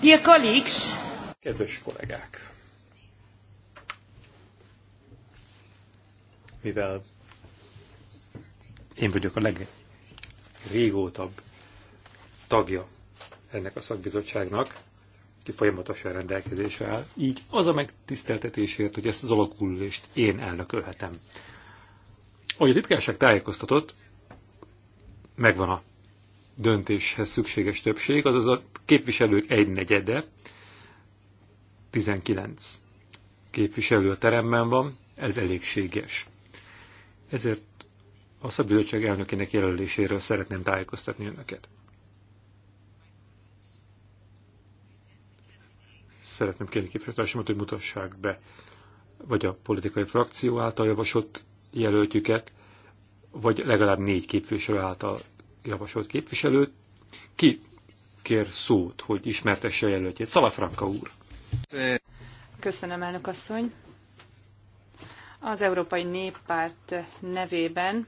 Dear colleagues. Kedves kollégák! Mivel én vagyok a legrégótabb tagja ennek a szakbizottságnak, ki folyamatosan rendelkezésre áll, így az a megtiszteltetésért, hogy ezt az alakulést én elnökölhetem. Ahogy a titkárság tájékoztatott, megvan a döntéshez szükséges többség, azaz a képviselők egynegyede, 19 képviselő a teremben van, ez elégséges. Ezért a szabbizottság elnökének jelöléséről szeretném tájékoztatni önöket. Szeretném kérni képviselőtársamat, hogy mutassák be vagy a politikai frakció által javasolt jelöltjüket, vagy legalább négy képviselő által javasolt képviselőt. Ki kér szót, hogy ismertesse jelöltjét? Szalafranka úr. Köszönöm, elnök asszony. Az Európai Néppárt nevében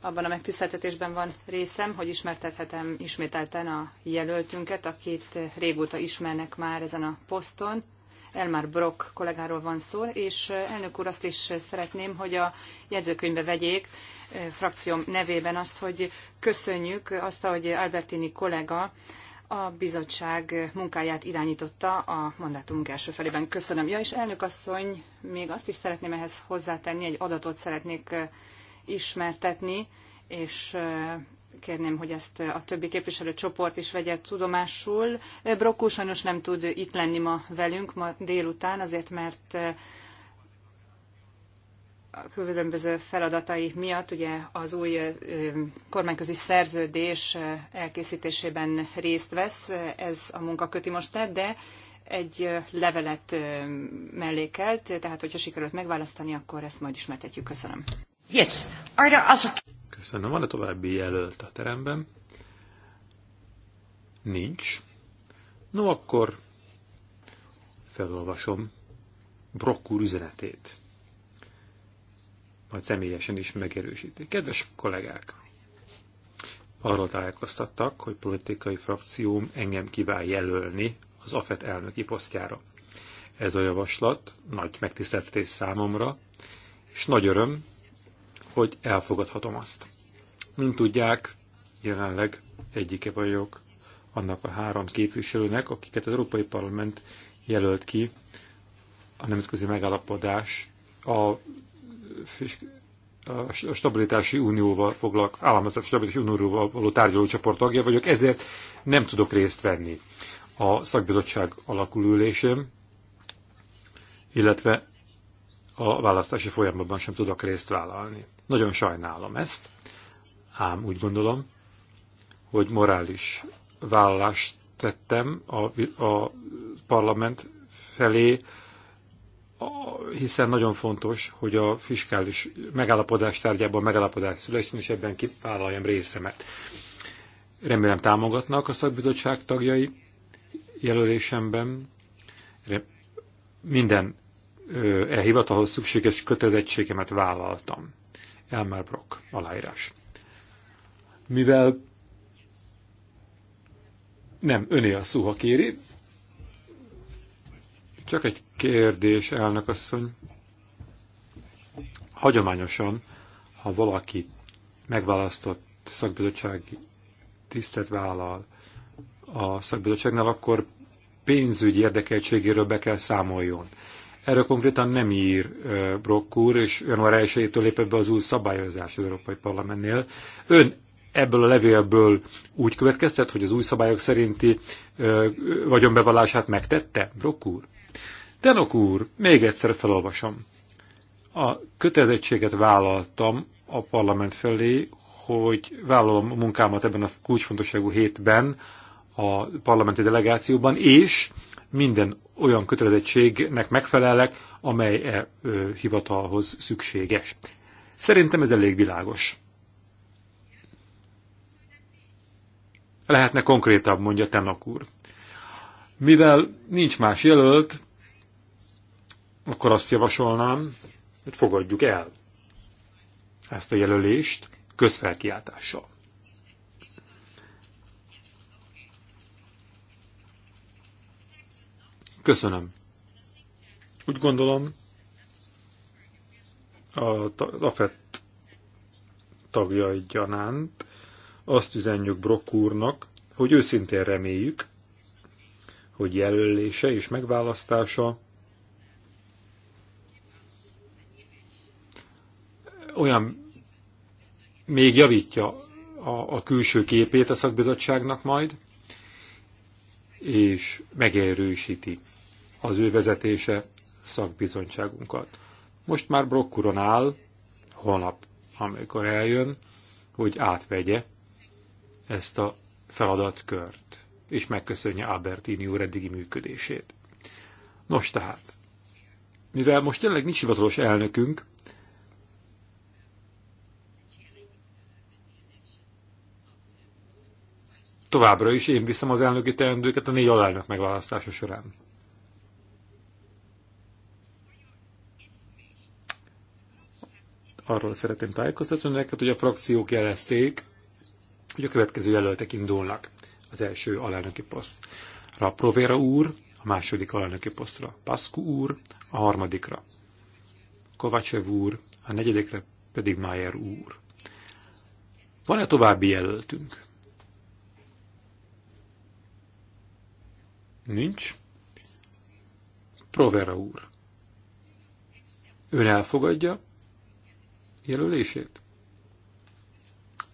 abban a megtiszteltetésben van részem, hogy ismertethetem ismételten a jelöltünket, akit régóta ismernek már ezen a poszton. Elmar Brock kollégáról van szó, és elnök úr azt is szeretném, hogy a jegyzőkönyvbe vegyék, frakcióm nevében azt, hogy köszönjük azt, hogy Albertini kollega a bizottság munkáját irányította a mandátumunk első felében. Köszönöm. Ja, és elnök asszony, még azt is szeretném ehhez hozzátenni, egy adatot szeretnék ismertetni, és kérném, hogy ezt a többi képviselőcsoport is vegye tudomásul. Brokkó sajnos nem tud itt lenni ma velünk, ma délután, azért mert a különböző feladatai miatt ugye az új kormányközi szerződés elkészítésében részt vesz, ez a munka köti most le, de egy levelet mellékelt, tehát hogyha sikerült megválasztani, akkor ezt majd ismertetjük. Köszönöm. Yes. Are there also... Köszönöm. Van-e további jelölt a teremben? Nincs. No, akkor felolvasom Brokkúr üzenetét majd személyesen is megerősíti. Kedves kollégák! Arról találkoztattak, hogy politikai frakcióm engem kíván jelölni az AFET elnöki posztjára. Ez a javaslat nagy megtiszteltetés számomra, és nagy öröm, hogy elfogadhatom azt. Mint tudják, jelenleg egyike vagyok annak a három képviselőnek, akiket az Európai Parlament jelölt ki a nemzetközi megállapodás a a stabilitási unióval foglak, államházat stabilitási unióval való tárgyalócsoport tagja vagyok, ezért nem tudok részt venni a szakbizottság alakulülésén, illetve a választási folyamatban sem tudok részt vállalni. Nagyon sajnálom ezt, ám úgy gondolom, hogy morális vállalást tettem a, a parlament felé, hiszen nagyon fontos, hogy a fiskális megállapodás tárgyában megállapodás szülessen, és ebben kipállaljam részemet. Remélem támogatnak a szakbizottság tagjai jelölésemben. Minden e hivatalhoz szükséges kötelezettségemet vállaltam. Elmer Brock, aláírás. Mivel nem, öné a szó, ha kéri. Csak egy kérdés, elnök asszony. Hagyományosan, ha valaki megválasztott szakbizottsági tisztet vállal a szakbizottságnál, akkor pénzügyi érdekeltségéről be kell számoljon. Erről konkrétan nem ír Brock úr, és január 1-től lép ebbe az új szabályozás az Európai Parlamentnél. Ön ebből a levélből úgy következtet, hogy az új szabályok szerinti vagyonbevallását megtette, Brock úr? Tenok úr, még egyszer felolvasom. A kötelezettséget vállaltam a parlament felé, hogy vállalom a munkámat ebben a kulcsfontosságú hétben a parlamenti delegációban, és minden olyan kötelezettségnek megfelelek, amely e ö, hivatalhoz szükséges. Szerintem ez elég világos. Lehetne konkrétabb, mondja Tenok úr. Mivel nincs más jelölt, akkor azt javasolnám, hogy fogadjuk el ezt a jelölést közfelkiáltással. Köszönöm. Úgy gondolom, a AFET tagja gyanánt azt üzenjük Brock úrnak, hogy őszintén reméljük, hogy jelölése és megválasztása olyan még javítja a, a külső képét a szakbizottságnak majd, és megerősíti az ő vezetése szakbizottságunkat. Most már Brokkuron áll, holnap, amikor eljön, hogy átvegye ezt a feladatkört, és megköszönje Albertini úr eddigi működését. Nos tehát, mivel most tényleg nincs hivatalos elnökünk, továbbra is én viszem az elnöki teendőket a négy alelnök megválasztása során. Arról szeretném tájékoztatni önöket, hogy a frakciók jelezték, hogy a következő jelöltek indulnak az első alelnöki poszt. Provera úr, a második alelnöki posztra. Pascu úr, a harmadikra. Kovácsev úr, a negyedikre pedig Mayer úr. Van-e további jelöltünk? Nincs. Provera úr. Ön elfogadja jelölését?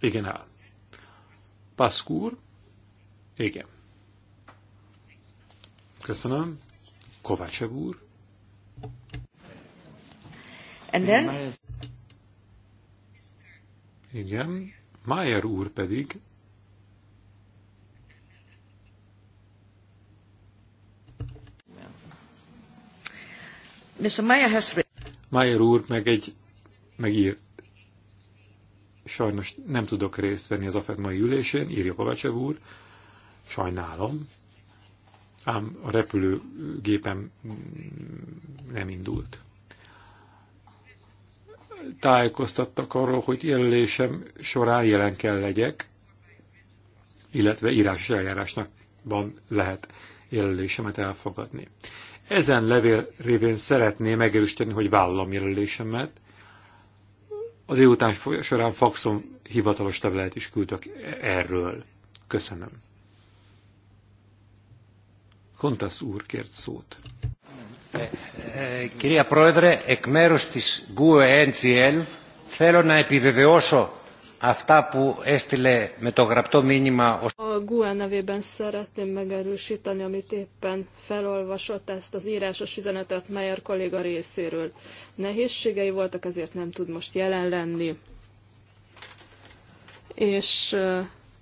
Igen, áll. Paszkúr? Igen. Köszönöm. Kovácsev úr? And then? Igen. Mayer úr pedig Mr. Meyer úr meg egy megírt. Sajnos nem tudok részt venni az AFED mai ülésén, írja Kovácsev úr. Sajnálom. Ám a repülőgépem nem indult. Tájékoztattak arról, hogy jelölésem során jelen kell legyek, illetve írásos eljárásnak van lehet jelölésemet elfogadni. Ezen levél révén szeretné megerősíteni, hogy vállalom jelölésemet. A délután során faxon hivatalos levelet is küldök e- erről. Köszönöm. Kontasz úr kért szót. Κυρία Πρόεδρε, εκ GUE-NCL θέλω να αυτά που έστειλε με το γραπτό μήνυμα... A GUE nevében szeretném megerősíteni, amit éppen felolvasott ezt az írásos üzenetet Meyer kolléga részéről. Nehézségei voltak, ezért nem tud most jelen lenni. És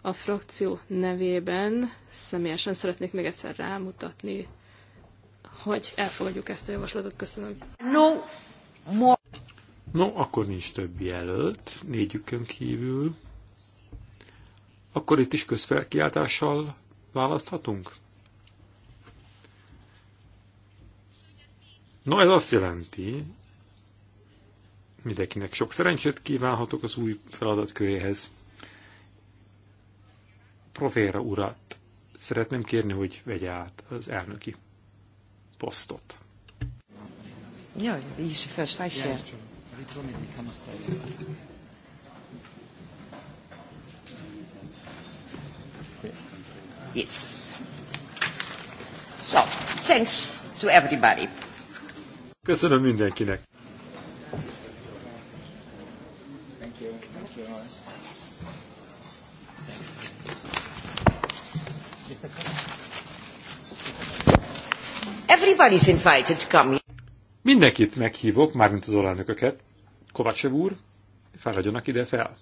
a frakció nevében személyesen szeretnék még egyszer rámutatni, hogy elfogadjuk ezt a javaslatot. Köszönöm. No, more. No, akkor nincs több jelölt, négyükön kívül. Akkor itt is közfelkiáltással választhatunk? No, ez azt jelenti, mindenkinek sok szerencsét kívánhatok az új feladatköréhez. Proféra urat szeretném kérni, hogy vegye át az elnöki posztot. Jaj, így is a Yes. So, thanks to everybody. Köszönöm mindenkinek. Thank you. Everybody's invited to come Mindenkit meghívok, mármint az olajnököket. Kovácsev úr, fáradjanak ide fel!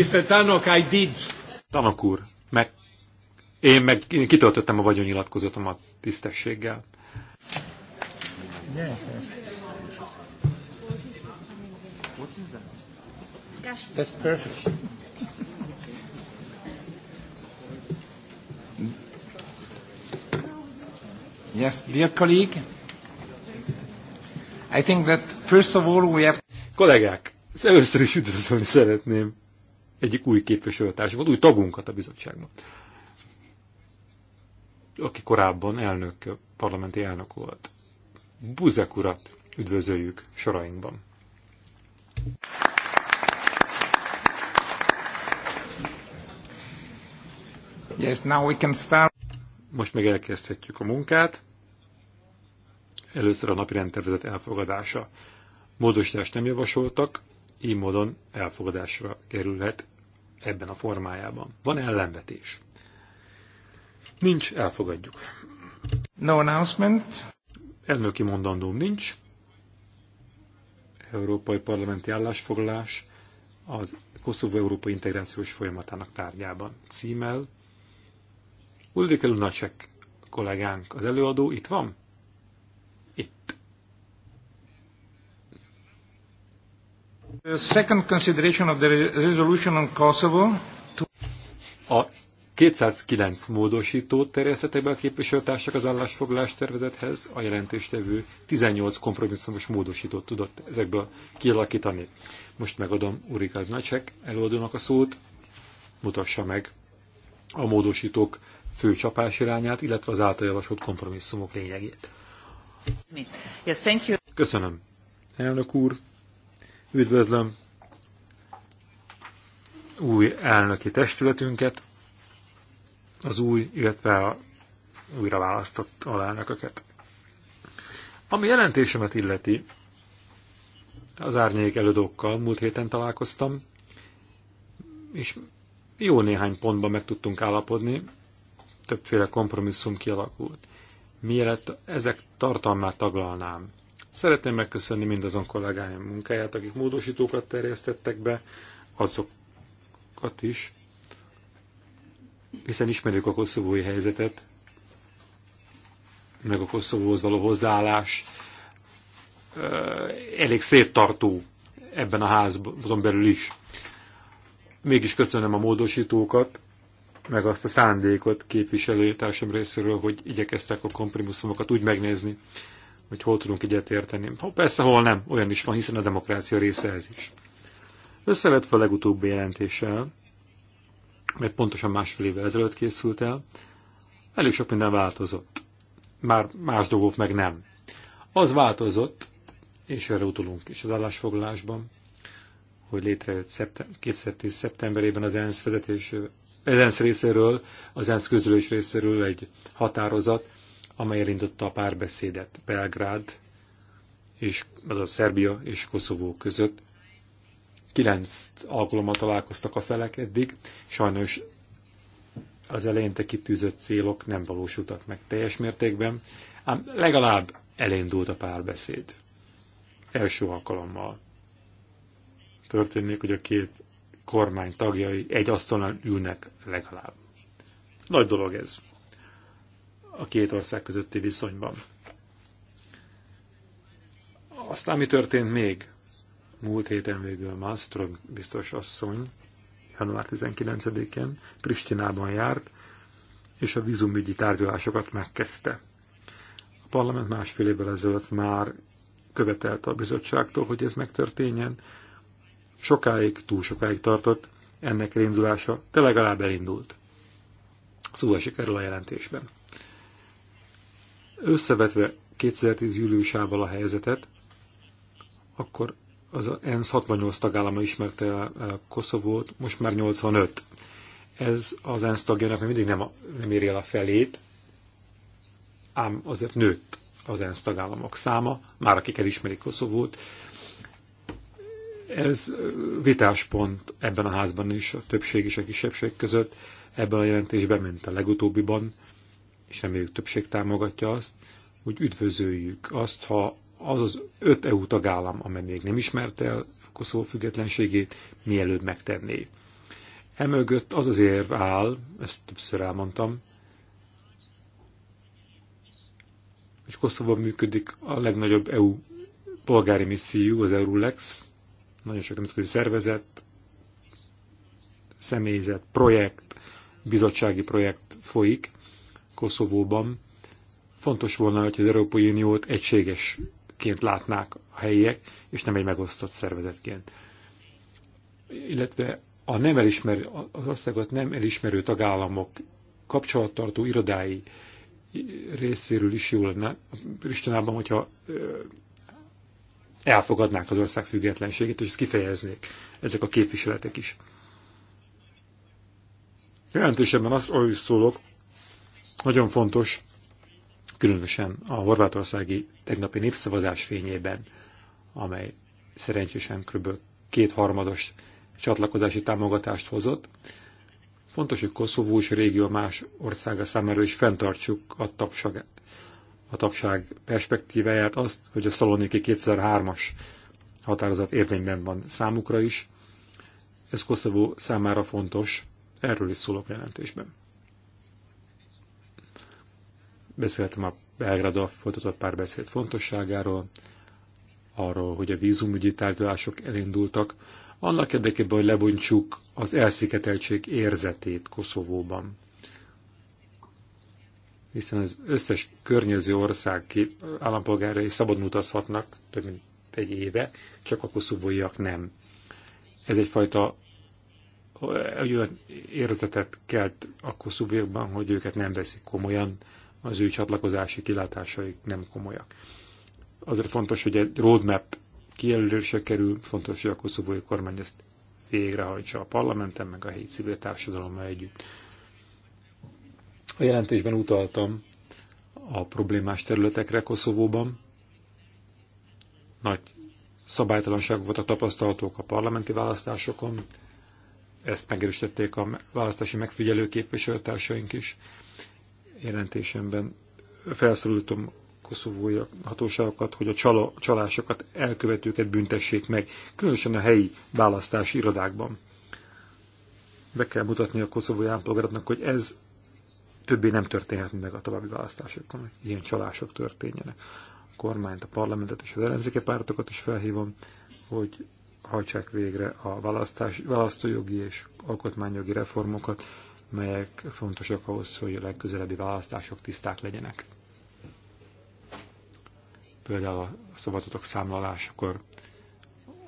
Mr. Tanok, I did. Tanok úr, meg én meg én kitöltöttem a vagyonnyilatkozatomat tisztességgel. Yes, That's perfect. Yes, dear colleague. I think that first of all we have... Kollégák, először is üdvözölni szeretném egyik új volt új tagunkat a bizottságban, aki korábban elnök, parlamenti elnök volt. Buzek urat üdvözöljük sorainkban. Yes, now we can start. Most meg elkezdhetjük a munkát. Először a napi rendtervezet elfogadása. Módosítást nem javasoltak, így módon elfogadásra kerülhet ebben a formájában. Van ellenvetés? Nincs, elfogadjuk. No announcement. Elnöki mondandóm nincs. Európai Parlamenti állásfoglalás az Koszovó Európai Integrációs Folyamatának tárgyában címmel. Ulrike Lunacek kollégánk az előadó itt van? A 209 módosító terjesztettek be a képviselőtársak az állásfoglalás tervezethez, a jelentéstevő 18 kompromisszumos módosítót tudott ezekből kialakítani. Most megadom Urika Nagysek előadónak a szót, mutassa meg a módosítók fő csapás irányát, illetve az által javasolt kompromisszumok lényegét. thank you. Köszönöm. Elnök úr, Üdvözlöm új elnöki testületünket, az új, illetve a újra választott alelnököket. Ami jelentésemet illeti, az árnyék elődókkal múlt héten találkoztam, és jó néhány pontban meg tudtunk állapodni, többféle kompromisszum kialakult. Mielőtt ezek tartalmát taglalnám, Szeretném megköszönni mindazon kollégáim munkáját, akik módosítókat terjesztettek be, azokat is, hiszen ismerjük a koszovói helyzetet, meg a koszovóhoz való hozzáállás elég széttartó ebben a házban belül is. Mégis köszönöm a módosítókat, meg azt a szándékot képviselőtársam részéről, hogy igyekeztek a kompromisszumokat úgy megnézni, hogy hol tudunk egyetérteni. Ha persze, hol nem, olyan is van, hiszen a demokrácia része ez is. Összevetve a legutóbbi jelentéssel, mert pontosan másfél évvel ezelőtt készült el, elég sok minden változott. Már más dolgok meg nem. Az változott, és erre utolunk is az állásfoglalásban, hogy létrejött szeptem- 2010. szeptemberében az ENSZ vezetés, az ENSZ részéről, az ENSZ közülés részéről egy határozat, amely elindította a párbeszédet Belgrád, és, a Szerbia és Koszovó között. Kilenc alkalommal találkoztak a felek eddig, sajnos az eleinte kitűzött célok nem valósultak meg teljes mértékben, ám legalább elindult a párbeszéd. Első alkalommal történik, hogy a két kormány tagjai egy asztalon ülnek legalább. Nagy dolog ez a két ország közötti viszonyban. Aztán mi történt még? Múlt héten végül Malmström biztos asszony, január 19-én Pristinában járt, és a vízumügyi tárgyalásokat megkezdte. A parlament másfél évvel ezelőtt már követelte a bizottságtól, hogy ez megtörténjen. Sokáig, túl sokáig tartott ennek elindulása, de legalább elindult. Szó esik erről a jelentésben. Összevetve 2010 júliusával a helyzetet, akkor az ENSZ 68 tagállama ismerte el Koszovót, most már 85. Ez az ENSZ tagjának mindig nem, a, nem éri el a felét, ám azért nőtt az ENSZ tagállamok száma, már akik elismerik Koszovót. Ez vitáspont ebben a házban is, a többség és a kisebbség között, ebben a jelentésben, mint a legutóbbiban, és reméljük többség támogatja azt, hogy üdvözöljük azt, ha az az öt EU tagállam, amely még nem ismerte el Koszovó függetlenségét, mielőbb megtenné. Emögött az az érv áll, ezt többször elmondtam, hogy Koszovó működik a legnagyobb EU polgári misszió, az EURULEX, nagyon sok nemzetközi szervezet, személyzet, projekt, bizottsági projekt folyik, Koszovóban. Fontos volna, hogy az Európai Uniót egységesként látnák a helyiek, és nem egy megosztott szervezetként. Illetve a nem elismerő, az országot nem elismerő tagállamok kapcsolattartó irodái részéről is jó lenne, Istenában, hogyha elfogadnák az ország függetlenségét, és ezt kifejeznék ezek a képviseletek is. Jelentősebben azt ahogy szólok, nagyon fontos, különösen a horvátországi tegnapi népszavazás fényében, amely szerencsésen kb. kétharmados csatlakozási támogatást hozott. Fontos, hogy Koszovó és a régió más országa számára is fenntartsuk a tapság, a tapság perspektíváját, azt, hogy a Szaloniki 2003-as határozat érvényben van számukra is. Ez Koszovó számára fontos, erről is szólok jelentésben. Beszéltem a Belgráddal folytatott párbeszéd fontosságáról, arról, hogy a vízumügyi tárgyalások elindultak, annak érdekében, hogy lebontsuk az elszigeteltség érzetét Koszovóban. Hiszen az összes környező ország állampolgárai szabadon utazhatnak, több mint egy éve, csak a koszovóiak nem. Ez egyfajta olyan érzetet kelt a koszovóiakban, hogy őket nem veszik komolyan, az ő csatlakozási kilátásaik nem komolyak. Azért fontos, hogy egy roadmap kijelölésre kerül, fontos, hogy a koszovói kormány ezt végrehajtsa a parlamenten, meg a helyi civil társadalommal együtt. A jelentésben utaltam a problémás területekre Koszovóban. Nagy szabálytalanság volt a tapasztalatok a parlamenti választásokon, ezt megerősítették a választási megfigyelő képviselőtársaink is jelentésemben felszólítom koszovói hatóságokat, hogy a csala, csalásokat, elkövetőket büntessék meg, különösen a helyi választási irodákban. Be kell mutatni a koszovói állampolgáratnak, hogy ez többé nem történhet meg a további választásokon, hogy ilyen csalások történjenek. A kormányt, a parlamentet és az ellenzéke pártokat is felhívom, hogy hajtsák végre a választás, választójogi és alkotmányjogi reformokat, melyek fontosak ahhoz, hogy a legközelebbi választások tiszták legyenek. Például a szavazatok számlálásakor,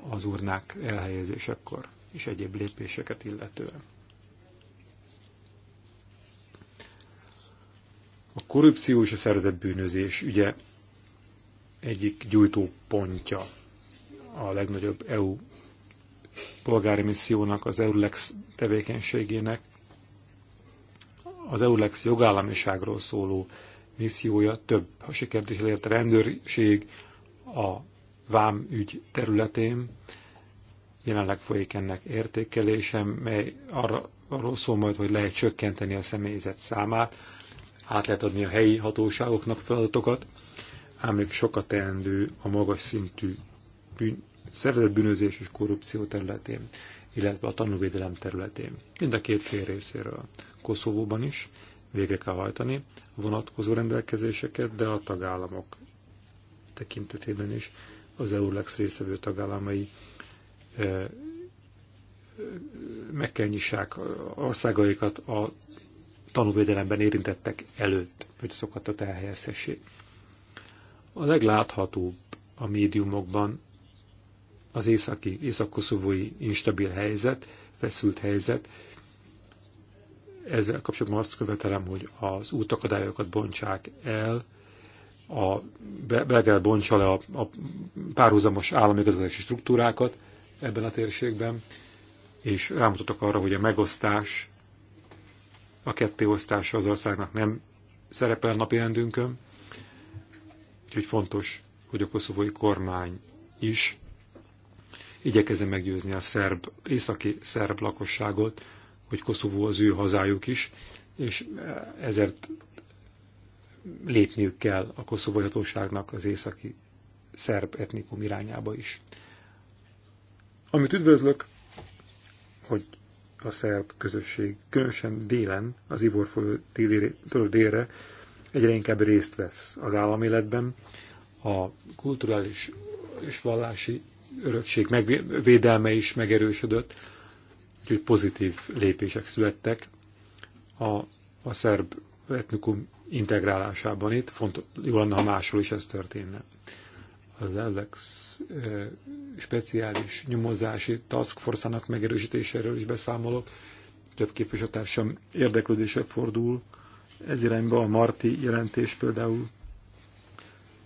az urnák elhelyezésekor és egyéb lépéseket illetően. A korrupció és a szerzett bűnözés ugye egyik gyújtópontja a legnagyobb EU polgári missziónak, az EULEX tevékenységének, az EULEX jogállamiságról szóló missziója több. A sikert is elért a rendőrség a ügy területén. Jelenleg folyik ennek értékelése, mely arra, arról szól majd, hogy lehet csökkenteni a személyzet számát, át lehet adni a helyi hatóságoknak feladatokat, ám még sokat teendő a magas szintű bűn, szervezetbűnözés és korrupció területén, illetve a tanúvédelem területén, mind a két fél részéről. Koszovóban is végre kell hajtani vonatkozó rendelkezéseket, de a tagállamok tekintetében is az EURLEX részevő tagállamai eh, eh, meg kell nyissák országaikat a tanúvédelemben érintettek előtt, hogy szokatot elhelyezhessék. A legláthatóbb a médiumokban az északi, észak-koszovói instabil helyzet, feszült helyzet, ezzel kapcsolatban azt követelem, hogy az útakadályokat bontsák el, a belgel bontsa le a, a párhuzamos államigazgatási struktúrákat ebben a térségben, és rámutatok arra, hogy a megosztás, a kettéosztása az országnak nem szerepel a napi rendünkön, úgyhogy fontos, hogy a koszovói kormány is igyekezze meggyőzni a szerb, északi szerb lakosságot, hogy Koszovó az ő hazájuk is, és eh, ezért lépniük kell a koszovói hatóságnak az északi szerb etnikum irányába is. Amit üdvözlök, hogy a szerb közösség, különösen délen, az folyó délre egyre inkább részt vesz az államéletben, a kulturális és vallási örökség megvédelme is megerősödött, Úgyhogy pozitív lépések születtek a, a szerb etnikum integrálásában itt. Fontos, jó lenne, ha máshol is ez történne. Az ELEX e, eh, speciális nyomozási task force-ának megerősítéséről is beszámolok. Több képviselőtársam érdeklődése fordul. Ez irányba a Marti jelentés például,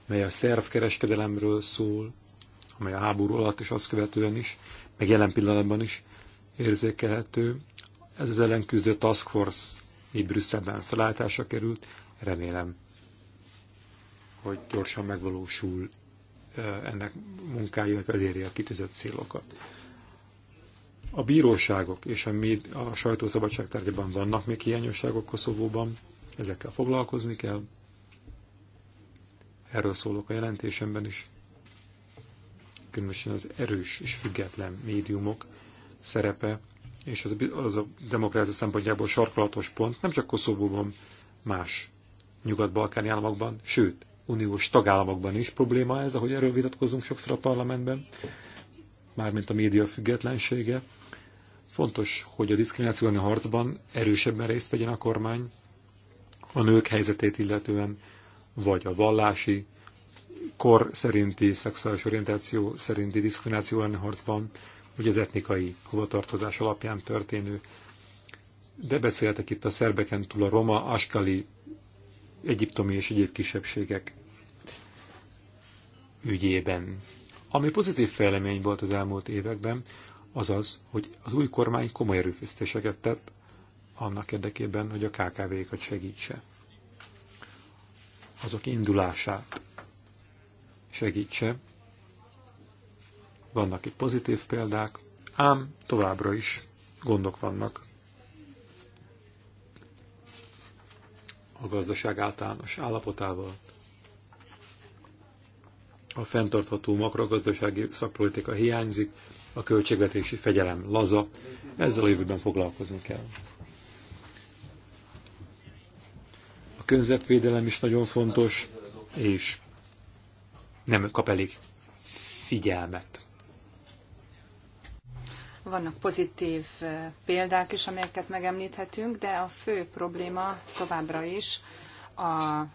mely a szerv kereskedelemről szól, amely a háború alatt és azt követően is, meg jelen pillanatban is érzékelhető. Ez az ellenküzdő Task Force mi Brüsszelben felállításra került. Remélem, hogy gyorsan megvalósul ennek munkája, hogy eléri a kitűzött célokat. A bíróságok és a, mi, a sajtószabadság tárgyában vannak még hiányosságok Koszovóban, ezekkel foglalkozni kell. Erről szólok a jelentésemben is. Különösen az erős és független médiumok szerepe, és az, az a demokrácia szempontjából sarkalatos pont nem csak Koszovóban, más nyugat-balkáni államokban, sőt, uniós tagállamokban is probléma ez, ahogy erről vitatkozunk sokszor a parlamentben, mármint a média függetlensége. Fontos, hogy a diszkriminációni harcban erősebben részt vegyen a kormány a nők helyzetét illetően, vagy a vallási, kor szerinti, szexuális orientáció szerinti diszkrimináció elleni harcban, hogy az etnikai hovatartozás alapján történő. De beszéltek itt a szerbeken túl a roma, askali, egyiptomi és egyéb kisebbségek ügyében. Ami pozitív fejlemény volt az elmúlt években, az az, hogy az új kormány komoly erőfeszítéseket tett annak érdekében, hogy a KKV-kat segítse. Azok indulását segítse, vannak itt pozitív példák, ám továbbra is gondok vannak a gazdaság általános állapotával, a fenntartható makrogazdasági szakpolitika hiányzik, a költségvetési fegyelem laza, ezzel a jövőben foglalkozni kell. A környezetvédelem is nagyon fontos, és nem kap elég figyelmet. Vannak pozitív eh, példák is, amelyeket megemlíthetünk, de a fő probléma továbbra is a, eh,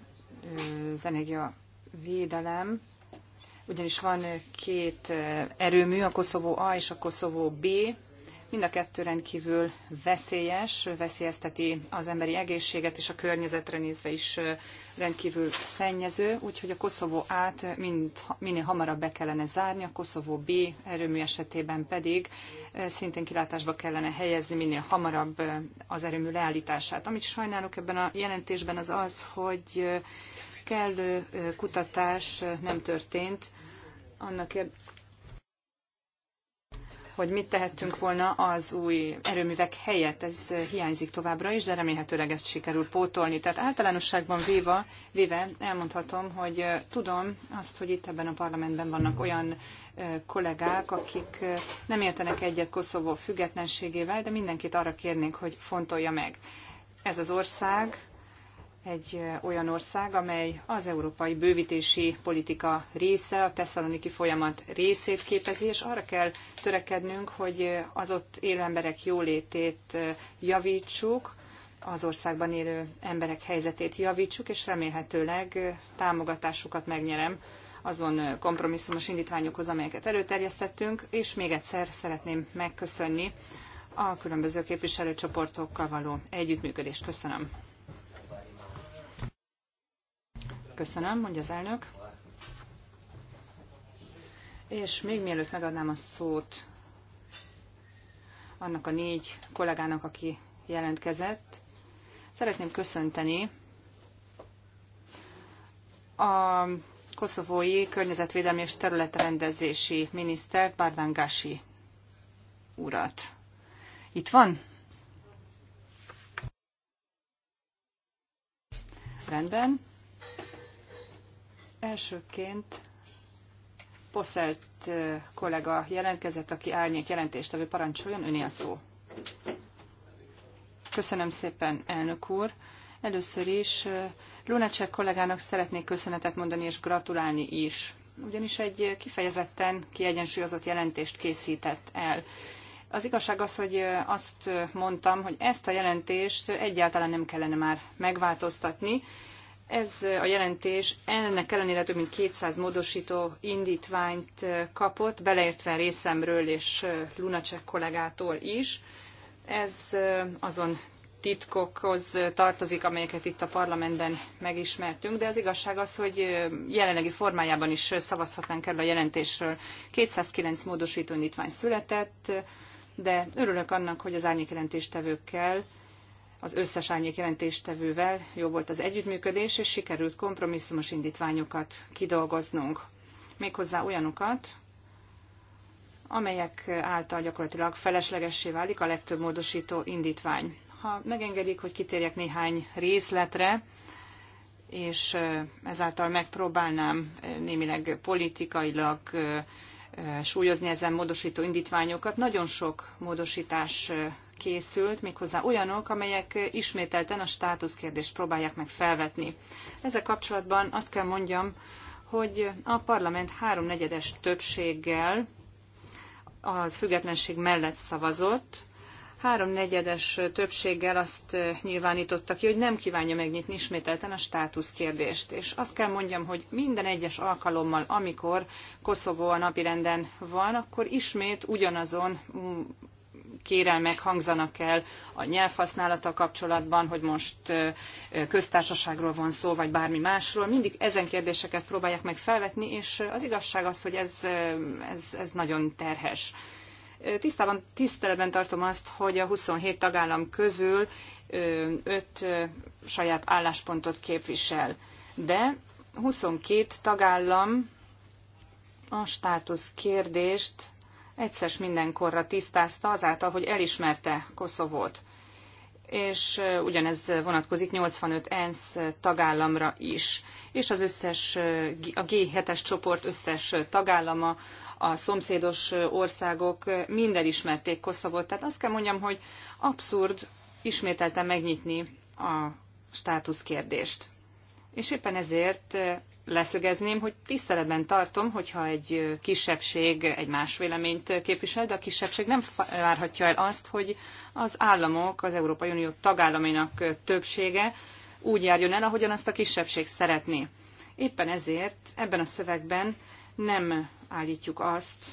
az energiavédelem, ugyanis van eh, két erőmű, a Koszovó A és a Koszovó B, Mind a kettő rendkívül veszélyes, veszélyezteti az emberi egészséget, és a környezetre nézve is rendkívül szennyező, úgyhogy a Koszovó át mind, minél hamarabb be kellene zárni, a Koszovó B erőmű esetében pedig szintén kilátásba kellene helyezni minél hamarabb az erőmű leállítását. Amit sajnálok ebben a jelentésben az az, hogy kellő kutatás nem történt annak hogy mit tehettünk volna az új erőművek helyett. Ez hiányzik továbbra is, de remélhetőleg ezt sikerül pótolni. Tehát általánosságban véve, véve elmondhatom, hogy tudom azt, hogy itt ebben a parlamentben vannak olyan kollégák, akik nem értenek egyet Koszovó függetlenségével, de mindenkit arra kérnénk, hogy fontolja meg. Ez az ország egy olyan ország, amely az európai bővítési politika része, a tesszaloniki folyamat részét képezi, és arra kell törekednünk, hogy az ott élő emberek jólétét javítsuk, az országban élő emberek helyzetét javítsuk, és remélhetőleg támogatásukat megnyerem azon kompromisszumos indítványokhoz, amelyeket előterjesztettünk, és még egyszer szeretném megköszönni a különböző képviselőcsoportokkal való együttműködést. Köszönöm. Köszönöm, mondja az elnök. És még mielőtt megadnám a szót annak a négy kollégának, aki jelentkezett, szeretném köszönteni a koszovói környezetvédelmi és területrendezési miniszter Bardangasi urat. Itt van? Rendben. Elsőként Poszelt kollega jelentkezett, aki árnyék jelentéstevő parancsoljon, öné a szó. Köszönöm szépen, elnök úr. Először is Lunacek kollégának szeretnék köszönetet mondani és gratulálni is, ugyanis egy kifejezetten kiegyensúlyozott jelentést készített el. Az igazság az, hogy azt mondtam, hogy ezt a jelentést egyáltalán nem kellene már megváltoztatni, ez a jelentés ennek ellenére több mint 200 módosító indítványt kapott, beleértve részemről és Lunacek kollégától is. Ez azon titkokhoz tartozik, amelyeket itt a parlamentben megismertünk, de az igazság az, hogy jelenlegi formájában is szavazhatnánk erről a jelentésről. 209 módosító indítvány született, de örülök annak, hogy az árnyékjelentéstevőkkel jelentéstevőkkel az összes árnyék jelentéstevővel jó volt az együttműködés, és sikerült kompromisszumos indítványokat kidolgoznunk. Méghozzá olyanokat, amelyek által gyakorlatilag feleslegessé válik a legtöbb módosító indítvány. Ha megengedik, hogy kitérjek néhány részletre, és ezáltal megpróbálnám némileg politikailag súlyozni ezen módosító indítványokat. Nagyon sok módosítás készült, méghozzá olyanok, amelyek ismételten a státuszkérdést próbálják meg felvetni. Ezzel kapcsolatban azt kell mondjam, hogy a parlament háromnegyedes többséggel az függetlenség mellett szavazott, háromnegyedes többséggel azt nyilvánította ki, hogy nem kívánja megnyitni ismételten a státuszkérdést. És azt kell mondjam, hogy minden egyes alkalommal, amikor Koszovó a napirenden van, akkor ismét ugyanazon kérelmek hangzanak el a nyelvhasználata kapcsolatban, hogy most köztársaságról van szó, vagy bármi másról. Mindig ezen kérdéseket próbálják meg felvetni, és az igazság az, hogy ez, ez, ez nagyon terhes. Tisztában, tiszteletben tartom azt, hogy a 27 tagállam közül 5 saját álláspontot képvisel. De 22 tagállam a státusz kérdést egyszer mindenkorra tisztázta azáltal, hogy elismerte Koszovót. És ugyanez vonatkozik 85 ENSZ tagállamra is. És az összes, a G7-es csoport összes tagállama, a szomszédos országok mind elismerték Koszovót. Tehát azt kell mondjam, hogy abszurd ismételten megnyitni a státuszkérdést. És éppen ezért leszögezném, hogy tiszteletben tartom, hogyha egy kisebbség egy más véleményt képvisel, de a kisebbség nem várhatja el azt, hogy az államok, az Európai Unió tagállamainak többsége úgy járjon el, ahogyan azt a kisebbség szeretné. Éppen ezért ebben a szövegben nem állítjuk azt,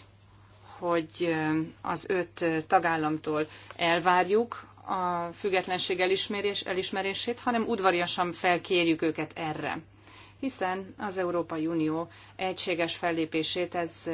hogy az öt tagállamtól elvárjuk a függetlenség elismerés, elismerését, hanem udvariasan felkérjük őket erre hiszen az Európai Unió egységes fellépését ez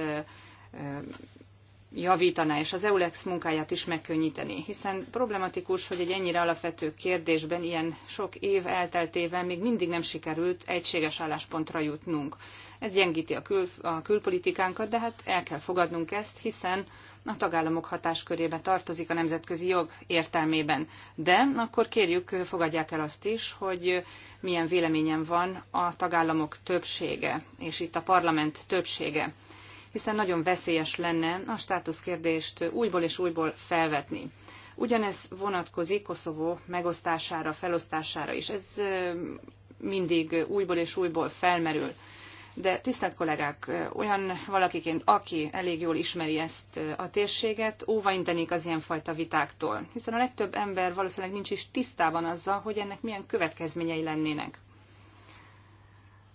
javítaná, és az EULEX munkáját is megkönnyíteni, hiszen problematikus, hogy egy ennyire alapvető kérdésben ilyen sok év elteltével még mindig nem sikerült egységes álláspontra jutnunk. Ez gyengíti a, kül, a külpolitikánkat, de hát el kell fogadnunk ezt, hiszen a tagállamok hatáskörébe tartozik a nemzetközi jog értelmében. De akkor kérjük, fogadják el azt is, hogy milyen véleményen van a tagállamok többsége, és itt a parlament többsége hiszen nagyon veszélyes lenne a státuszkérdést újból és újból felvetni. Ugyanez vonatkozik Koszovó megosztására, felosztására is. Ez mindig újból és újból felmerül. De tisztelt kollégák, olyan valakiként, aki elég jól ismeri ezt a térséget, óvaintenék az ilyenfajta vitáktól, hiszen a legtöbb ember valószínűleg nincs is tisztában azzal, hogy ennek milyen következményei lennének.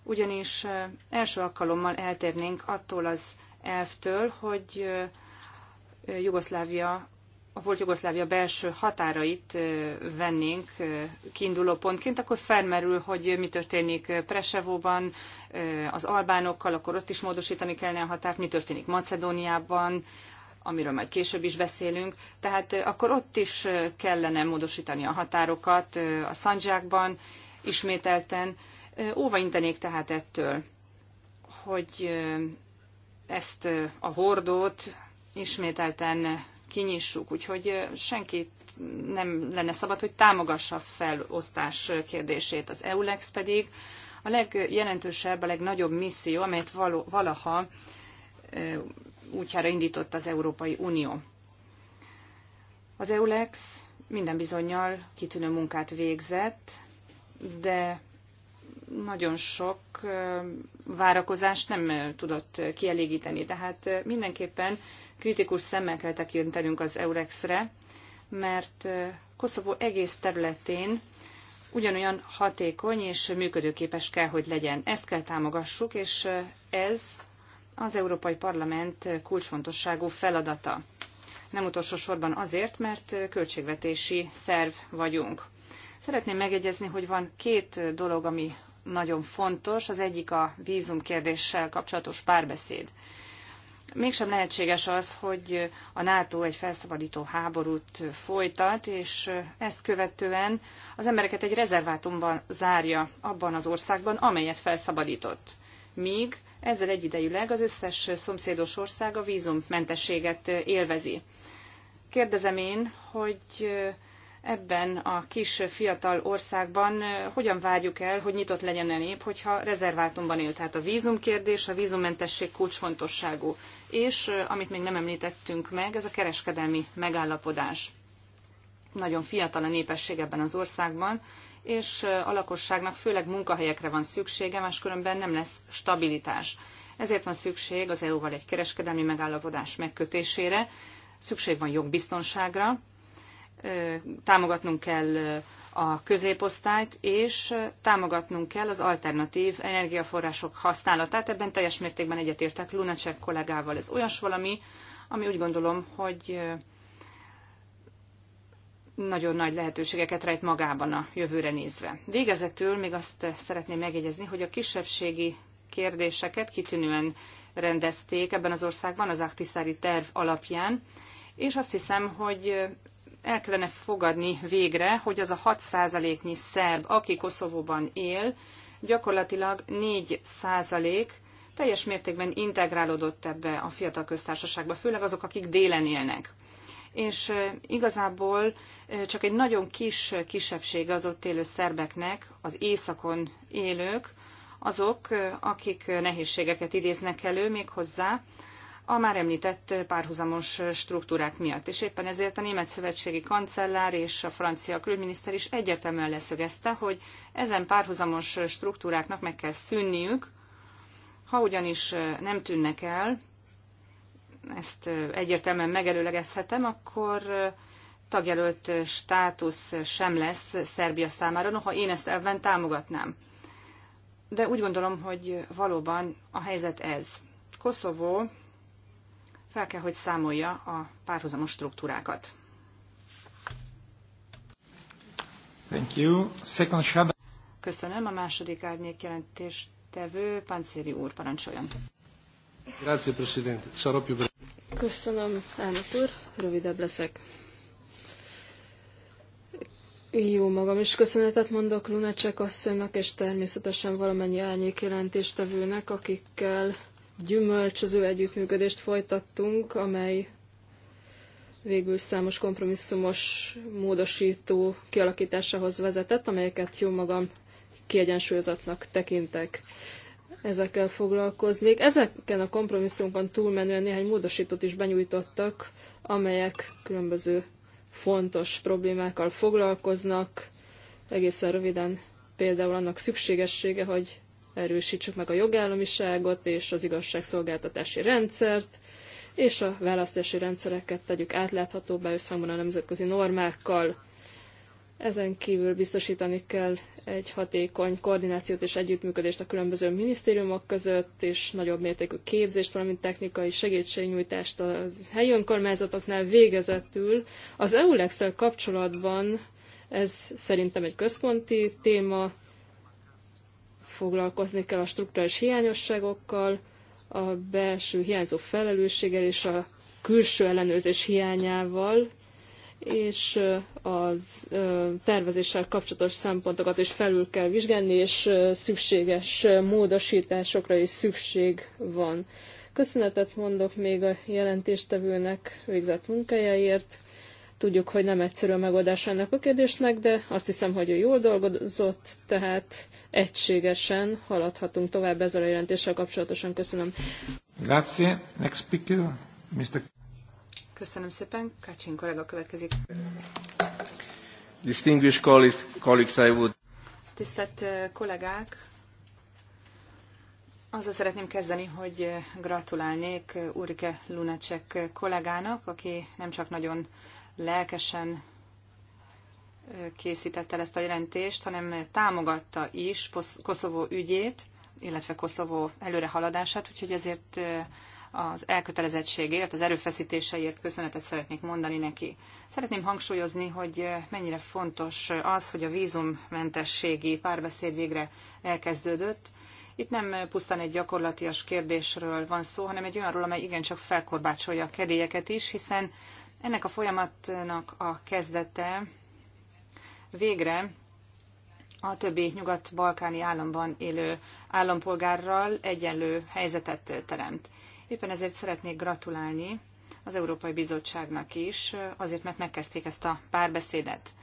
Ugyanis első alkalommal eltérnénk attól az elvtől, hogy Jugoszlávia a volt Jugoszlávia belső határait vennénk kiinduló pontként, akkor felmerül, hogy mi történik Presevóban, az albánokkal, akkor ott is módosítani kellene a határt, mi történik Macedóniában, amiről majd később is beszélünk. Tehát akkor ott is kellene módosítani a határokat a szandzsákban ismételten. Óva intenék tehát ettől, hogy ezt a hordót ismételten kinyissuk, úgyhogy senkit nem lenne szabad, hogy támogassa a felosztás kérdését. Az EULEX pedig a legjelentősebb, a legnagyobb misszió, amelyet valaha útjára indított az Európai Unió. Az EULEX minden bizonyal kitűnő munkát végzett, de nagyon sok várakozást nem tudott kielégíteni. Tehát mindenképpen kritikus szemmel kell tekintenünk az Eurexre, mert Koszovó egész területén ugyanolyan hatékony és működőképes kell, hogy legyen. Ezt kell támogassuk, és ez az Európai Parlament kulcsfontosságú feladata. Nem utolsó sorban azért, mert költségvetési szerv vagyunk. Szeretném megegyezni, hogy van két dolog, ami nagyon fontos. Az egyik a vízum kérdéssel kapcsolatos párbeszéd mégsem lehetséges az, hogy a NATO egy felszabadító háborút folytat, és ezt követően az embereket egy rezervátumban zárja abban az országban, amelyet felszabadított. Míg ezzel egyidejűleg az összes szomszédos ország a vízummentességet élvezi. Kérdezem én, hogy ebben a kis fiatal országban hogyan várjuk el, hogy nyitott legyen a nép, hogyha rezervátumban él. Tehát a vízumkérdés, a vízummentesség kulcsfontosságú és amit még nem említettünk meg, ez a kereskedelmi megállapodás. Nagyon fiatal a népesség ebben az országban, és a lakosságnak főleg munkahelyekre van szüksége, máskülönben nem lesz stabilitás. Ezért van szükség az EU-val egy kereskedelmi megállapodás megkötésére, szükség van jogbiztonságra, támogatnunk kell a középosztályt, és támogatnunk kell az alternatív energiaforrások használatát. Ebben teljes mértékben egyetértek Lunacek kollégával. Ez olyas valami, ami úgy gondolom, hogy nagyon nagy lehetőségeket rejt magában a jövőre nézve. Végezetül még azt szeretném megjegyezni, hogy a kisebbségi kérdéseket kitűnően rendezték ebben az országban az Aktiszári terv alapján, és azt hiszem, hogy el kellene fogadni végre, hogy az a 6 százaléknyi szerb, aki Koszovóban él, gyakorlatilag 4% teljes mértékben integrálódott ebbe a fiatal köztársaságba, főleg azok, akik délen élnek. És igazából csak egy nagyon kis kisebbség az ott élő szerbeknek, az északon élők, azok, akik nehézségeket idéznek elő méghozzá, a már említett párhuzamos struktúrák miatt. És éppen ezért a német szövetségi kancellár és a francia külügyminiszter is egyetemen leszögezte, hogy ezen párhuzamos struktúráknak meg kell szűnniük, ha ugyanis nem tűnnek el, ezt egyértelműen megelőlegezhetem, akkor tagjelölt státusz sem lesz Szerbia számára, noha én ezt elven támogatnám. De úgy gondolom, hogy valóban a helyzet ez. Koszovó fel kell, hogy számolja a párhuzamos struktúrákat. Thank you. Second shadow. Köszönöm. A második árnyék jelentéstevő Pancéri úr parancsoljon. Grazie, Presidente. Sarò più breve. Köszönöm, elnök úr. Rövidebb leszek. Jó magam is köszönetet mondok Lunacek asszonynak, és természetesen valamennyi árnyék jelentéstevőnek, akikkel gyümölcsöző együttműködést folytattunk, amely végül számos kompromisszumos módosító kialakításához vezetett, amelyeket jó magam kiegyensúlyozatnak tekintek. Ezekkel foglalkoznék. Ezeken a kompromisszumokon túlmenően néhány módosítót is benyújtottak, amelyek különböző fontos problémákkal foglalkoznak. Egészen röviden például annak szükségessége, hogy erősítsük meg a jogállamiságot és az igazságszolgáltatási rendszert, és a választási rendszereket tegyük átláthatóbbá összhangban a nemzetközi normákkal. Ezen kívül biztosítani kell egy hatékony koordinációt és együttműködést a különböző minisztériumok között, és nagyobb mértékű képzést, valamint technikai segítségnyújtást a helyi önkormányzatoknál végezetül. Az eulex kapcsolatban ez szerintem egy központi téma, foglalkozni kell a struktúrális hiányosságokkal, a belső hiányzó felelősséggel és a külső ellenőrzés hiányával, és a tervezéssel kapcsolatos szempontokat is felül kell vizsgálni, és szükséges módosításokra is szükség van. Köszönetet mondok még a jelentéstevőnek végzett munkájáért, Tudjuk, hogy nem egyszerű a megoldás ennek a kérdésnek, de azt hiszem, hogy ő jól dolgozott, tehát egységesen haladhatunk tovább ezzel a jelentéssel kapcsolatosan. Köszönöm. Grazie. Next speaker, Mr. Köszönöm szépen. Kacsin kollega következik. Distinguished colleagues, colleagues I would... Tisztelt kollégák, azzal szeretném kezdeni, hogy gratulálnék Urike Lunacek kollégának, aki nem csak nagyon lelkesen készítette el ezt a jelentést, hanem támogatta is Koszovó ügyét, illetve Koszovó előrehaladását, úgyhogy ezért az elkötelezettségért, az erőfeszítéseiért köszönetet szeretnék mondani neki. Szeretném hangsúlyozni, hogy mennyire fontos az, hogy a vízummentességi párbeszéd végre elkezdődött. Itt nem pusztán egy gyakorlatias kérdésről van szó, hanem egy olyanról, amely igencsak felkorbácsolja a kedélyeket is, hiszen ennek a folyamatnak a kezdete végre a többi nyugat-balkáni államban élő állampolgárral egyenlő helyzetet teremt. Éppen ezért szeretnék gratulálni az Európai Bizottságnak is, azért mert megkezdték ezt a párbeszédet.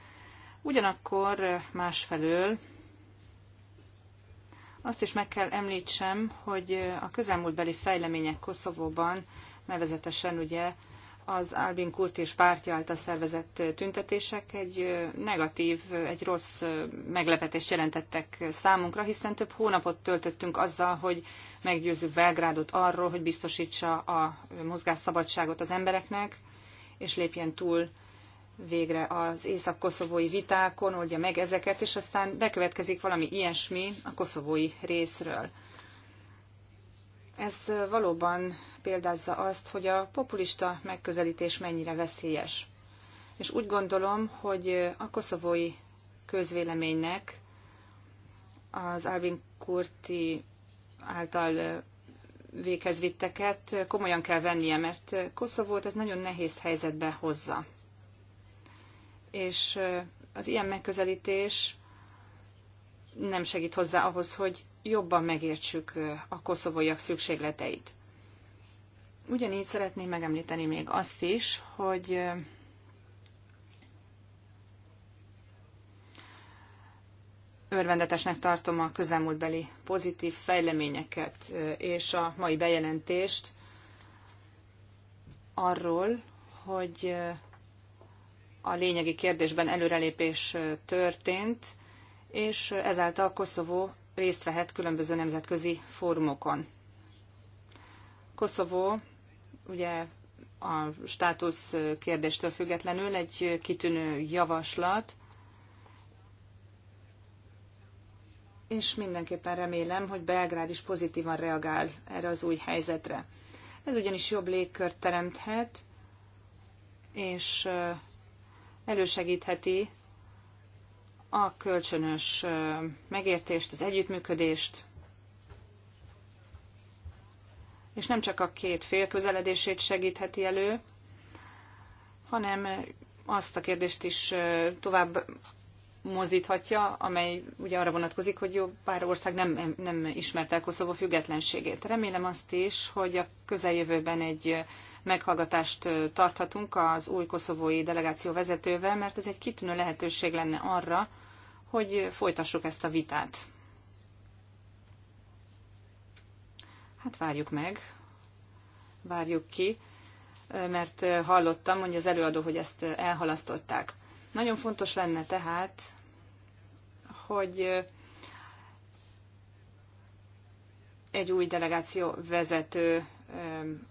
Ugyanakkor másfelől azt is meg kell említsem, hogy a közelmúltbeli fejlemények Koszovóban, nevezetesen ugye az Albin Kurt és pártja által szervezett tüntetések egy negatív, egy rossz meglepetést jelentettek számunkra, hiszen több hónapot töltöttünk azzal, hogy meggyőzzük Belgrádot arról, hogy biztosítsa a mozgásszabadságot az embereknek, és lépjen túl végre az észak-koszovói vitákon, oldja meg ezeket, és aztán bekövetkezik valami ilyesmi a koszovói részről. Ez valóban példázza azt, hogy a populista megközelítés mennyire veszélyes. És úgy gondolom, hogy a koszovói közvéleménynek az Albin Kurti által véghez vitteket komolyan kell vennie, mert Koszovót ez nagyon nehéz helyzetbe hozza. És az ilyen megközelítés nem segít hozzá ahhoz, hogy jobban megértsük a koszovóiak szükségleteit. Ugyanígy szeretném megemlíteni még azt is, hogy örvendetesnek tartom a közelmúltbeli pozitív fejleményeket és a mai bejelentést arról, hogy a lényegi kérdésben előrelépés történt, és ezáltal Koszovó részt vehet különböző nemzetközi fórumokon. Koszovó ugye a státusz kérdéstől függetlenül egy kitűnő javaslat, és mindenképpen remélem, hogy Belgrád is pozitívan reagál erre az új helyzetre. Ez ugyanis jobb légkört teremthet, és elősegítheti a kölcsönös megértést, az együttműködést, és nem csak a két fél közeledését segítheti elő, hanem azt a kérdést is tovább mozdíthatja, amely ugye arra vonatkozik, hogy jó pár ország nem, nem ismerte el Koszovó függetlenségét. Remélem azt is, hogy a közeljövőben egy meghallgatást tarthatunk az új koszovói delegáció vezetővel, mert ez egy kitűnő lehetőség lenne arra, hogy folytassuk ezt a vitát. Hát várjuk meg, várjuk ki, mert hallottam, hogy az előadó, hogy ezt elhalasztották. Nagyon fontos lenne tehát, hogy egy új delegáció vezető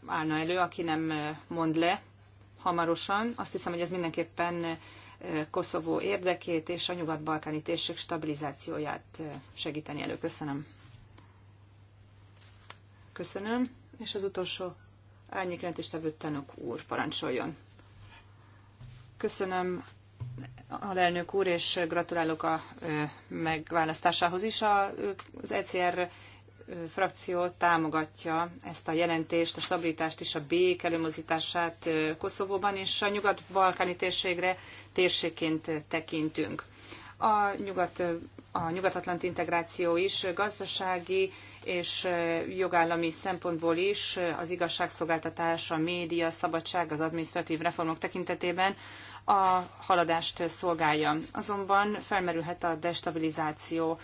állna elő, aki nem mond le hamarosan. Azt hiszem, hogy ez mindenképpen Koszovó érdekét és a nyugat-balkáni térség stabilizációját segíteni elő. Köszönöm. Köszönöm. És az utolsó árnyékrendtéstevő Tenok úr parancsoljon. Köszönöm, alelnök úr, és gratulálok a megválasztásához is. Az ECR frakció támogatja ezt a jelentést, a stabilitást és a bék előmozítását Koszovóban, és a nyugat-balkáni térségre térségként tekintünk. A, nyugat, a Nyugatatlant atlanti integráció is gazdasági és jogállami szempontból is az igazságszolgáltatás, a média, szabadság, az administratív reformok tekintetében a haladást szolgálja. Azonban felmerülhet a destabilizáció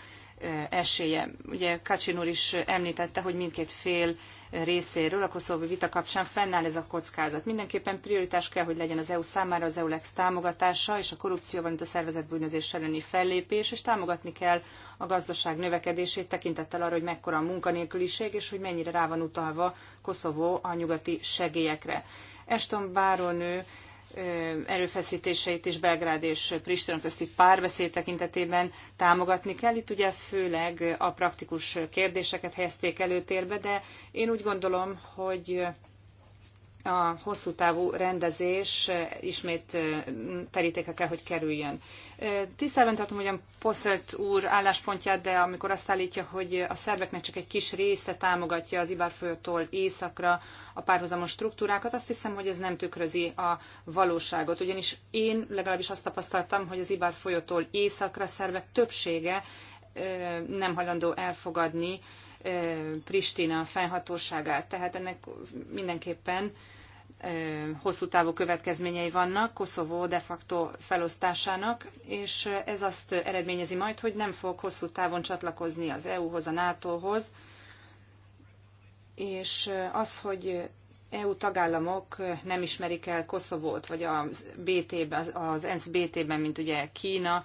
esélye. Ugye Kacsin úr is említette, hogy mindkét fél részéről a koszovói vita kapcsán fennáll ez a kockázat. Mindenképpen prioritás kell, hogy legyen az EU számára az EULEX támogatása és a korrupció, valamint a szervezetbűnözés elleni fellépés, és támogatni kell a gazdaság növekedését tekintettel arra, hogy mekkora a munkanélküliség, és hogy mennyire rá van utalva Koszovó a nyugati segélyekre. Eston Báronő erőfeszítéseit is Belgrád és Pristina közti párbeszéd tekintetében támogatni kell. Itt ugye főleg a praktikus kérdéseket helyezték előtérbe, de én úgy gondolom, hogy a hosszú távú rendezés eh, ismét eh, terítéke kell, hogy kerüljön. Eh, tisztában tartom ugyan Posselt úr álláspontját, de amikor azt állítja, hogy a szerveknek csak egy kis része támogatja az Ibárfolyótól északra a párhuzamos struktúrákat, azt hiszem, hogy ez nem tükrözi a valóságot. Ugyanis én legalábbis azt tapasztaltam, hogy az Ibárfolyótól északra szervek többsége nem hajlandó elfogadni Pristina fennhatóságát. Tehát ennek mindenképpen hosszú távú következményei vannak Koszovó de facto felosztásának, és ez azt eredményezi majd, hogy nem fog hosszú távon csatlakozni az EU-hoz, a NATO-hoz, és az, hogy EU tagállamok nem ismerik el Koszovót, vagy a BT-ben, az ENSZ BT-ben, mint ugye Kína,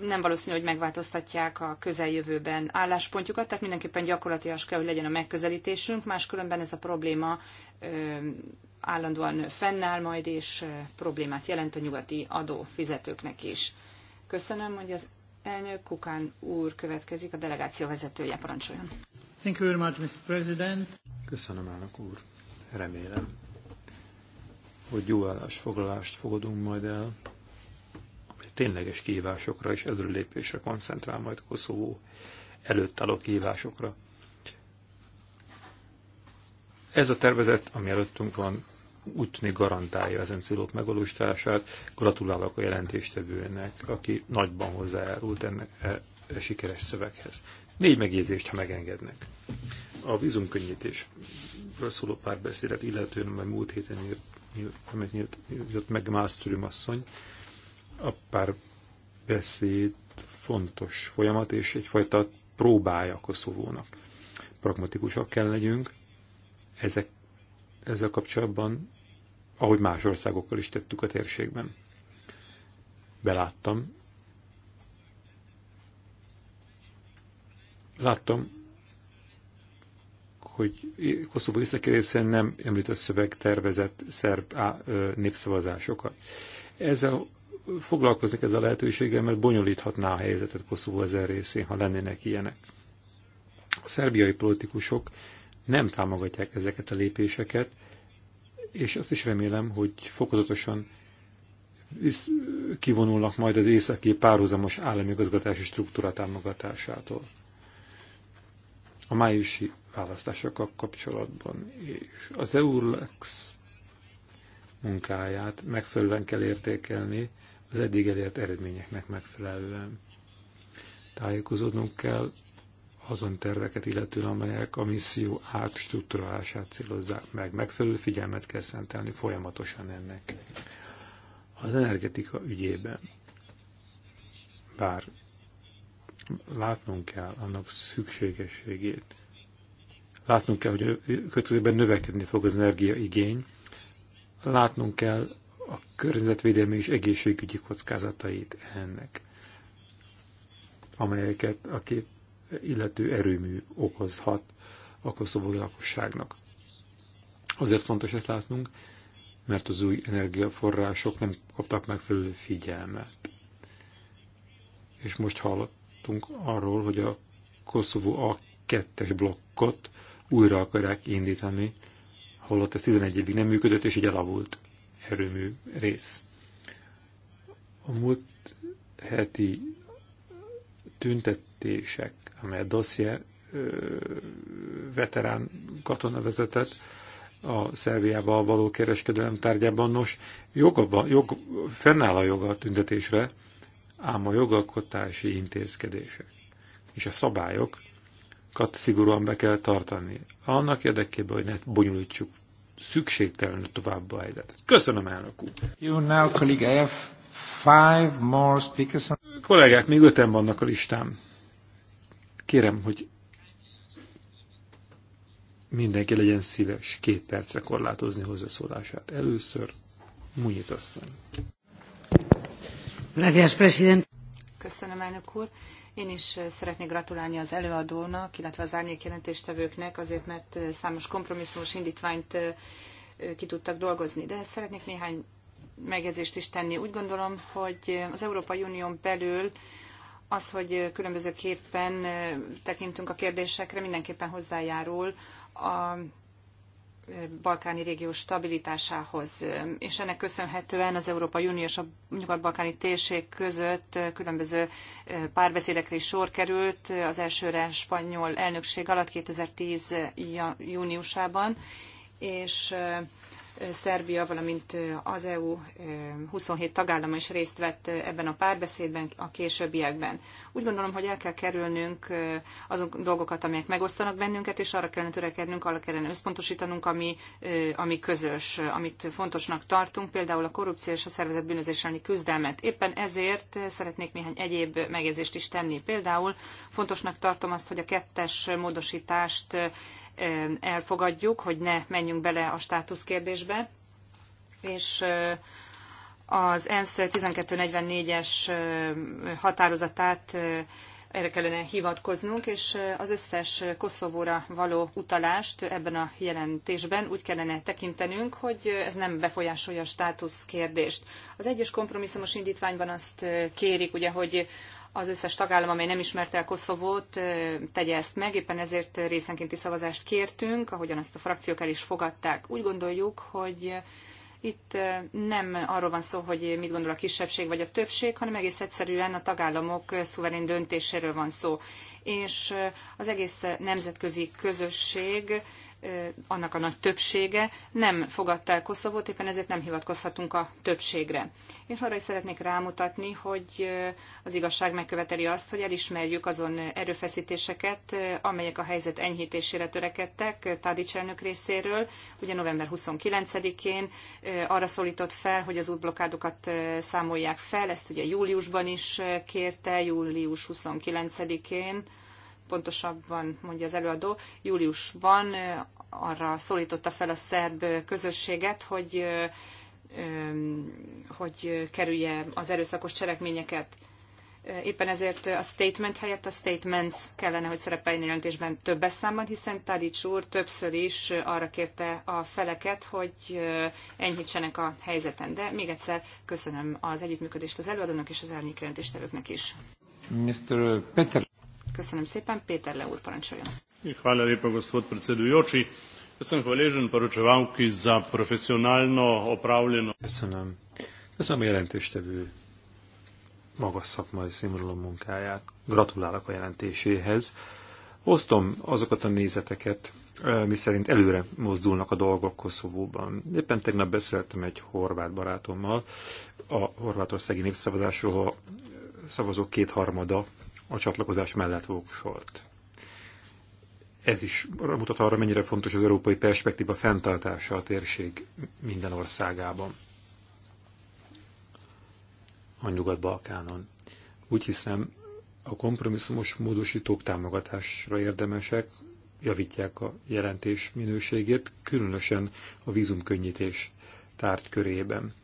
nem valószínű, hogy megváltoztatják a közeljövőben álláspontjukat, tehát mindenképpen gyakorlatias kell, hogy legyen a megközelítésünk, máskülönben ez a probléma állandóan fennáll majd, és problémát jelent a nyugati adófizetőknek is. Köszönöm, hogy az elnök Kukán úr következik, a delegáció vezetője parancsoljon. Thank you very much, Mr. President. Köszönöm, elnök úr. Remélem, hogy jó állásfoglalást fogadunk majd el, ami tényleges kihívásokra és előlépésre koncentrál majd Koszovó előtt álló kihívásokra. Ez a tervezet, ami előttünk van, úgy tűnik garantálja ezen célok megvalósítását. Gratulálok a jelentéstevőnek, aki nagyban hozzájárult ennek a e, e sikeres szöveghez. Négy megjegyzést, ha megengednek. A vízumkönnyítésről szóló párbeszédet illetően, mert múlt héten nyílt, nyílt, nyílt, nyílt meg Másztörüm asszony, a párbeszéd fontos folyamat, és egyfajta próbája Koszovónak. Pragmatikusak kell legyünk, ezek, ezzel kapcsolatban, ahogy más országokkal is tettük a térségben. Beláttam. Láttam, hogy Koszovó visszakérdésén nem említett szöveg tervezett szerb á, népszavazásokat. Ezzel foglalkozik ez a lehetőséggel, mert bonyolíthatná a helyzetet Koszovó ezen részén, ha lennének ilyenek. A szerbiai politikusok nem támogatják ezeket a lépéseket, és azt is remélem, hogy fokozatosan kivonulnak majd az északi párhuzamos állami igazgatási struktúra támogatásától. A májusi választásokkal kapcsolatban és az EURLEX munkáját megfelelően kell értékelni az eddig elért eredményeknek megfelelően. Tájékozódnunk kell azon terveket illetően, amelyek a misszió átstruktúrálását célozzák meg. Megfelelő figyelmet kell szentelni folyamatosan ennek. Az energetika ügyében, bár látnunk kell annak szükségességét, látnunk kell, hogy következőben növekedni fog az energiaigény, látnunk kell a környezetvédelmi és egészségügyi kockázatait ennek, amelyeket a két illető erőmű okozhat a koszovói lakosságnak. Azért fontos ezt látnunk, mert az új energiaforrások nem kaptak megfelelő figyelmet. És most hallottunk arról, hogy a Koszovó a kettes blokkot újra akarják indítani, holott ez 11 évig nem működött, és így elavult erőmű rész. A múlt heti tüntetések amely a dosszié veterán katona vezetett a Szerbiával való kereskedelem tárgyában. Nos, joga van, jog, fennáll a joga a tüntetésre, ám a jogalkotási intézkedések és a szabályokat szigorúan be kell tartani. Annak érdekében, hogy ne bonyolítsuk szükségtelenül tovább a helyzetet. Köszönöm, elnök úr! You now, colleague, I have five more speakers. Kollégák, még öten vannak a listán. Kérem, hogy mindenki legyen szíves két percre korlátozni hozzászólását. Először Munyit asszony. president. Köszönöm, elnök úr. Én is szeretnék gratulálni az előadónak, illetve az árnyék jelentéstevőknek, azért mert számos kompromisszumos indítványt ki tudtak dolgozni. De szeretnék néhány megjegyzést is tenni. Úgy gondolom, hogy az Európai Unión belül az, hogy különbözőképpen tekintünk a kérdésekre, mindenképpen hozzájárul a balkáni régió stabilitásához, és ennek köszönhetően az Európai Unió és a nyugat-balkáni térség között különböző párbeszédekre is sor került, az elsőre spanyol elnökség alatt 2010. júniusában, és Szerbia, valamint az EU 27 tagállama is részt vett ebben a párbeszédben a későbbiekben. Úgy gondolom, hogy el kell kerülnünk azok dolgokat, amelyek megosztanak bennünket, és arra kellene törekednünk, arra kellene összpontosítanunk, ami, ami közös, amit fontosnak tartunk, például a korrupció és a szervezet bűnözés elleni küzdelmet. Éppen ezért szeretnék néhány egyéb megjegyzést is tenni. Például fontosnak tartom azt, hogy a kettes módosítást elfogadjuk, hogy ne menjünk bele a státusz kérdésbe, és az ENSZ 1244-es határozatát erre kellene hivatkoznunk, és az összes Koszovóra való utalást ebben a jelentésben úgy kellene tekintenünk, hogy ez nem befolyásolja a státusz kérdést. Az egyes kompromisszumos indítványban azt kérik, ugye, hogy az összes tagállam, amely nem ismerte el Koszovót, tegye ezt meg. Éppen ezért részenkénti szavazást kértünk, ahogyan azt a frakciók el is fogadták. Úgy gondoljuk, hogy itt nem arról van szó, hogy mit gondol a kisebbség vagy a többség, hanem egész egyszerűen a tagállamok szuverén döntéséről van szó. És az egész nemzetközi közösség annak a nagy többsége nem fogadta el Koszovót, éppen ezért nem hivatkozhatunk a többségre. Én arra is szeretnék rámutatni, hogy az igazság megköveteli azt, hogy elismerjük azon erőfeszítéseket, amelyek a helyzet enyhítésére törekedtek Tadics elnök részéről. Ugye november 29-én arra szólított fel, hogy az útblokádokat számolják fel, ezt ugye júliusban is kérte, július 29-én pontosabban mondja az előadó, júliusban arra szólította fel a szerb közösséget, hogy, hogy kerülje az erőszakos cselekményeket. Éppen ezért a statement helyett a statements kellene, hogy szerepeljen jelentésben többes számban, hiszen Tadics úr többször is arra kérte a feleket, hogy enyhítsenek a helyzeten. De még egyszer köszönöm az együttműködést az előadónak és az árnyék jelentéstevőknek is. Mr. Peter. Köszönöm szépen, Péter Le úr parancsoljon. Hvala lepa, gospod predsedujoči. Jaz sem hvaležen poročevalki za profesionalno opravljeno. Köszönöm. Köszönöm a jelentéstevő magas szakmai színvonalú munkáját. Gratulálok a jelentéséhez. Osztom azokat a nézeteket, miszerint előre mozdulnak a dolgok Koszovóban. Éppen tegnap beszéltem egy horvát barátommal a horvátországi népszavazásról, a szavazók kétharmada a csatlakozás mellett voksolt. Ez is mutat arra, mennyire fontos az európai perspektíva fenntartása a térség minden országában, a Nyugat-Balkánon. Úgy hiszem, a kompromisszumos módosítók támogatásra érdemesek, javítják a jelentés minőségét, különösen a vízumkönnyítés tárgy körében.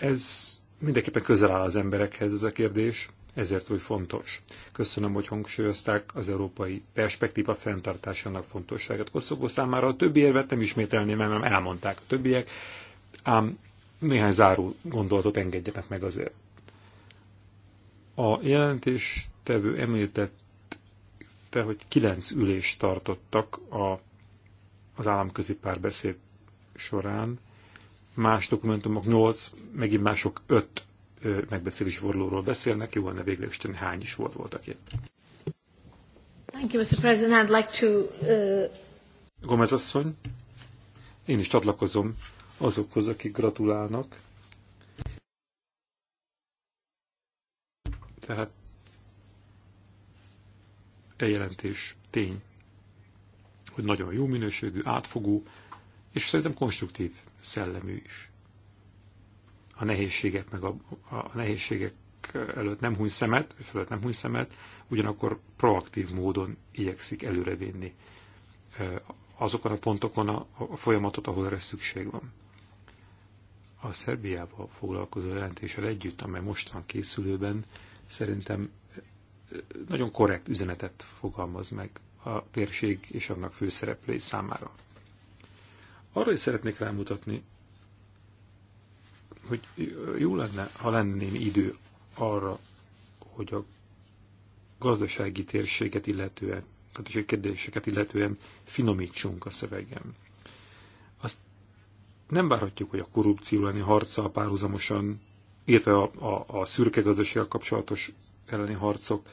Ez mindenképpen közel áll az emberekhez ez a kérdés, ezért úgy fontos. Köszönöm, hogy hangsúlyozták az európai perspektíva fenntartásának fontosságát Koszovó számára. A többi érvet nem ismételném, mert nem elmondták a többiek, ám néhány záró gondolatot engedjenek meg azért. A jelentéstevő említette, hogy kilenc ülést tartottak a, az államközi párbeszéd során, más dokumentumok 8, megint mások 5 megbeszélési fordulóról beszélnek, jó lenne véglegesen hány is volt voltak itt. Thank you, Mr. President. I'd like to, uh... Gomez asszony, én is csatlakozom azokhoz, akik gratulálnak. Tehát egy jelentés tény, hogy nagyon jó minőségű, átfogó, és szerintem konstruktív szellemű is a nehézségek, meg a, a nehézségek előtt nem huny szemet, fölött nem huny szemet, ugyanakkor proaktív módon igyekszik előrevinni azokon a pontokon a, a folyamatot, ahol erre szükség van. A Szerbiával foglalkozó jelentéssel együtt, amely most van készülőben, szerintem nagyon korrekt üzenetet fogalmaz meg a térség és annak főszereplői számára. Arra is szeretnék rámutatni, hogy jó lenne, ha lenném idő arra, hogy a gazdasági térséget illetően, a kérdéseket illetően finomítsunk a szövegem. Azt nem várhatjuk, hogy a korrupció elleni harccal párhuzamosan, illetve a, a, a szürke gazdasággal kapcsolatos elleni harcok,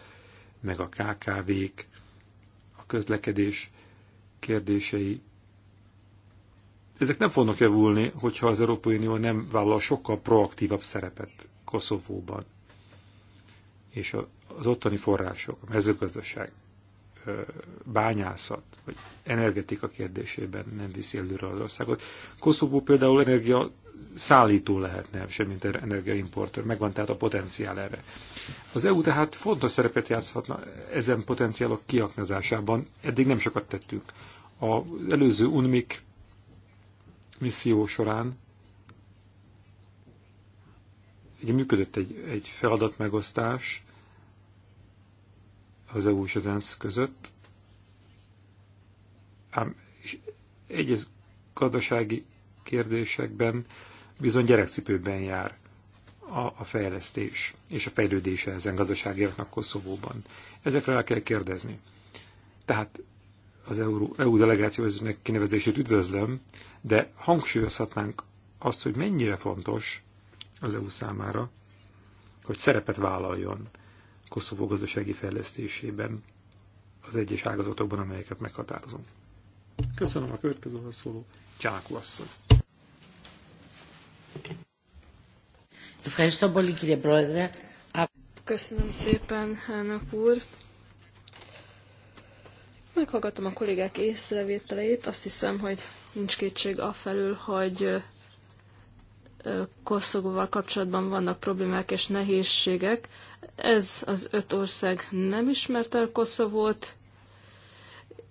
meg a KKV-k, a közlekedés kérdései ezek nem fognak javulni, hogyha az Európai Unió nem vállal sokkal proaktívabb szerepet Koszovóban és az ottani források, a mezőgazdaság, bányászat, vagy energetika kérdésében nem viszi előre az országot. Koszovó például energia szállító lehetne, semmint er- energiaimportőr, megvan tehát a potenciál erre. Az EU tehát fontos szerepet játszhatna ezen potenciálok kiaknázásában, eddig nem sokat tettünk. Az előző UNMIK misszió során ugye működött egy, egy feladatmegosztás az EU és az ENSZ között, ám egyes gazdasági kérdésekben bizony gyerekcipőben jár a, a fejlesztés és a fejlődése ezen gazdaságiaknak Koszovóban. Ezekre el kell kérdezni. Tehát az EU, delegáció vezetőnek kinevezését üdvözlöm, de hangsúlyozhatnánk azt, hogy mennyire fontos az EU számára, hogy szerepet vállaljon Koszovó gazdasági fejlesztésében az egyes ágazatokban, amelyeket meghatározunk. Köszönöm a következő szóló Csákó asszony. Köszönöm szépen, elnök úr meghallgattam a kollégák észrevételeit, azt hiszem, hogy nincs kétség afelől, hogy Koszovóval kapcsolatban vannak problémák és nehézségek. Ez az öt ország nem ismert el Koszovót,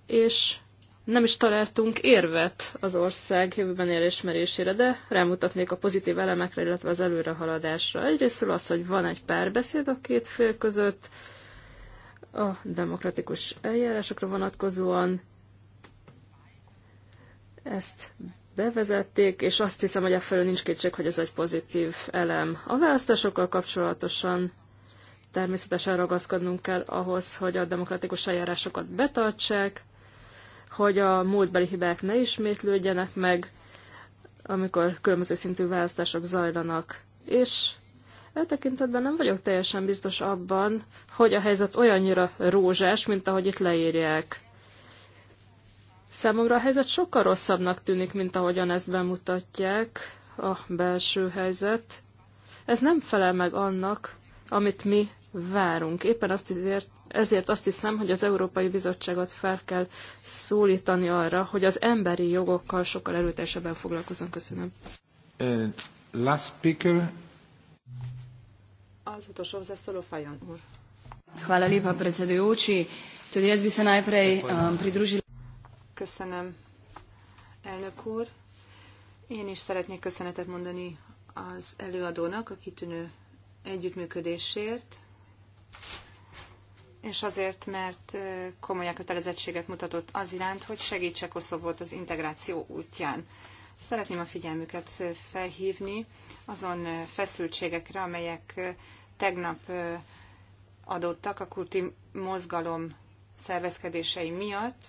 és nem is találtunk érvet az ország jövőben elismerésére, de rámutatnék a pozitív elemekre, illetve az előrehaladásra. Egyrészt az, hogy van egy párbeszéd a két fél között, a demokratikus eljárásokra vonatkozóan. Ezt bevezették, és azt hiszem, hogy ebből nincs kétség, hogy ez egy pozitív elem. A választásokkal kapcsolatosan természetesen ragaszkodnunk kell ahhoz, hogy a demokratikus eljárásokat betartsák, hogy a múltbeli hibák ne ismétlődjenek meg, amikor különböző szintű választások zajlanak, és E tekintetben nem vagyok teljesen biztos abban, hogy a helyzet olyannyira rózsás, mint ahogy itt leírják. Számomra a helyzet sokkal rosszabbnak tűnik, mint ahogyan ezt bemutatják, a belső helyzet. Ez nem felel meg annak, amit mi várunk. Éppen azt ezért, ezért azt hiszem, hogy az Európai Bizottságot fel kell szólítani arra, hogy az emberi jogokkal sokkal erőteljesebben foglalkozunk. Köszönöm. Uh, last speaker az utolsó hozzászóló Fajon úr. Hvala najprej um, Köszönöm, elnök úr. Én is szeretnék köszönetet mondani az előadónak a kitűnő együttműködésért, és azért, mert komoly kötelezettséget mutatott az iránt, hogy segítse Koszovót az integráció útján. Szeretném a figyelmüket felhívni azon feszültségekre, amelyek tegnap adottak a kurti mozgalom szervezkedései miatt.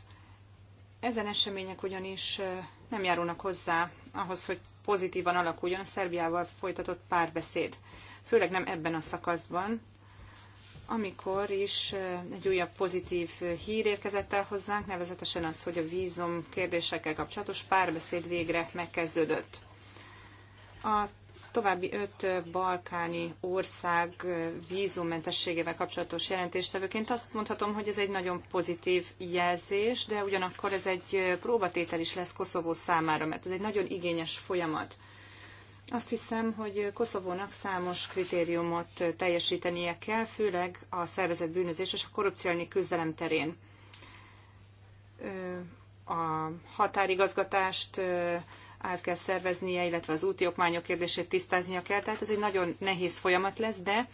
Ezen események ugyanis nem járulnak hozzá ahhoz, hogy pozitívan alakuljon a Szerbiával folytatott párbeszéd. Főleg nem ebben a szakaszban, amikor is egy újabb pozitív hír érkezett el hozzánk, nevezetesen az, hogy a vízum kérdésekkel kapcsolatos párbeszéd végre megkezdődött. A további öt balkáni ország vízummentességével kapcsolatos jelentéstevőként azt mondhatom, hogy ez egy nagyon pozitív jelzés, de ugyanakkor ez egy próbatétel is lesz Koszovó számára, mert ez egy nagyon igényes folyamat. Azt hiszem, hogy Koszovónak számos kritériumot teljesítenie kell, főleg a szervezett bűnözés és a korrupcióni küzdelem terén. A határigazgatást át kell szerveznie, illetve az úti okmányok kérdését tisztáznia kell, tehát ez egy nagyon nehéz folyamat lesz, de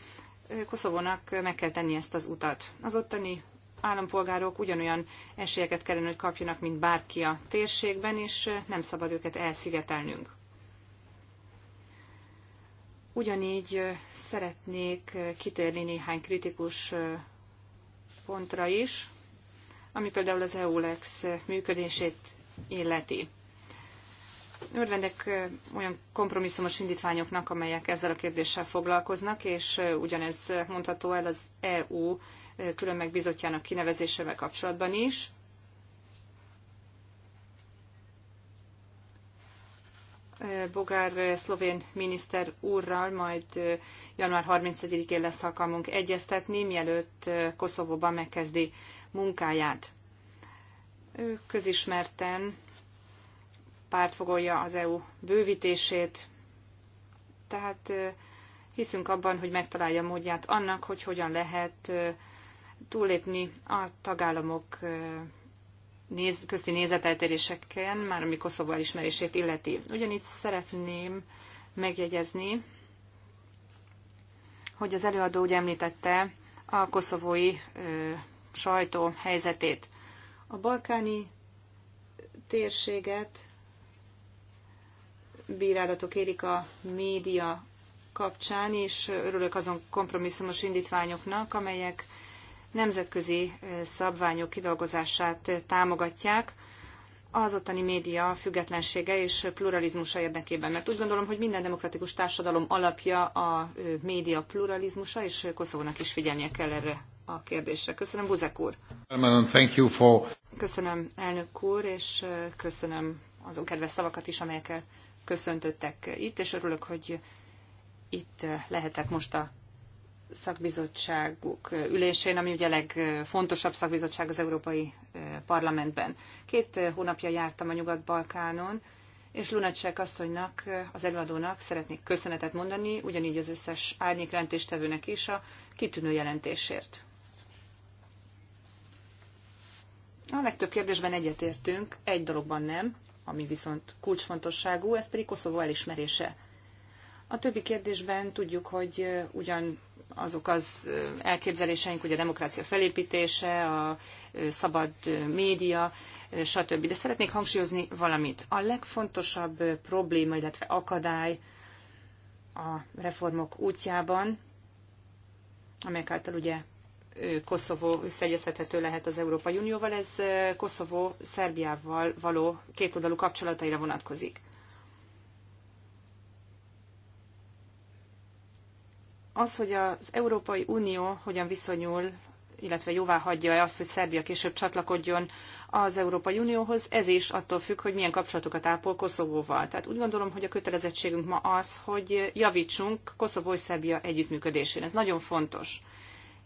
Koszovónak meg kell tenni ezt az utat. Az ottani állampolgárok ugyanolyan esélyeket kellene, hogy kapjanak, mint bárki a térségben, és nem szabad őket elszigetelnünk. Ugyanígy szeretnék kitérni néhány kritikus pontra is, ami például az EULEX működését illeti. Örvendek olyan kompromisszumos indítványoknak, amelyek ezzel a kérdéssel foglalkoznak, és ugyanez mondható el az EU külön megbizotjának kinevezésével kapcsolatban is. Bogár eh, szlovén miniszter úrral majd eh, január 31-én lesz alkalmunk egyeztetni, mielőtt eh, Koszovóban megkezdi munkáját. Ő közismerten pártfogolja az EU bővítését, tehát hiszünk abban, hogy megtalálja módját annak, hogy hogyan lehet túllépni a tagállamok néz, közti nézeteltéréseken, már ami Koszovó elismerését illeti. Ugyanígy szeretném megjegyezni, hogy az előadó úgy említette a koszovói ö, sajtó helyzetét. A balkáni térséget bírálatok érik a média kapcsán, és örülök azon kompromisszumos indítványoknak, amelyek nemzetközi szabványok kidolgozását támogatják az ottani média függetlensége és pluralizmusa érdekében. Mert úgy gondolom, hogy minden demokratikus társadalom alapja a média pluralizmusa, és Koszovónak is figyelnie kell erre a kérdésre. Köszönöm, Buzek úr. Köszönöm, elnök úr, és köszönöm azon kedves szavakat is, amelyekkel köszöntöttek itt, és örülök, hogy itt lehetek most a szakbizottságuk ülésén, ami ugye a legfontosabb szakbizottság az Európai Parlamentben. Két hónapja jártam a Nyugat-Balkánon, és Lunacek asszonynak, az előadónak szeretnék köszönetet mondani, ugyanígy az összes árnyék jelentéstevőnek is a kitűnő jelentésért. A legtöbb kérdésben egyetértünk, egy dologban nem, ami viszont kulcsfontosságú, ez pedig Koszovó elismerése. A többi kérdésben tudjuk, hogy ugyan azok az elképzeléseink, hogy a demokrácia felépítése, a szabad média, stb. De szeretnék hangsúlyozni valamit. A legfontosabb probléma, illetve akadály a reformok útjában, amelyek által ugye Koszovó összeegyeztethető lehet az Európai Unióval, ez Koszovó Szerbiával való kétoldalú kapcsolataira vonatkozik. az, hogy az Európai Unió hogyan viszonyul illetve jóvá hagyja-e azt, hogy Szerbia később csatlakodjon az Európai Unióhoz, ez is attól függ, hogy milyen kapcsolatokat ápol Koszovóval. Tehát úgy gondolom, hogy a kötelezettségünk ma az, hogy javítsunk Koszovó és Szerbia együttműködésén. Ez nagyon fontos,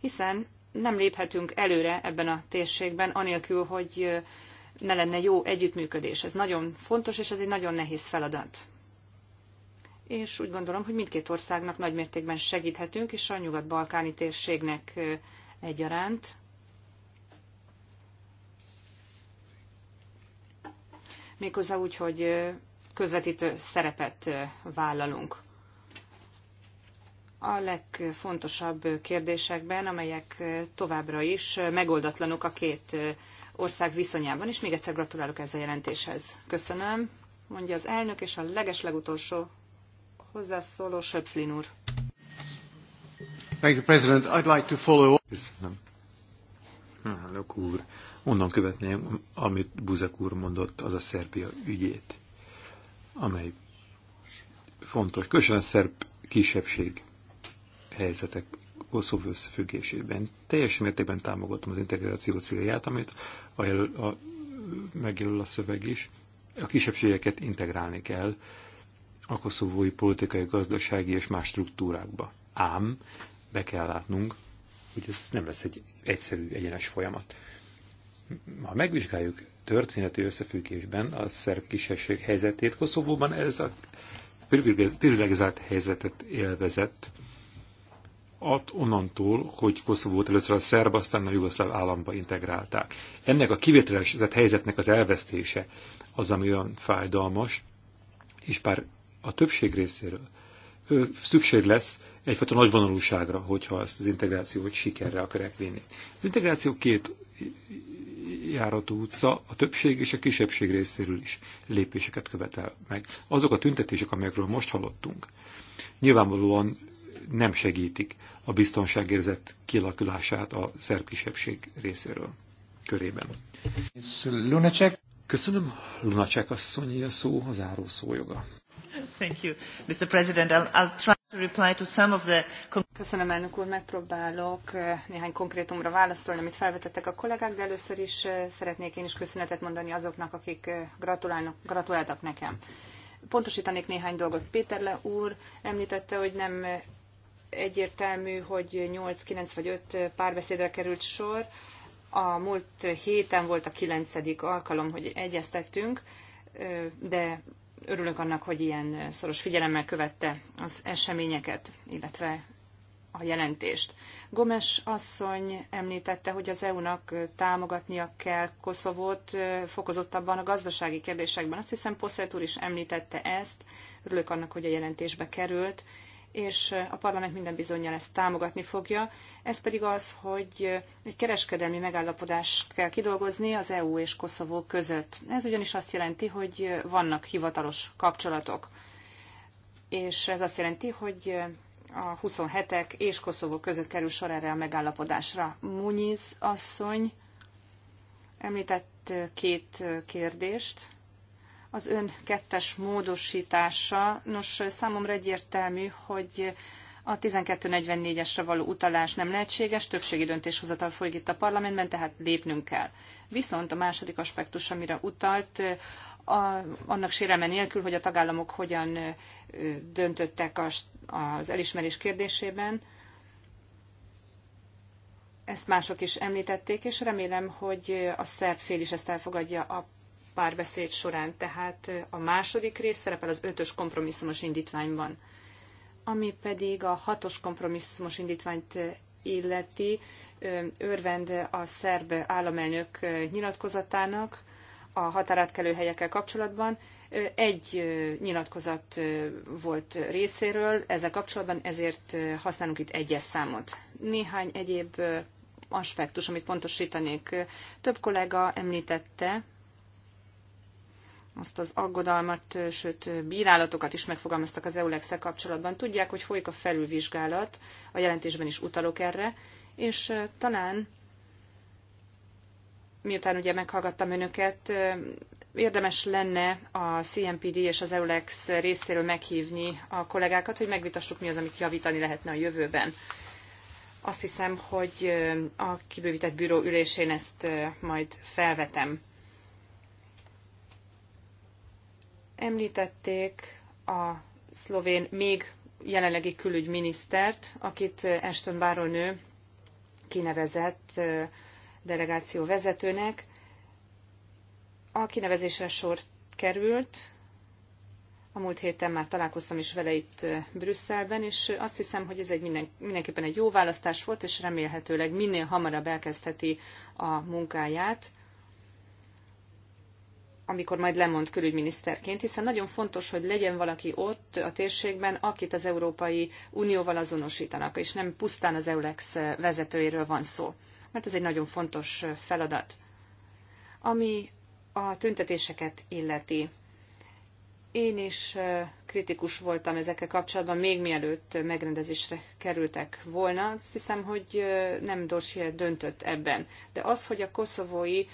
hiszen nem léphetünk előre ebben a térségben, anélkül, hogy ne lenne jó együttműködés. Ez nagyon fontos, és ez egy nagyon nehéz feladat és úgy gondolom, hogy mindkét országnak nagymértékben segíthetünk, és a nyugat-balkáni térségnek egyaránt. Méghozzá úgy, hogy közvetítő szerepet vállalunk. A legfontosabb kérdésekben, amelyek továbbra is megoldatlanok a két ország viszonyában, és még egyszer gratulálok ezzel a jelentéshez. Köszönöm, mondja az elnök, és a legeslegutolsó Hozzászóló Söpflin úr. Thank you, President. I'd like to follow... Köszönöm. Elnök úr, onnan követném, amit Buzek úr mondott, az a Szerbia ügyét, amely fontos, különösen a szerb kisebbség helyzetek Koszovó összefüggésében. Teljes mértékben támogatom az integráció célját, amit a, jel, a, megjelöl a szöveg is. A kisebbségeket integrálni kell a koszovói politikai, gazdasági és más struktúrákba. Ám be kell látnunk, hogy ez nem lesz egy egyszerű, egyenes folyamat. Ha megvizsgáljuk történeti összefüggésben a szerb kisebbség helyzetét, Koszovóban ez a privilegizált helyzetet élvezett, At onnantól, hogy Koszovót először a szerb, aztán a jugoszláv államba integrálták. Ennek a kivételezett helyzetnek az elvesztése az, ami olyan fájdalmas, és pár a többség részéről szükség lesz egyfajta nagyvonalúságra, hogyha ezt az integrációt sikerre akarják vinni. Az integráció két járatú utca a többség és a kisebbség részéről is lépéseket követel meg. Azok a tüntetések, amelyekről most hallottunk, nyilvánvalóan nem segítik a biztonságérzet kilakulását a szerb kisebbség részéről körében. Köszönöm, Lunacek asszonyi a szó, az áró joga. Mr. President. Köszönöm, elnök úr, megpróbálok eh, néhány konkrétumra válaszolni, amit felvetettek a kollégák, de először is eh, szeretnék én is köszönetet mondani azoknak, akik eh, gratulálnak, gratuláltak nekem. Pontosítanék néhány dolgot. Péterle úr említette, hogy nem egyértelmű, hogy 8-9 vagy 5 párbeszédre került sor. A múlt héten volt a kilencedik alkalom, hogy egyeztettünk, de örülök annak, hogy ilyen szoros figyelemmel követte az eseményeket, illetve a jelentést. Gomes asszony említette, hogy az EU-nak támogatnia kell Koszovót fokozottabban a gazdasági kérdésekben. Azt hiszem Poszert úr is említette ezt. Örülök annak, hogy a jelentésbe került, és a parlament minden bizonyal ezt támogatni fogja. Ez pedig az, hogy egy kereskedelmi megállapodást kell kidolgozni az EU és Koszovó között. Ez ugyanis azt jelenti, hogy vannak hivatalos kapcsolatok. És ez azt jelenti, hogy a 27-ek és Koszovó között kerül sor erre a megállapodásra. Muniz asszony említett két kérdést az ön kettes módosítása. Nos, számomra egyértelmű, hogy a 1244-esre való utalás nem lehetséges, többségi döntéshozatal folyik itt a parlamentben, tehát lépnünk kell. Viszont a második aspektus, amire utalt, a, annak sérelme nélkül, hogy a tagállamok hogyan döntöttek az, az elismerés kérdésében. Ezt mások is említették, és remélem, hogy a szerb fél is ezt elfogadja a párbeszéd során. Tehát a második rész szerepel az ötös kompromisszumos indítványban. Ami pedig a hatos kompromisszumos indítványt illeti, örvend a szerb államelnök nyilatkozatának a határátkelő helyekkel kapcsolatban. Egy nyilatkozat volt részéről ezzel kapcsolatban, ezért használunk itt egyes számot. Néhány egyéb aspektus, amit pontosítanék. Több kollega említette azt az aggodalmat, sőt bírálatokat is megfogalmaztak az eulex kapcsolatban. Tudják, hogy folyik a felülvizsgálat, a jelentésben is utalok erre, és talán miután ugye meghallgattam önöket, érdemes lenne a CMPD és az EULEX részéről meghívni a kollégákat, hogy megvitassuk, mi az, amit javítani lehetne a jövőben. Azt hiszem, hogy a kibővített bűró ülésén ezt majd felvetem. Említették a szlovén még jelenlegi külügyminisztert, akit Eston Baronő kinevezett delegáció vezetőnek. A kinevezésre sor került, a múlt héten már találkoztam is vele itt Brüsszelben, és azt hiszem, hogy ez egy minden, mindenképpen egy jó választás volt, és remélhetőleg minél hamarabb elkezdheti a munkáját, amikor majd lemond külügyminiszterként, hiszen nagyon fontos, hogy legyen valaki ott a térségben, akit az Európai Unióval azonosítanak, és nem pusztán az EULEX vezetőjéről van szó, mert ez egy nagyon fontos feladat. Ami a tüntetéseket illeti. Én is kritikus voltam ezekkel kapcsolatban, még mielőtt megrendezésre kerültek volna. Azt hiszem, hogy nem Dorsier döntött ebben. De az, hogy a koszovói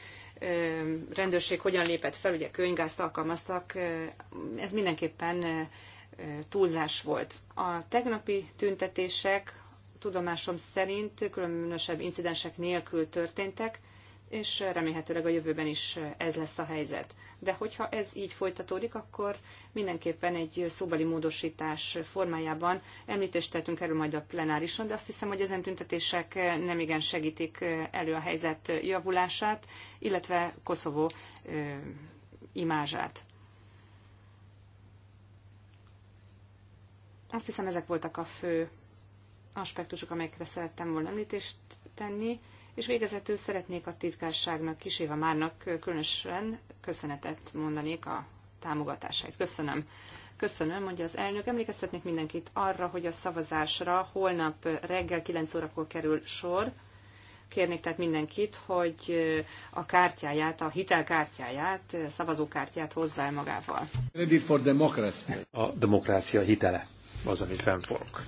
rendőrség hogyan lépett fel, ugye könyvgázt alkalmaztak, ez mindenképpen túlzás volt. A tegnapi tüntetések tudomásom szerint különösebb incidensek nélkül történtek, és remélhetőleg a jövőben is ez lesz a helyzet de hogyha ez így folytatódik, akkor mindenképpen egy szóbeli módosítás formájában említést tettünk erről majd a plenárison, de azt hiszem, hogy ezen tüntetések nem igen segítik elő a helyzet javulását, illetve Koszovó imázsát. Azt hiszem, ezek voltak a fő aspektusok, amelyekre szerettem volna említést tenni. És végezetül szeretnék a titkárságnak, kis Éva Márnak különösen köszönetet mondanék a támogatásait Köszönöm. Köszönöm, mondja az elnök. Emlékeztetnék mindenkit arra, hogy a szavazásra holnap reggel 9 órakor kerül sor. Kérnék tehát mindenkit, hogy a kártyáját, a hitelkártyáját, szavazókártyát hozzá el magával. A demokrácia hitele az, ami fennforog.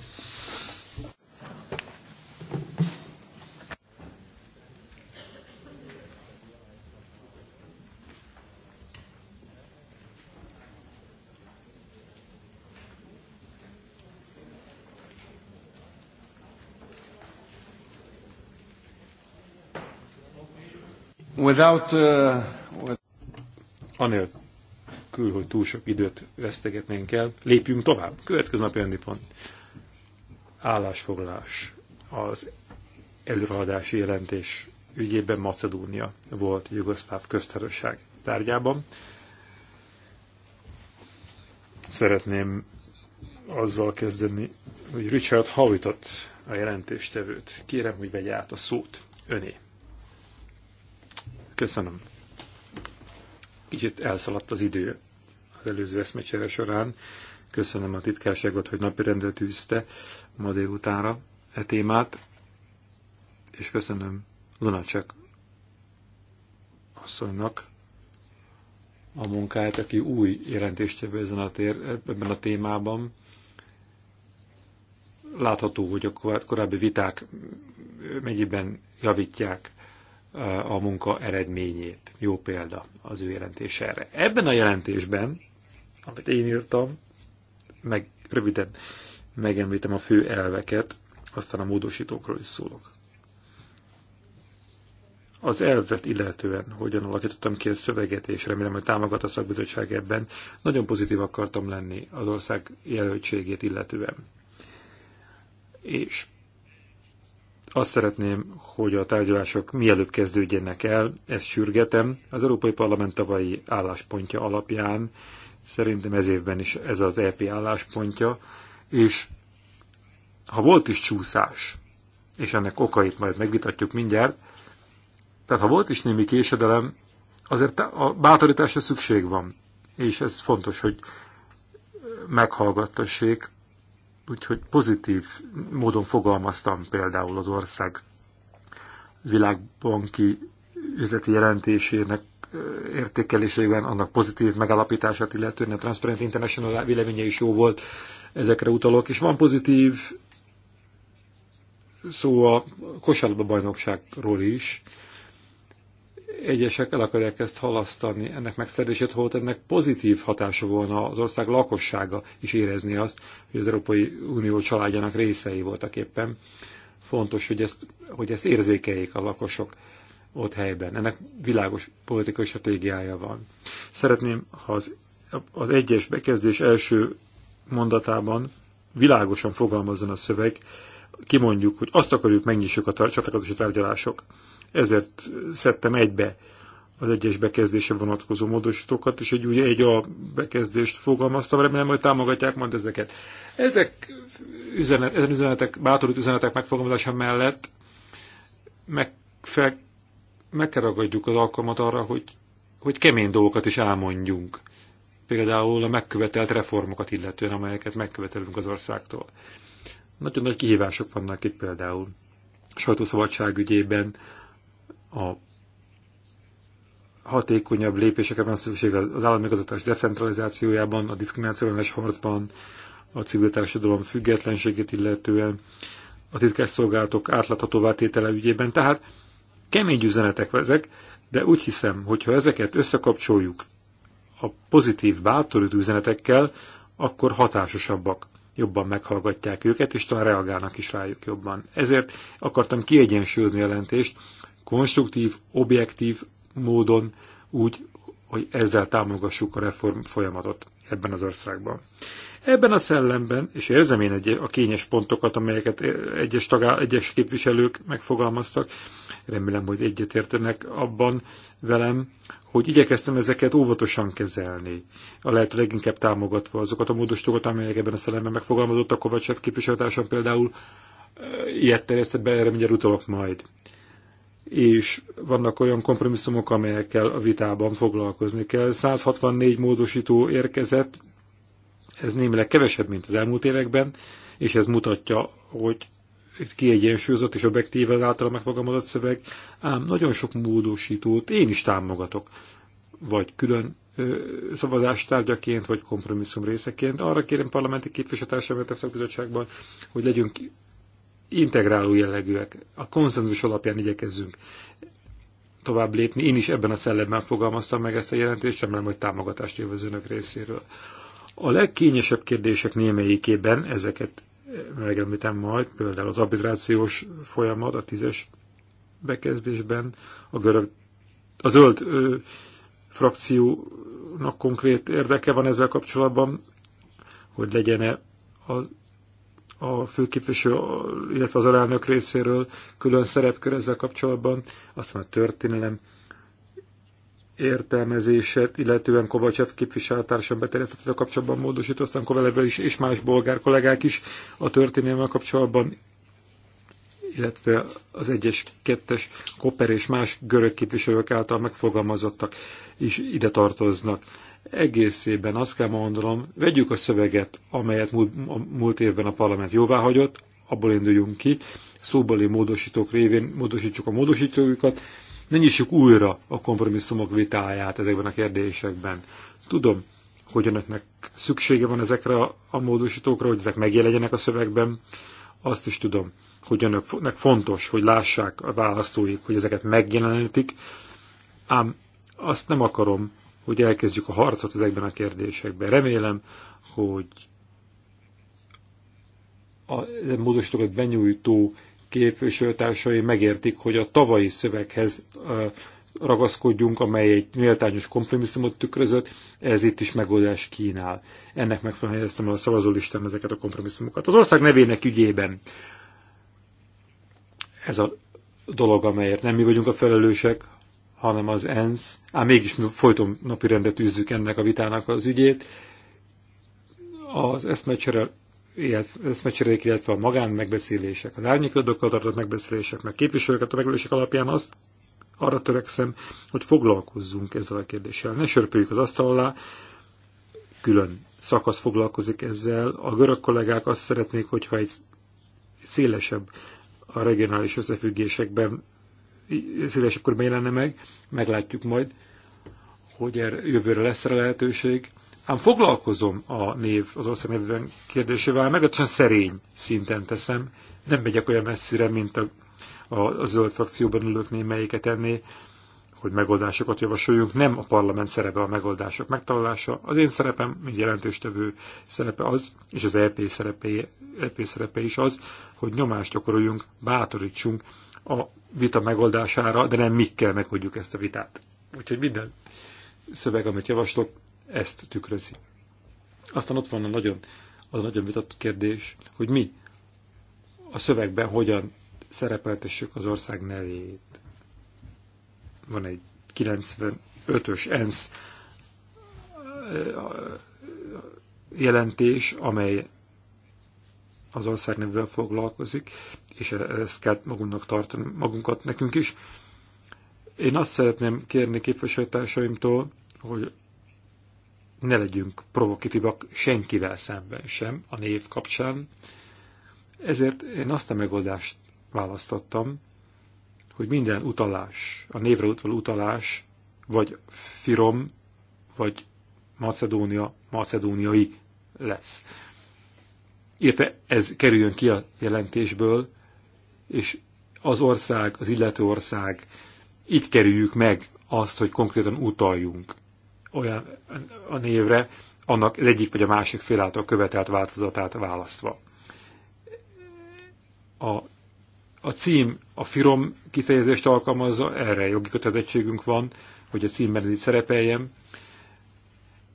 Without, uh, with... Anélkül, hogy túl sok időt vesztegetnénk el, lépjünk tovább. Következő napi rendi pont. Állásfoglalás. Az előreadási jelentés ügyében Macedónia volt Jugoszláv köztársaság tárgyában. Szeretném azzal kezdeni, hogy Richard Howitot, a jelentéstevőt, kérem, hogy vegye át a szót öné. Köszönöm. Kicsit elszaladt az idő az előző eszmecsere során. Köszönöm a titkárságot, hogy napirendre tűzte ma délutánra e témát, és köszönöm Lunacek asszonynak a munkáját, aki új jövő ezen a tér, ebben a témában. Látható, hogy a korábbi viták mennyiben javítják a munka eredményét. Jó példa az ő jelentése erre. Ebben a jelentésben, amit én írtam, meg röviden megemlítem a fő elveket, aztán a módosítókról is szólok. Az elvet illetően, hogyan alakítottam ki a szöveget, és remélem, hogy támogat a szakbizottság ebben, nagyon pozitív akartam lenni az ország jelöltségét illetően. És azt szeretném, hogy a tárgyalások mielőbb kezdődjenek el, ezt sürgetem. Az Európai Parlament tavalyi álláspontja alapján szerintem ez évben is ez az EP álláspontja, és ha volt is csúszás, és ennek okait majd megvitatjuk mindjárt, tehát ha volt is némi késedelem, azért a bátorításra szükség van, és ez fontos, hogy meghallgattassék Úgyhogy pozitív módon fogalmaztam például az ország világbanki üzleti jelentésének értékelésében annak pozitív megalapítását illetően a Transparent International véleménye is jó volt, ezekre utalok, és van pozitív szó a kosárlabda bajnokságról is, egyesek el akarják ezt halasztani, ennek megszerzését, holott ennek pozitív hatása volna az ország lakossága is érezni azt, hogy az Európai Unió családjának részei voltak éppen. Fontos, hogy ezt, hogy ezt érzékeljék a lakosok ott helyben. Ennek világos politikai stratégiája van. Szeretném, ha az, az egyes bekezdés első mondatában világosan fogalmazzon a szöveg, kimondjuk, hogy azt akarjuk, megnyissuk a csatlakozási tárgyalások ezért szedtem egybe az egyes bekezdése vonatkozó módosítókat, és egy, ugye, egy a bekezdést fogalmaztam, remélem, hogy támogatják majd ezeket. Ezek üzenet, ezen üzenetek, bátorít üzenetek megfogalmazása mellett meg, fel, meg kell ragadjuk az alkalmat arra, hogy, hogy kemény dolgokat is elmondjunk. Például a megkövetelt reformokat illetően, amelyeket megkövetelünk az országtól. Nagyon nagy kihívások vannak itt például sajtószabadság ügyében, a hatékonyabb lépésekre van szükség az állami igazgatás decentralizációjában, a diszkriminációs harcban, a civil társadalom függetlenségét illetően, a szolgálatok átláthatóvá tétele ügyében. Tehát kemény üzenetek ezek, de úgy hiszem, hogy ha ezeket összekapcsoljuk a pozitív, bátorító üzenetekkel, akkor hatásosabbak, jobban meghallgatják őket, és talán reagálnak is rájuk jobban. Ezért akartam kiegyensúlyozni a jelentést konstruktív, objektív módon úgy, hogy ezzel támogassuk a reform folyamatot ebben az országban. Ebben a szellemben, és érzem én egy, a kényes pontokat, amelyeket e, egyes, tagá, egyes képviselők megfogalmaztak, remélem, hogy egyetértenek abban velem, hogy igyekeztem ezeket óvatosan kezelni, a lehető leginkább támogatva azokat a módosítókat, amelyek ebben a szellemben megfogalmazott, a Kovacsev képviselőtársam például e, ilyet terjesztett be, erre mindjárt utalok majd és vannak olyan kompromisszumok, amelyekkel a vitában foglalkozni kell. 164 módosító érkezett, ez némileg kevesebb, mint az elmúlt években, és ez mutatja, hogy kiegyensúlyozott és objektíven által megfogalmazott szöveg, ám nagyon sok módosítót én is támogatok, vagy külön szavazástárgyaként, vagy kompromisszum részeként. Arra kérem parlamenti képviselőtársamat a szakbizottságban, hogy legyünk integráló jellegűek. A konszenzus alapján igyekezzünk tovább lépni. Én is ebben a szellemben fogalmaztam meg ezt a jelentést, remélem, hogy támogatást élvez önök részéről. A legkényesebb kérdések némelyikében ezeket megemlítem majd, például az arbitrációs folyamat a tízes bekezdésben, a görög, a zöld ö, frakciónak konkrét érdeke van ezzel kapcsolatban, hogy legyen-e az a főképviselő, illetve az alelnök részéről külön szerepkör ezzel kapcsolatban, aztán a történelem értelmezését, illetően Kovacsev képviselőtársam beterjesztetett a kapcsolatban módosító, aztán Kovalevel is és más bolgár kollégák is a történelemmel kapcsolatban, illetve az egyes, kettes Koper és más görög képviselők által megfogalmazottak is ide tartoznak egészében azt kell mondanom, vegyük a szöveget, amelyet múlt, múlt évben a parlament jóvá hagyott, abból induljunk ki, szóbeli módosítók révén módosítsuk a módosítójukat, ne nyissuk újra a kompromisszumok vitáját ezekben a kérdésekben. Tudom, hogy önöknek szüksége van ezekre a módosítókra, hogy ezek megjelenjenek a szövegben. Azt is tudom, hogy önöknek fontos, hogy lássák a választóik, hogy ezeket megjelenítik, ám azt nem akarom, hogy elkezdjük a harcot ezekben a kérdésekben. Remélem, hogy a módosítókat benyújtó képviselőtársai megértik, hogy a tavalyi szöveghez ragaszkodjunk, amely egy méltányos kompromisszumot tükrözött, ez itt is megoldást kínál. Ennek megfelelően helyeztem a szavazólistán ezeket a kompromisszumokat. Az ország nevének ügyében ez a dolog, amelyért nem mi vagyunk a felelősek, hanem az ENSZ, ám mégis folyton napi rendet űzzük ennek a vitának az ügyét. Az eszmecserék, illetve a magán megbeszélések, az árnyékodokkal tartott megbeszélések, meg képviselőket a megbeszélések alapján azt arra törekszem, hogy foglalkozzunk ezzel a kérdéssel. Ne sörpöljük az asztal alá, külön szakasz foglalkozik ezzel. A görög kollégák azt szeretnék, hogyha egy szélesebb a regionális összefüggésekben szívesekkorban jelenne meg, meglátjuk majd, hogy erre jövőre lesz erre lehetőség. Ám foglalkozom a név, az ország nevűen kérdésével, meglehetősen szerény szinten teszem, nem megyek olyan messzire, mint a, a, a zöld frakcióban ülők némelyiket enné, hogy megoldásokat javasoljunk. Nem a parlament szerepe a megoldások megtalálása. Az én szerepem, mint jelentéstevő szerepe az, és az EP szerepe, EP szerepe is az, hogy nyomást gyakoroljunk, bátorítsunk a vita megoldására, de nem mi kell megoldjuk ezt a vitát. Úgyhogy minden szöveg, amit javaslok, ezt tükrözi. Aztán ott van a nagyon, az a nagyon vitatott kérdés, hogy mi a szövegben hogyan szerepeltessük az ország nevét. Van egy 95-ös ENSZ jelentés, amely az ország nevével foglalkozik, és ezt kell magunknak tartani, magunkat nekünk is. Én azt szeretném kérni képviselőtársaimtól, hogy ne legyünk provokatívak senkivel szemben sem a név kapcsán. Ezért én azt a megoldást választottam, hogy minden utalás, a névre utaló utalás, vagy Firom, vagy Macedónia, macedóniai lesz. Illetve ez kerüljön ki a jelentésből, és az ország, az illető ország, itt kerüljük meg azt, hogy konkrétan utaljunk olyan a névre, annak az egyik vagy a másik fél által követelt változatát választva. A, a cím a firom kifejezést alkalmazza, erre jogi kötelezettségünk van, hogy a címben itt szerepeljem.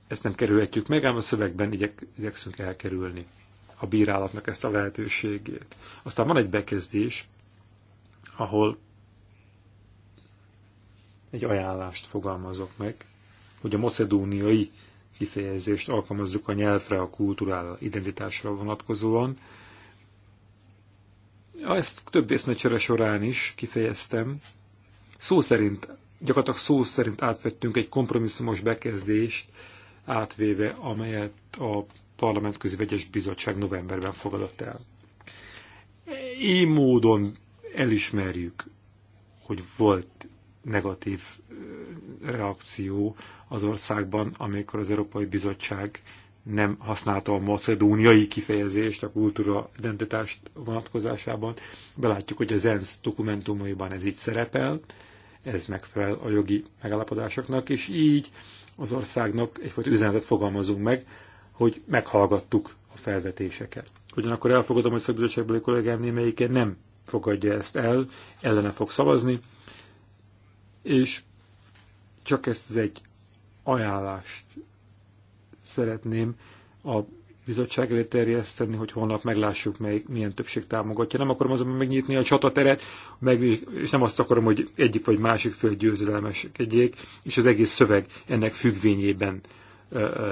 Ezt nem kerülhetjük meg, ám a szövegben igyek, igyekszünk elkerülni a bírálatnak ezt a lehetőségét. Aztán van egy bekezdés, ahol egy ajánlást fogalmazok meg, hogy a moszedóniai kifejezést alkalmazzuk a nyelvre, a kultúrára, identitásra vonatkozóan. Ezt több észmecsere során is kifejeztem. Szó szerint, gyakorlatilag szó szerint átvettünk egy kompromisszumos bekezdést, átvéve, amelyet a Parlamentközi Vegyes Bizottság novemberben fogadott el. Így módon elismerjük, hogy volt negatív reakció az országban, amikor az Európai Bizottság nem használta a macedóniai kifejezést a kultúra identitást vonatkozásában. Belátjuk, hogy az ENSZ dokumentumaiban ez így szerepel, ez megfelel a jogi megállapodásoknak, és így az országnak egyfajta üzenetet fogalmazunk meg, hogy meghallgattuk a felvetéseket. Ugyanakkor elfogadom, hogy szakbizottságbeli kollégám némelyike nem fogadja ezt el, ellene fog szavazni, és csak ezt az egy ajánlást szeretném a bizottság elé terjeszteni, hogy holnap meglássuk, mely, milyen többség támogatja. Nem akarom azonban megnyitni a csatateret, meg, és nem azt akarom, hogy egyik vagy másik föl egyék, és az egész szöveg ennek függvényében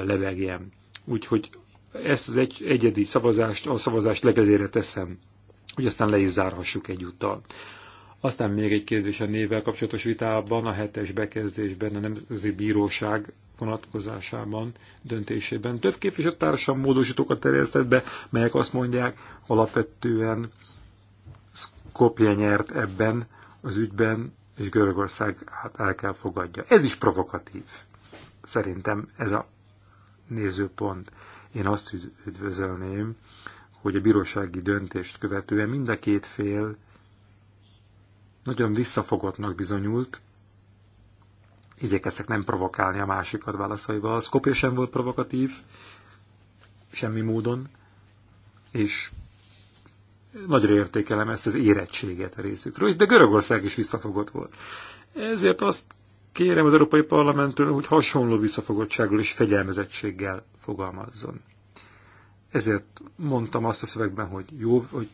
levegjen. Úgyhogy ezt az egy, egyedi szavazást, a szavazást legelére teszem, hogy aztán le is zárhassuk egyúttal. Aztán még egy kérdés a névvel kapcsolatos vitában, a hetes bekezdésben, a Nemzeti Bíróság vonatkozásában, döntésében. Több képviselőtársam módosítókat terjesztett be, melyek azt mondják, alapvetően Skopje nyert ebben az ügyben, és Görögország hát el kell fogadja. Ez is provokatív. Szerintem ez a nézőpont. Én azt üdvözölném, hogy a bírósági döntést követően mind a két fél nagyon visszafogottnak bizonyult, igyekeztek nem provokálni a másikat válaszaival. Skopje sem volt provokatív, semmi módon, és nagyra értékelem ezt az érettséget a részükről, de Görögország is visszafogott volt. Ezért azt Kérem az Európai Parlamenttől, hogy hasonló visszafogottsággal és fegyelmezettséggel fogalmazzon. Ezért mondtam azt a szövegben, hogy jó, hogy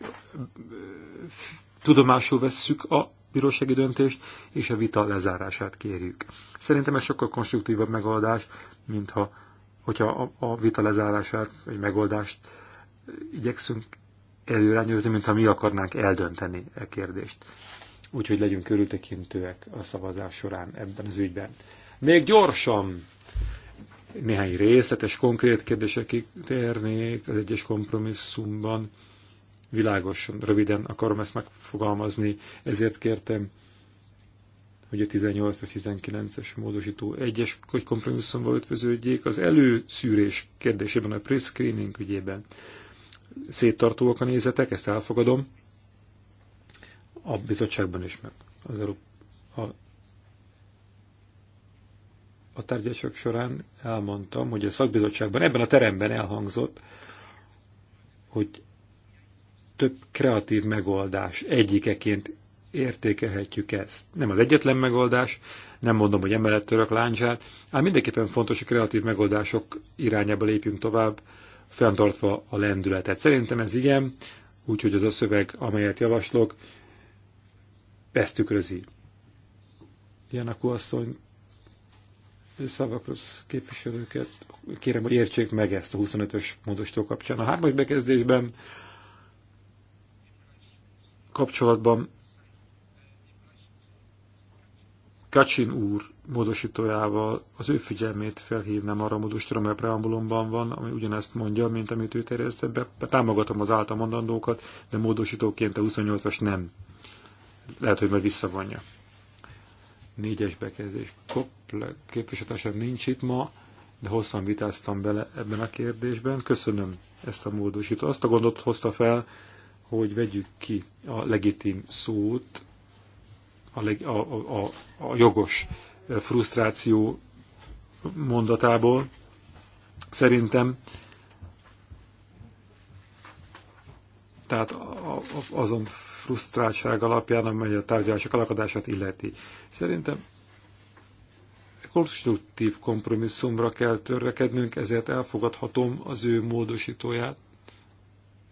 tudomásul vesszük a bírósági döntést, és a vita lezárását kérjük. Szerintem ez sokkal konstruktívabb megoldás, mintha hogyha a, a vita lezárását, vagy megoldást igyekszünk előrányozni, mintha mi akarnánk eldönteni e kérdést úgyhogy legyünk körültekintőek a szavazás során ebben az ügyben. Még gyorsan néhány részletes, konkrét kérdésekig térnék az egyes kompromisszumban. Világosan, röviden akarom ezt megfogalmazni, ezért kértem, hogy a 18-19-es módosító egyes hogy kompromisszumba ötvöződjék. Az előszűrés kérdésében, a pre-screening ügyében széttartóak a nézetek, ezt elfogadom, a bizottságban is, meg az Európa, a, a tárgyások során elmondtam, hogy a szakbizottságban, ebben a teremben elhangzott, hogy több kreatív megoldás egyikeként értékelhetjük ezt. Nem az egyetlen megoldás, nem mondom, hogy emellett török láncsát, ám mindenképpen fontos, hogy kreatív megoldások irányába lépjünk tovább, fenntartva a lendületet. Szerintem ez igen, úgyhogy az a szöveg, amelyet javaslok, ezt tükrözi. Janakó asszony szavakhoz képviselőket kérem, hogy értsék meg ezt a 25-ös módostól kapcsán. A hármas bekezdésben kapcsolatban Kacsin úr módosítójával az ő figyelmét felhívnám arra a módosítóra, mert preambulumban van, ami ugyanezt mondja, mint amit ő terjesztett be. Támogatom az által mondandókat, de módosítóként a 28-as nem lehet, hogy majd visszavonja. Négyes bekezdés. képviselőtársam nincs itt ma, de hosszan vitáztam bele ebben a kérdésben. Köszönöm ezt a módosítót. Azt a gondot hozta fel, hogy vegyük ki a legitim szót, a, leg, a, a, a jogos eh, frusztráció mondatából. Szerintem tehát azon frusztráltság alapján, amely a tárgyalások alakadását illeti. Szerintem konstruktív kompromisszumra kell törrekednünk, ezért elfogadhatom az ő módosítóját,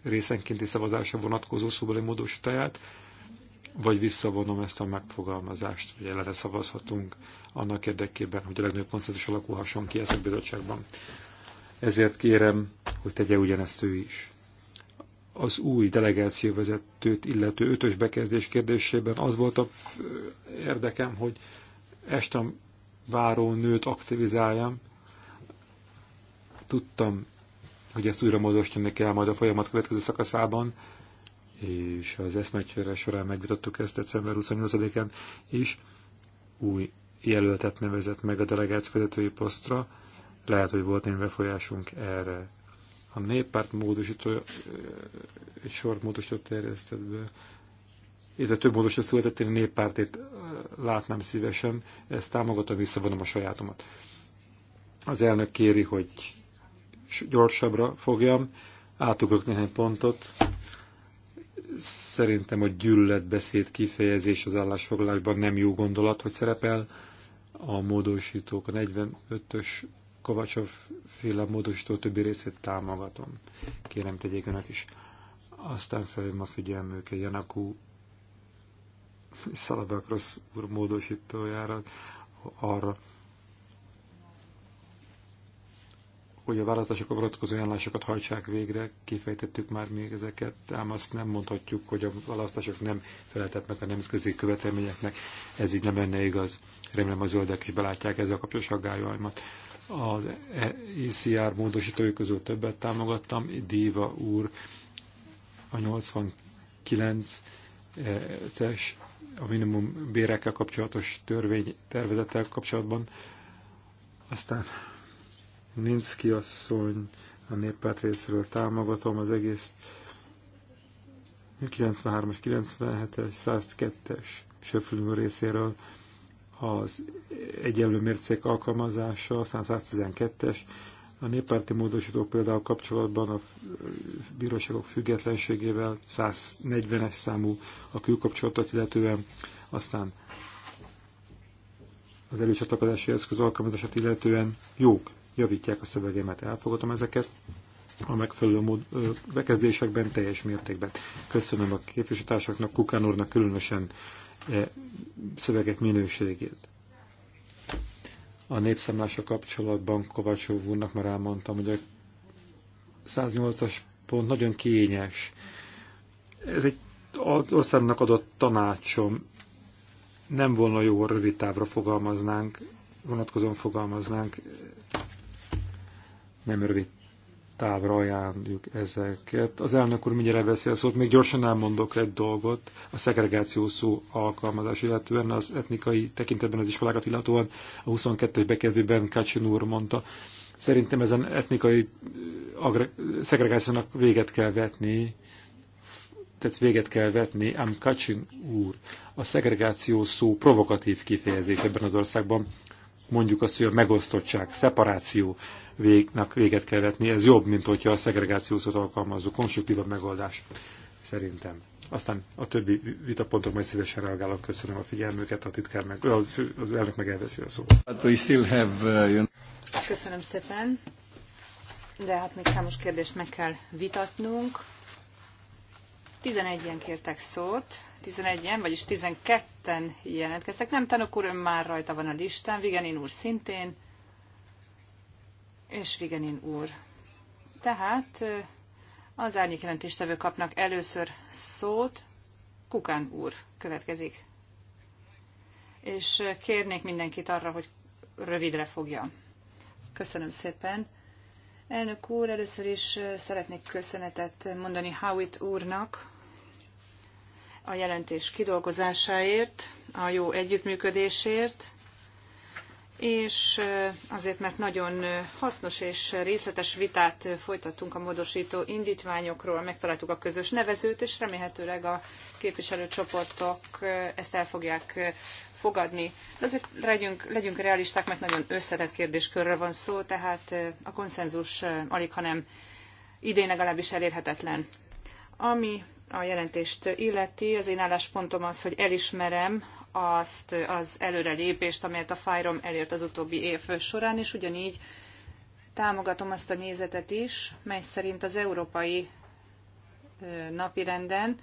részenkénti szavazásra vonatkozó szóbeli módosítóját, vagy visszavonom ezt a megfogalmazást, hogy ellene szavazhatunk annak érdekében, hogy a legnagyobb konszenzus alakulhasson ki ezt a bizottságban. Ezért kérem, hogy tegye ugyanezt ő is az új delegációvezetőt illető ötös bekezdés kérdésében az volt a érdekem, hogy este váró nőt aktivizáljam. Tudtam, hogy ezt újra módosítani kell majd a folyamat következő szakaszában, és az eszmecsőre során megvitattuk ezt december 28-án is. Új jelöltet nevezett meg a delegáció vezetői posztra. Lehet, hogy volt én befolyásunk erre. A néppárt módosító egy sor módosító terjesztett be, illetve több módosító született, én a néppártét látnám szívesen, ezt támogatom, visszavonom a sajátomat. Az elnök kéri, hogy gyorsabbra fogjam, átugrok néhány pontot. Szerintem a gyűlöletbeszéd kifejezés az állásfoglalásban nem jó gondolat, hogy szerepel. A módosítók, a 45-ös Kovacsov féle módosító többi részét támogatom. Kérem, tegyék önök is. Aztán felhívom a figyelmüket Janakú Szalabakrasz úr módosítójára arra, hogy a választásokra vonatkozó ajánlásokat hajtsák végre, kifejtettük már még ezeket, ám azt nem mondhatjuk, hogy a választások nem feleltek meg a nemzetközi követelményeknek, ez így nem lenne igaz. Remélem a zöldek is belátják ezzel a kapcsolatos aggályaimat. Az ECR módosítói közül többet támogattam, Diva úr a 89-es, a minimum bérekkel kapcsolatos törvény tervezettel kapcsolatban. Aztán Ninszki asszony a néppárt részéről támogatom az egész 93-as, 97-es, 102-es Söflünő részéről az egyenlő mércék alkalmazása, a 112-es, a néppárti módosítók például kapcsolatban a bíróságok függetlenségével 140-es számú a külkapcsolatot illetően, aztán az előcsatlakozási eszköz alkalmazását illetően jók, javítják a szövegemet, elfogadom ezeket a megfelelő mód, ö, bekezdésekben teljes mértékben. Köszönöm a képviselőtársaknak, Kukán úrnak különösen e szövegek minőségét. A népszámlása kapcsolatban Kovácsov úrnak már elmondtam, hogy a 108-as pont nagyon kényes. Ez egy országnak adott tanácsom. Nem volna jó, ha rövid távra fogalmaznánk, vonatkozóan fogalmaznánk, nem rövid távra ajánljuk ezeket. Az elnök úr mindjárt veszi a szót, még gyorsan elmondok egy dolgot, a szegregáció szó alkalmazás, illetően az etnikai tekintetben az iskolákat illetően a 22-es bekezdőben Kacsin úr mondta, szerintem ezen etnikai eh, szegregációnak véget kell vetni, tehát véget kell vetni, ám Kacsin úr, a szegregáció szó provokatív kifejezés ebben az országban, mondjuk azt, hogy a megosztottság, szeparáció végnek véget kell vetni. Ez jobb, mint hogyha a szegregációt alkalmazó konstruktívabb megoldás szerintem. Aztán a többi vitapontok majd szívesen reagálok. Köszönöm a figyelmüket, a titkár meg, az elnök meg elveszi a szót. Uh, Köszönöm szépen, de hát még számos kérdést meg kell vitatnunk. 11-en kértek szót, 11-en, vagyis 12-en jelentkeztek. Nem tanok úr, ön már rajta van a listán. Vigenin úr szintén, és Vigenin úr. Tehát az árnyék jelentéstevő kapnak először szót. Kukán úr következik. És kérnék mindenkit arra, hogy rövidre fogja. Köszönöm szépen. Elnök úr, először is szeretnék köszönetet mondani Howitt úrnak, a jelentés kidolgozásáért, a jó együttműködésért, és azért, mert nagyon hasznos és részletes vitát folytattunk a módosító indítványokról, megtaláltuk a közös nevezőt, és remélhetőleg a képviselőcsoportok ezt el fogják fogadni. De azért legyünk, legyünk realisták, mert nagyon összetett kérdéskörről van szó, tehát a konszenzus alig, hanem idén legalábbis elérhetetlen. Ami a jelentést illeti, az én álláspontom az, hogy elismerem azt az előrelépést, amelyet a Fajrom elért az utóbbi év során, és ugyanígy támogatom azt a nézetet is, mely szerint az európai napirenden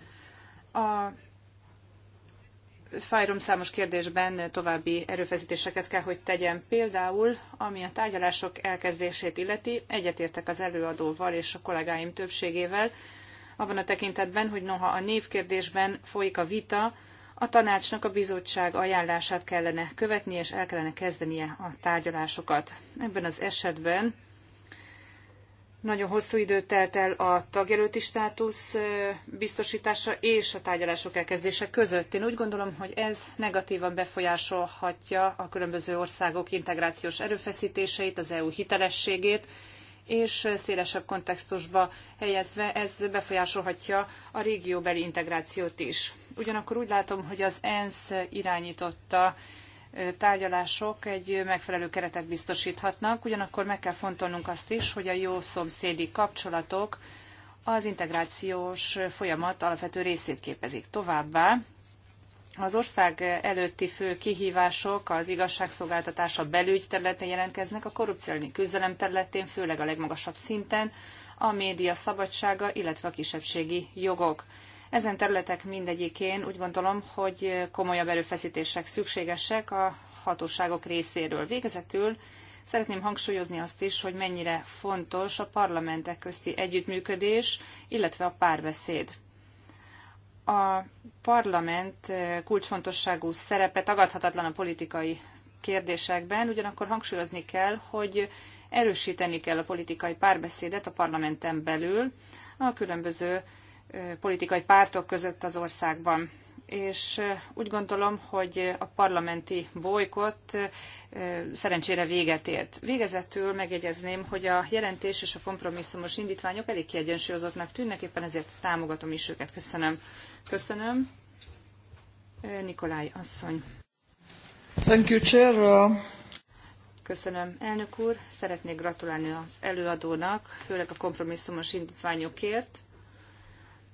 a Fajrom számos kérdésben további erőfeszítéseket kell, hogy tegyen. Például, ami a tárgyalások elkezdését illeti, egyetértek az előadóval és a kollégáim többségével, abban a tekintetben, hogy noha a névkérdésben folyik a vita, a tanácsnak a bizottság ajánlását kellene követni, és el kellene kezdenie a tárgyalásokat. Ebben az esetben nagyon hosszú idő telt el a tagjelölti státusz biztosítása és a tárgyalások elkezdése között. Én úgy gondolom, hogy ez negatívan befolyásolhatja a különböző országok integrációs erőfeszítéseit, az EU hitelességét, és szélesebb kontextusba helyezve ez befolyásolhatja a régióbeli integrációt is. Ugyanakkor úgy látom, hogy az ENSZ irányította tárgyalások egy megfelelő keretet biztosíthatnak, ugyanakkor meg kell fontolnunk azt is, hogy a jó szomszédi kapcsolatok az integrációs folyamat alapvető részét képezik. Továbbá az ország előtti fő kihívások az igazságszolgáltatása belügy területén jelentkeznek, a korrupció elleni küzdelem területén, főleg a legmagasabb szinten, a média szabadsága, illetve a kisebbségi jogok. Ezen területek mindegyikén úgy gondolom, hogy komolyabb erőfeszítések szükségesek a hatóságok részéről. Végezetül Szeretném hangsúlyozni azt is, hogy mennyire fontos a parlamentek közti együttműködés, illetve a párbeszéd. A parlament eh, kulcsfontosságú szerepe tagadhatatlan a politikai kérdésekben, ugyanakkor hangsúlyozni kell, hogy erősíteni kell a politikai párbeszédet a parlamenten belül a különböző eh, politikai pártok között az országban. És eh, úgy gondolom, hogy a parlamenti bolykott szerencsére véget ért. Végezetül megjegyezném, hogy a jelentés és a kompromisszumos indítványok elég kiegyensúlyozottnak tűnnek, éppen ezért támogatom is őket. Köszönöm. Köszönöm. Nikolaj asszony. Thank you, Chair. Köszönöm, elnök úr. Szeretnék gratulálni az előadónak, főleg a kompromisszumos indítványokért,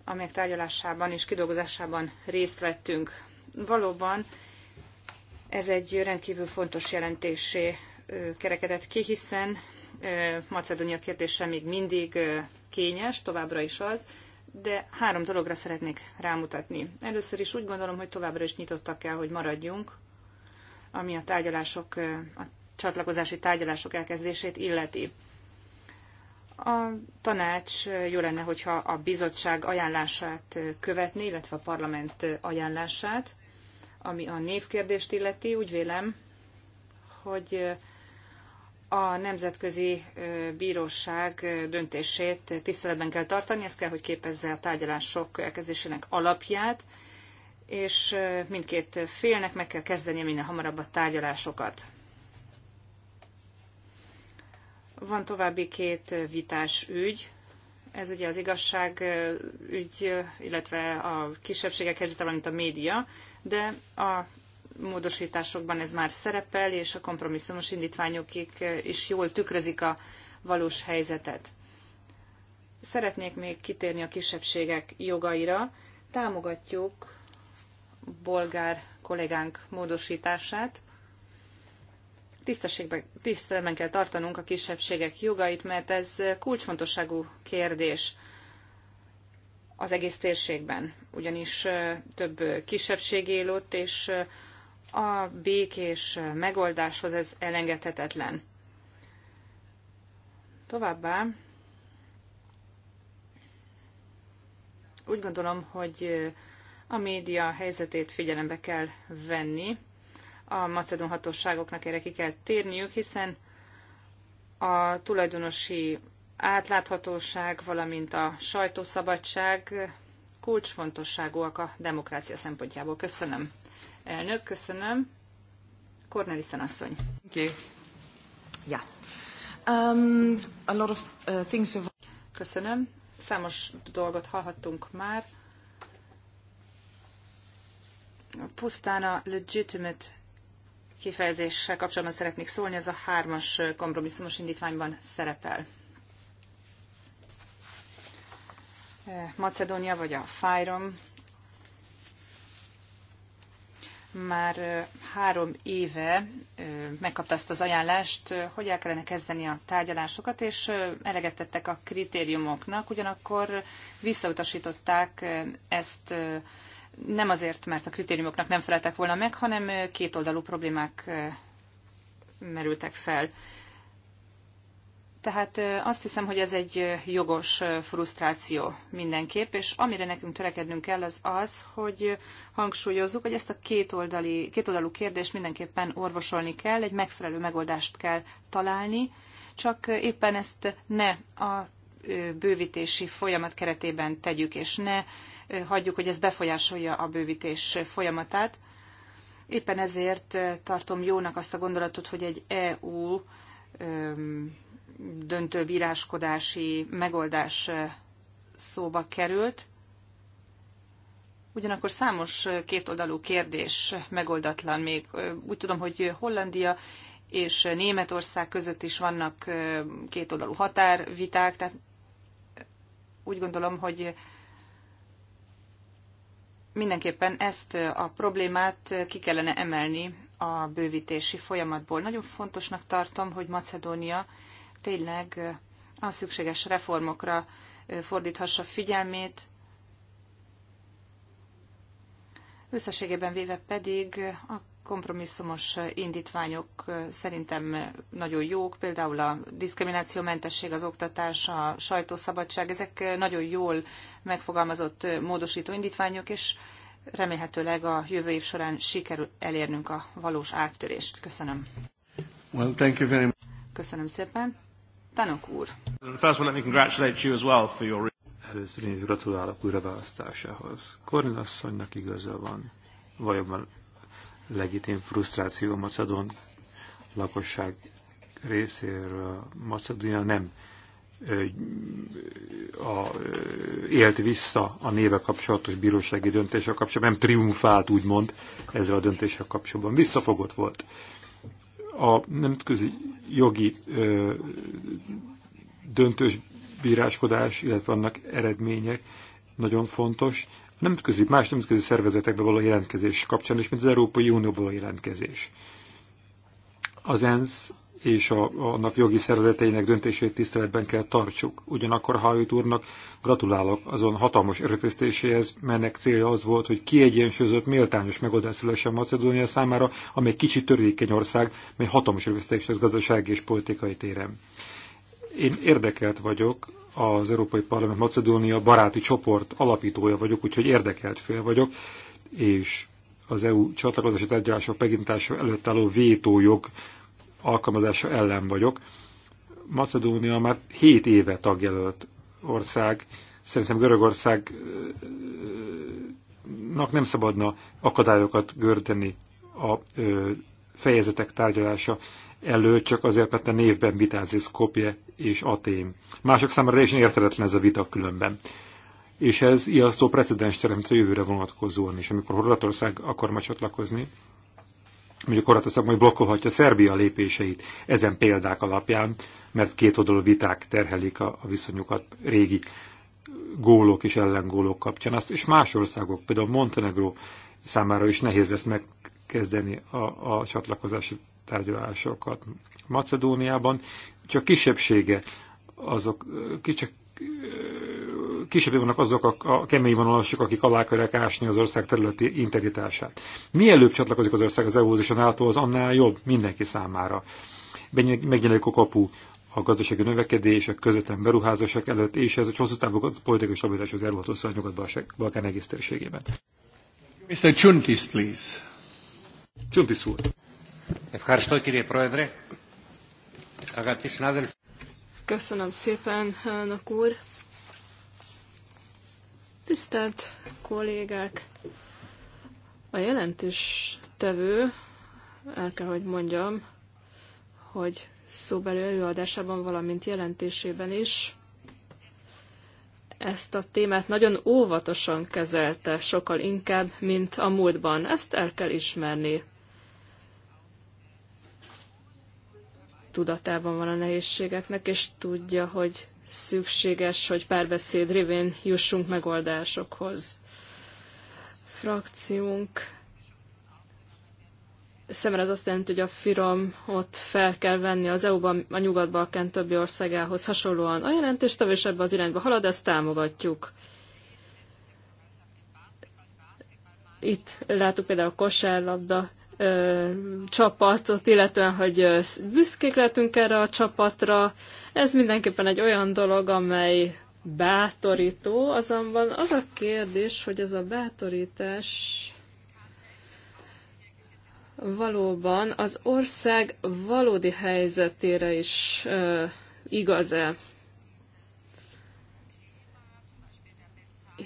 amelyek tárgyalásában és kidolgozásában részt vettünk. Valóban ez egy rendkívül fontos jelentésé kerekedett ki, hiszen Macedónia kérdése még mindig kényes, továbbra is az, de három dologra szeretnék rámutatni. Először is úgy gondolom, hogy továbbra is nyitottak kell, hogy maradjunk, ami a tárgyalások, a csatlakozási tárgyalások elkezdését illeti. A tanács jó lenne, hogyha a bizottság ajánlását követni, illetve a parlament ajánlását, ami a névkérdést illeti. Úgy vélem, hogy a Nemzetközi Bíróság döntését tiszteletben kell tartani, ez kell, hogy képezze a tárgyalások elkezdésének alapját, és mindkét félnek meg kell kezdenie minél hamarabb a tárgyalásokat. Van további két vitás ügy, ez ugye az igazságügy, illetve a kisebbségek helyzete, valamint a média, de a módosításokban ez már szerepel, és a kompromisszumos indítványokig eh, is jól tükrözik a valós helyzetet. Szeretnék még kitérni a kisebbségek jogaira. Támogatjuk bolgár kollégánk módosítását. Tiszteletben kell tartanunk a kisebbségek jogait, mert ez kulcsfontosságú kérdés az egész térségben, ugyanis eh, több kisebbség él ott, és eh, a békés megoldáshoz ez elengedhetetlen. Továbbá úgy gondolom, hogy a média helyzetét figyelembe kell venni. A macedon hatóságoknak erre ki kell térniük, hiszen a tulajdonosi átláthatóság, valamint a sajtószabadság kulcsfontosságúak a demokrácia szempontjából. Köszönöm. Elnök, köszönöm. Cornelissen asszony. Thank you. Yeah. Um, a lot of uh, things have... Köszönöm. Számos dolgot hallhattunk már. Pusztán a legitimate kifejezéssel kapcsolatban szeretnék szólni, ez a hármas kompromisszumos indítványban szerepel. Eh, Macedónia vagy a Fájrom már három éve megkapta ezt az ajánlást, hogy el kellene kezdeni a tárgyalásokat, és eleget tettek a kritériumoknak, ugyanakkor visszautasították ezt nem azért, mert a kritériumoknak nem feleltek volna meg, hanem kétoldalú problémák merültek fel. Tehát azt hiszem, hogy ez egy jogos frusztráció mindenképp, és amire nekünk törekednünk kell, az az, hogy hangsúlyozzuk, hogy ezt a kétoldali, kétoldalú kérdést mindenképpen orvosolni kell, egy megfelelő megoldást kell találni, csak éppen ezt ne a bővítési folyamat keretében tegyük, és ne hagyjuk, hogy ez befolyásolja a bővítés folyamatát. Éppen ezért tartom jónak azt a gondolatot, hogy egy EU öm, döntő bíráskodási megoldás szóba került. Ugyanakkor számos kétoldalú kérdés megoldatlan még. Úgy tudom, hogy Hollandia és Németország között is vannak kétoldalú határviták, tehát úgy gondolom, hogy mindenképpen ezt a problémát ki kellene emelni a bővítési folyamatból. Nagyon fontosnak tartom, hogy Macedónia tényleg a szükséges reformokra fordíthassa figyelmét. Összességében véve pedig a kompromisszumos indítványok szerintem nagyon jók, például a diszkriminációmentesség, az oktatás, a sajtószabadság, ezek nagyon jól megfogalmazott módosító indítványok, és remélhetőleg a jövő év során sikerül elérnünk a valós áttörést. Köszönöm. Well, thank you very much. Köszönöm szépen. Tanok úr. Először én gratulálok újraválasztásához. Kornél asszonynak igaza van. Valójában legitim frusztráció a macedon lakosság részéről. Macedonia nem a, élt vissza a néve kapcsolatos bírósági döntéssel kapcsolatban, nem triumfált úgymond ezzel a döntéssel kapcsolatban. Visszafogott volt a nemzetközi jogi ö, döntős bíráskodás, illetve annak eredmények nagyon fontos. A nemzetközi, más nemzetközi szervezetekbe való jelentkezés kapcsán is, mint az Európai Unióból a jelentkezés. Az ENSZ és a, annak jogi szervezeteinek döntését tiszteletben kell tartsuk. Ugyanakkor Hajt úrnak gratulálok azon hatalmas erőfeszítéséhez, melynek célja az volt, hogy kiegyensúlyozott méltányos megoldás szülesen Macedónia számára, amely kicsi törékeny ország, mely hatalmas erőfeszítéshez gazdasági és politikai téren. Én érdekelt vagyok az Európai Parlament Macedónia baráti csoport alapítója vagyok, úgyhogy érdekelt fél vagyok, és az EU csatlakozási tárgyalások megintása előtt álló vétójog alkalmazása ellen vagyok. Macedónia már 7 éve tagjelölt ország. Szerintem Görögországnak nem szabadna akadályokat gördeni a fejezetek tárgyalása elő, csak azért, mert a névben vitázik Skopje és Atén. Mások számára is érteletlen ez a vita különben. És ez ijasztó precedens teremt a jövőre vonatkozóan is, amikor Horvátország akar majd csatlakozni mondjuk teszem, majd blokkolhatja Szerbia lépéseit ezen példák alapján, mert két oldalú viták terhelik a, a viszonyukat régi gólok és ellengólok kapcsán. Azt és más országok, például Montenegro számára is nehéz lesz megkezdeni a, a csatlakozási tárgyalásokat. Macedóniában csak kisebbsége azok, csak kisebbé vannak azok a, a kemény vonalasok, akik alá akarják ásni az ország területi integritását. Mielőbb csatlakozik az ország az EU-hoz és a NATO, az annál jobb mindenki számára. Megnyílik a kapu a gazdasági növekedés, a közvetlen beruházások előtt, és ez egy hosszú távú politikai stabilitás az EU-hoz hozzá a Nyugat-Balkán egész térségében. Mr. Csuntis, please. Csuntis úr. Köszönöm szépen, elnök úr. Tisztelt kollégák! A jelentős tevő el kell, hogy mondjam, hogy szóbeli előadásában, valamint jelentésében is ezt a témát nagyon óvatosan kezelte, sokkal inkább, mint a múltban. Ezt el kell ismerni. Tudatában van a nehézségeknek, és tudja, hogy szükséges, hogy párbeszéd révén jussunk megoldásokhoz. Frakciunk szemre az azt jelenti, hogy a firom ott fel kell venni az EU-ban, a Nyugat-Balkán többi országához hasonlóan. A jelentés tevés ebbe az irányba halad, ezt támogatjuk. Itt láttuk például a kosárlabda ö, csapatot, illetően, hogy büszkék lettünk erre a csapatra. Ez mindenképpen egy olyan dolog, amely bátorító, azonban az a kérdés, hogy ez a bátorítás valóban az ország valódi helyzetére is ö, igaz-e.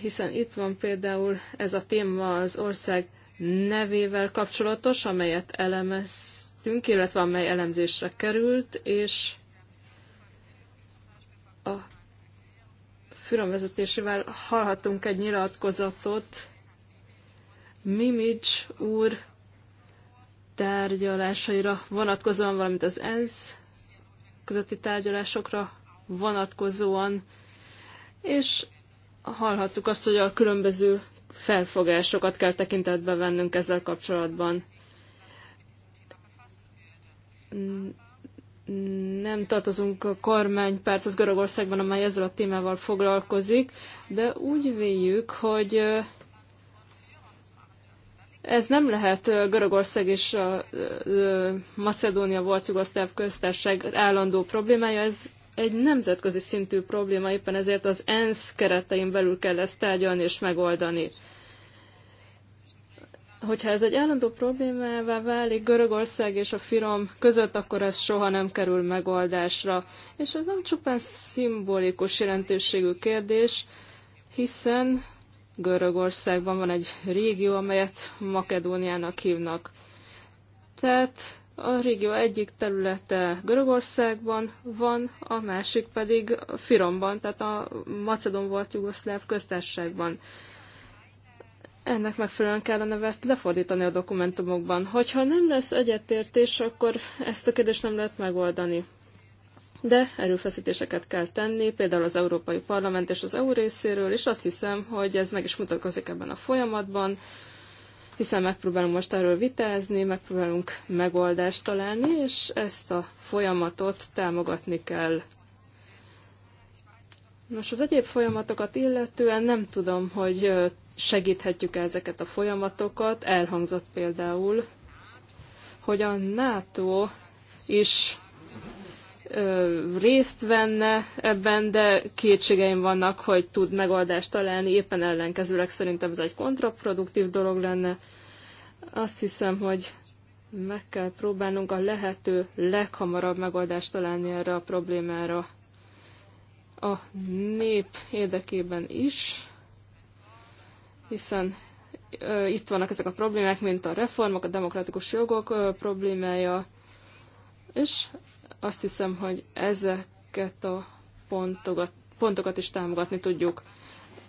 Hiszen itt van például ez a téma az ország nevével kapcsolatos, amelyet elemeztünk, illetve amely elemzésre került, és a fülönvezetésével hallhatunk egy nyilatkozatot. Mimics úr tárgyalásaira vonatkozóan, valamint az ENSZ közötti tárgyalásokra vonatkozóan, és hallhattuk azt, hogy a különböző felfogásokat kell tekintetbe vennünk ezzel kapcsolatban. Nem tartozunk a az Görögországban, amely ezzel a témával foglalkozik, de úgy véljük, hogy ez nem lehet Görögország és a Macedónia volt jugoszláv köztársaság állandó problémája, ez egy nemzetközi szintű probléma, éppen ezért az ENSZ keretein belül kell ezt tárgyalni és megoldani. Hogyha ez egy állandó problémává válik Görögország és a Firom között, akkor ez soha nem kerül megoldásra. És ez nem csupán szimbolikus jelentőségű kérdés, hiszen Görögországban van egy régió, amelyet Makedóniának hívnak. Tehát a régió egyik területe Görögországban van, a másik pedig Firomban, tehát a Macedon volt Jugoszláv köztársaságban. Ennek megfelelően kell a nevet lefordítani a dokumentumokban. Hogyha nem lesz egyetértés, akkor ezt a kérdést nem lehet megoldani. De erőfeszítéseket kell tenni, például az Európai Parlament és az EU részéről, és azt hiszem, hogy ez meg is mutatkozik ebben a folyamatban, hiszen megpróbálunk most erről vitázni, megpróbálunk megoldást találni, és ezt a folyamatot támogatni kell. Nos, az egyéb folyamatokat illetően nem tudom, hogy segíthetjük -e ezeket a folyamatokat. Elhangzott például, hogy a NATO is részt venne ebben, de kétségeim vannak, hogy tud megoldást találni, éppen ellenkezőleg szerintem ez egy kontraproduktív dolog lenne. Azt hiszem, hogy meg kell próbálnunk a lehető leghamarabb megoldást találni erre a problémára a nép érdekében is, hiszen itt vannak ezek a problémák, mint a reformok, a demokratikus jogok problémája, és azt hiszem, hogy ezeket a pontokat, pontokat is támogatni tudjuk.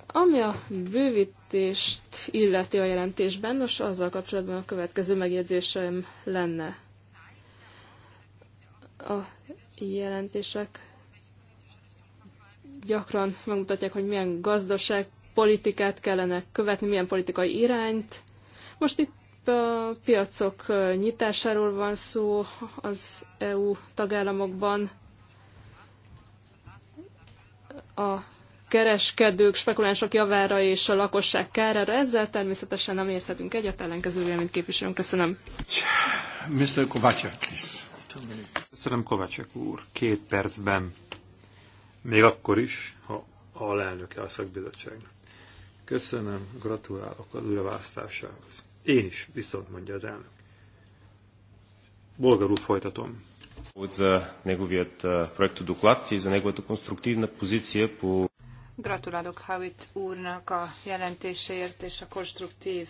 Ami a bővítést illeti a jelentésben, nos, azzal kapcsolatban a következő megjegyzésem lenne. A jelentések gyakran megmutatják, hogy milyen gazdaságpolitikát kellene követni, milyen politikai irányt. Most itt piacok nyitásáról van szó az EU tagállamokban. A kereskedők, spekulánsok javára és a lakosság kárára. Ezzel természetesen nem érthetünk egyet, ellenkező véleményt képviselünk. Köszönöm. Mr. Kovácsak, Köszönöm, Kovácsak úr. Két percben. Még akkor is, ha alelnöke a szakbizottságnak. Köszönöm, gratulálok az újraválasztásához. Én is, viszont mondja az elnök. Bolgarul folytatom. За неговият проекто доклад и за неговата конструктивна позиция по... Gratulálok Howitt úrnak a jelentéséért és a konstruktív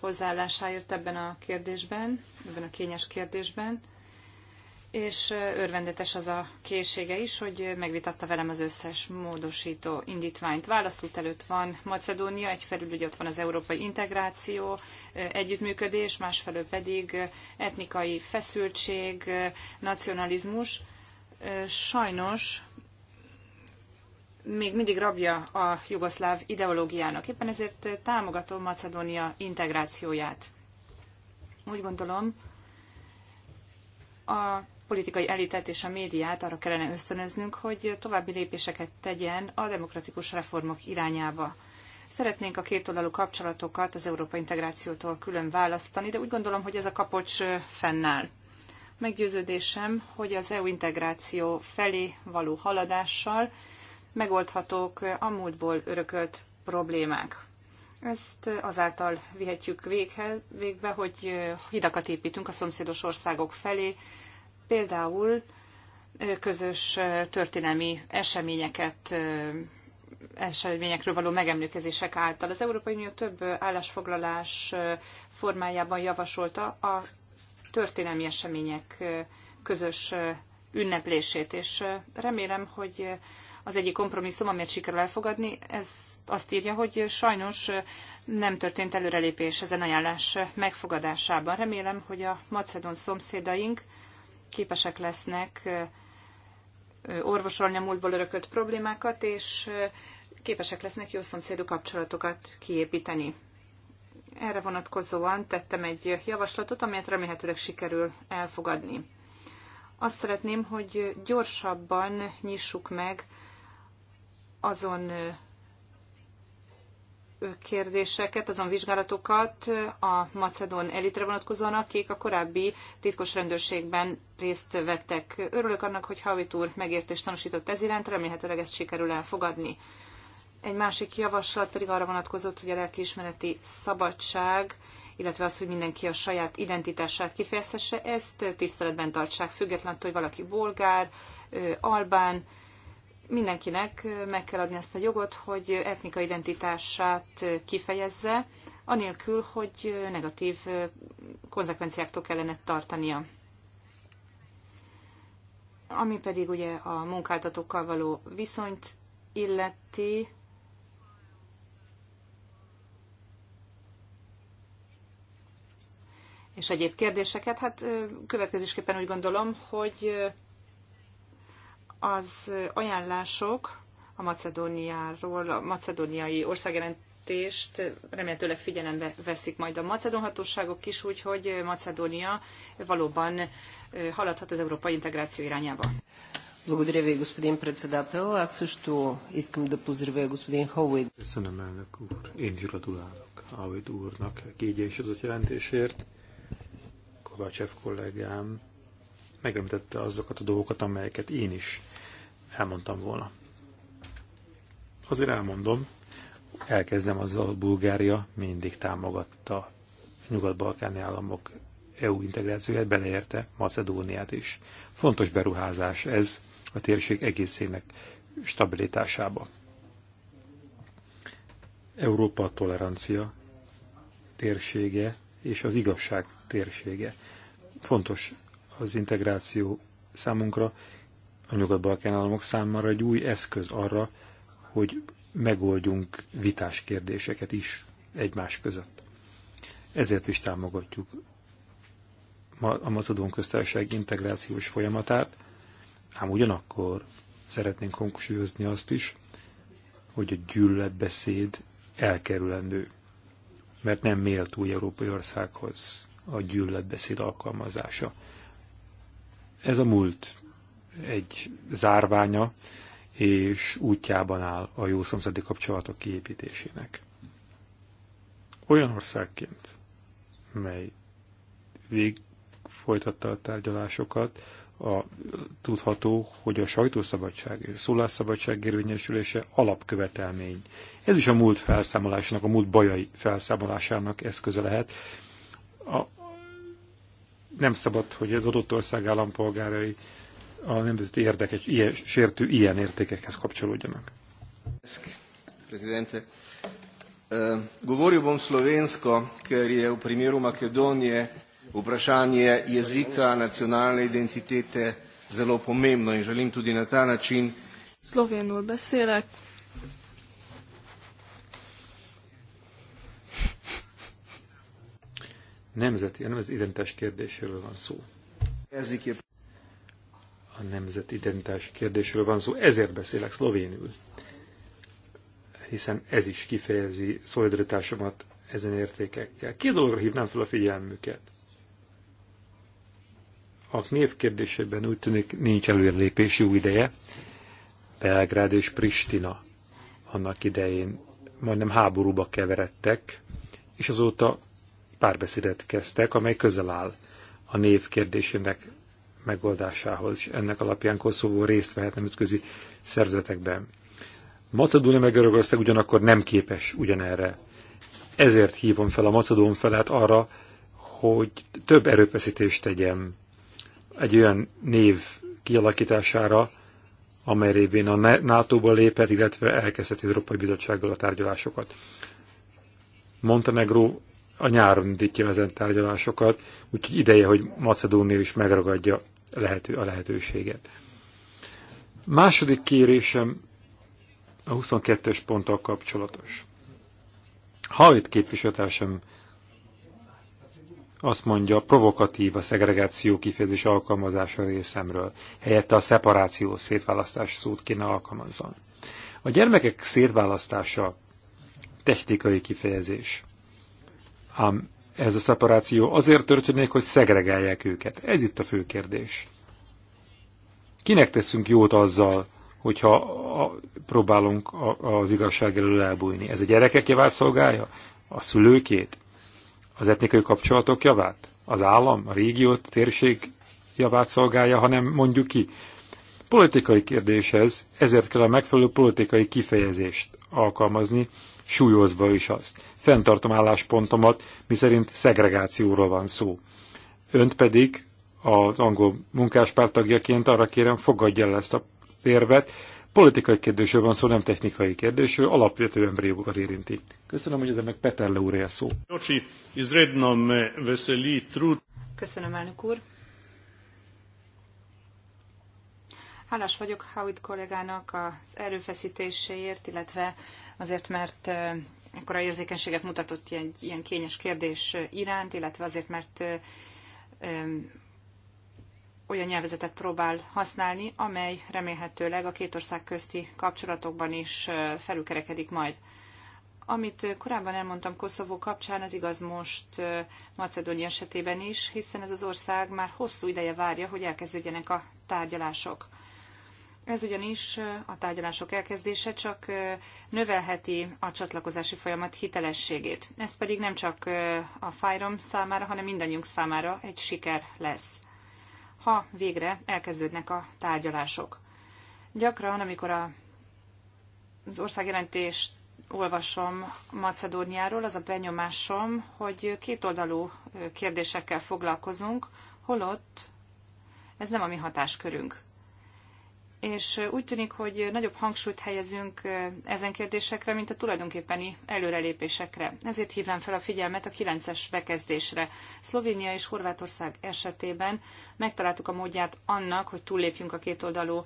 hozzáállásáért ebben a kérdésben, ebben a kényes kérdésben és örvendetes az a készsége is, hogy megvitatta velem az összes módosító indítványt. Válaszút előtt van Macedónia, egyfelül ugye ott van az európai integráció, együttműködés, másfelől pedig etnikai feszültség, nacionalizmus. Sajnos még mindig rabja a jugoszláv ideológiának. Éppen ezért támogatom Macedónia integrációját. Úgy gondolom, a politikai elitet és a médiát arra kellene ösztönöznünk, hogy további lépéseket tegyen a demokratikus reformok irányába. Szeretnénk a kétoldalú kapcsolatokat az Európa integrációtól külön választani, de úgy gondolom, hogy ez a kapocs fennáll. Meggyőződésem, hogy az EU integráció felé való haladással megoldhatók a múltból örökölt problémák. Ezt azáltal vihetjük végbe, hogy hidakat építünk a szomszédos országok felé, például közös történelmi eseményeket eseményekről való megemlékezések által. Az Európai Unió több állásfoglalás formájában javasolta a történelmi események közös ünneplését, és remélem, hogy az egyik kompromisszum, amit sikerül elfogadni, ez azt írja, hogy sajnos nem történt előrelépés ezen ajánlás megfogadásában. Remélem, hogy a macedon szomszédaink képesek lesznek orvosolni a múltból örökölt problémákat, és képesek lesznek jó szomszédú kapcsolatokat kiépíteni. Erre vonatkozóan tettem egy javaslatot, amelyet remélhetőleg sikerül elfogadni. Azt szeretném, hogy gyorsabban nyissuk meg azon kérdéseket, azon vizsgálatokat a Macedón elitre vonatkozóan, akik a korábbi titkos rendőrségben részt vettek. Örülök annak, hogy Havit úr megértést tanúsított ez iránt, remélhetőleg ezt sikerül elfogadni. Egy másik javaslat pedig arra vonatkozott, hogy a lelkiismereti szabadság, illetve az, hogy mindenki a saját identitását kifejezhesse, ezt tiszteletben tartsák, függetlenül, hogy valaki bolgár, albán, mindenkinek meg kell adni azt a jogot, hogy etnika identitását kifejezze, anélkül, hogy negatív konzekvenciáktól kellene tartania. Ami pedig ugye a munkáltatókkal való viszonyt illeti, és egyéb kérdéseket, hát következésképpen úgy gondolom, hogy az ajánlások a Macedóniáról, a macedóniai országjelentést remélhetőleg figyelembe veszik majd a macedón hatóságok is, úgyhogy Macedónia valóban haladhat az európai integráció irányába. Благодаря ви, господин председател. Аз също искам да поздравя господин Хоуид. Köszönöm, elnök úr. Én is gratulálok Howitt úrnak, kégyé is az jelentésért. Kovácsev kollégám megremtette azokat a dolgokat, amelyeket én is elmondtam volna. Azért elmondom, elkezdem azzal, hogy Bulgária mindig támogatta nyugat-balkáni államok EU integrációját, beleérte Macedóniát is. Fontos beruházás ez a térség egészének stabilitásába. Európa tolerancia térsége és az igazság térsége. Fontos az integráció számunkra, a nyugat-balkán államok számára egy új eszköz arra, hogy megoldjunk vitás kérdéseket is egymás között. Ezért is támogatjuk a Macedón köztársaság integrációs folyamatát, ám ugyanakkor szeretnénk hangsúlyozni azt is, hogy a gyűlöletbeszéd elkerülendő, mert nem méltó európai országhoz a gyűlöletbeszéd alkalmazása. Ez a múlt egy zárványa, és útjában áll a jó szomszédi kapcsolatok kiépítésének. Olyan országként, mely vég folytatta a tárgyalásokat, a, tudható, hogy a sajtószabadság és a szólásszabadság érvényesülése alapkövetelmény. Ez is a múlt felszámolásának, a múlt bajai felszámolásának eszköze lehet. A, nem szabad, hogy az adott ország állampolgárai a nemzeti érdekek ilyen, sértő ilyen értékekhez kapcsolódjanak. Prezidente, eh, govoril bom slovensko, ker je v primeru Makedonije vprašanje jezika, nacionalne identitete zelo pomembno in želim tudi na ta način. Slovenul beszélek, nemzeti, nem az identitás kérdéséről van szó. A nemzeti identitás kérdéséről van szó, ezért beszélek szlovénül. Hiszen ez is kifejezi szolidaritásomat ezen értékekkel. Két dologra hívnám fel a figyelmüket. A név kérdésében úgy tűnik nincs előrelépés jó ideje. Belgrád és Pristina annak idején majdnem háborúba keveredtek, és azóta párbeszédet kezdtek, amely közel áll a név kérdésének megoldásához, és ennek alapján Koszovó részt vehet nemzetközi szervezetekben. Macedónia meg Görögország ugyanakkor nem képes ugyanerre. Ezért hívom fel a macedón felát arra, hogy több erőfeszítést tegyen egy olyan név kialakítására, amely révén a NATO-ba lépett, illetve elkezdheti az Európai Bizottsággal a tárgyalásokat. Montenegro a nyáron indítja ezen tárgyalásokat, úgyhogy ideje, hogy Macedónia is megragadja lehető, a lehetőséget. Második kérésem a 22-es ponttal kapcsolatos. Ha itt képviselőtársam azt mondja, provokatív a szegregáció kifejezés alkalmazása részemről, helyette a szeparáció, szétválasztás szót kéne alkalmazzon. A gyermekek szétválasztása technikai kifejezés. Ám ez a szeparáció azért történik, hogy szegregálják őket. Ez itt a fő kérdés. Kinek teszünk jót azzal, hogyha a, próbálunk a, az igazság elől elbújni? Ez a gyerekek javát szolgálja? A szülőkét? Az etnikai kapcsolatok javát? Az állam, a régiót, a térség javát szolgálja, hanem mondjuk ki. Politikai kérdés ez, ezért kell a megfelelő politikai kifejezést alkalmazni, súlyozva is azt. Fentartom álláspontomat, miszerint szegregációról van szó. Önt pedig az angol munkáspárt tagjaként arra kérem, fogadja el ezt a érvet. Politikai kérdésről van szó, nem technikai kérdésről, alapvető emberi jogokat érinti. Köszönöm, hogy ezen meg Peterle úr szó. Köszönöm, elnök úr. Hálás vagyok Howard kollégának az erőfeszítéséért, illetve azért, mert a érzékenységet mutatott ilyen, ilyen kényes kérdés iránt, illetve azért, mert olyan nyelvezetet próbál használni, amely remélhetőleg a két ország közti kapcsolatokban is felülkerekedik majd. Amit korábban elmondtam Koszovó kapcsán, az igaz most Macedónia esetében is, hiszen ez az ország már hosszú ideje várja, hogy elkezdődjenek a tárgyalások. Ez ugyanis a tárgyalások elkezdése csak növelheti a csatlakozási folyamat hitelességét. Ez pedig nem csak a fájrom számára, hanem mindannyiunk számára egy siker lesz, ha végre elkezdődnek a tárgyalások. Gyakran, amikor a, az országjelentést olvasom Macedóniáról, az a benyomásom, hogy kétoldalú kérdésekkel foglalkozunk, holott ez nem a mi hatáskörünk és úgy tűnik, hogy nagyobb hangsúlyt helyezünk ezen kérdésekre, mint a tulajdonképpeni előrelépésekre. Ezért hívnám fel a figyelmet a 9-es bekezdésre. Szlovénia és Horvátország esetében megtaláltuk a módját annak, hogy túllépjünk a kétoldalú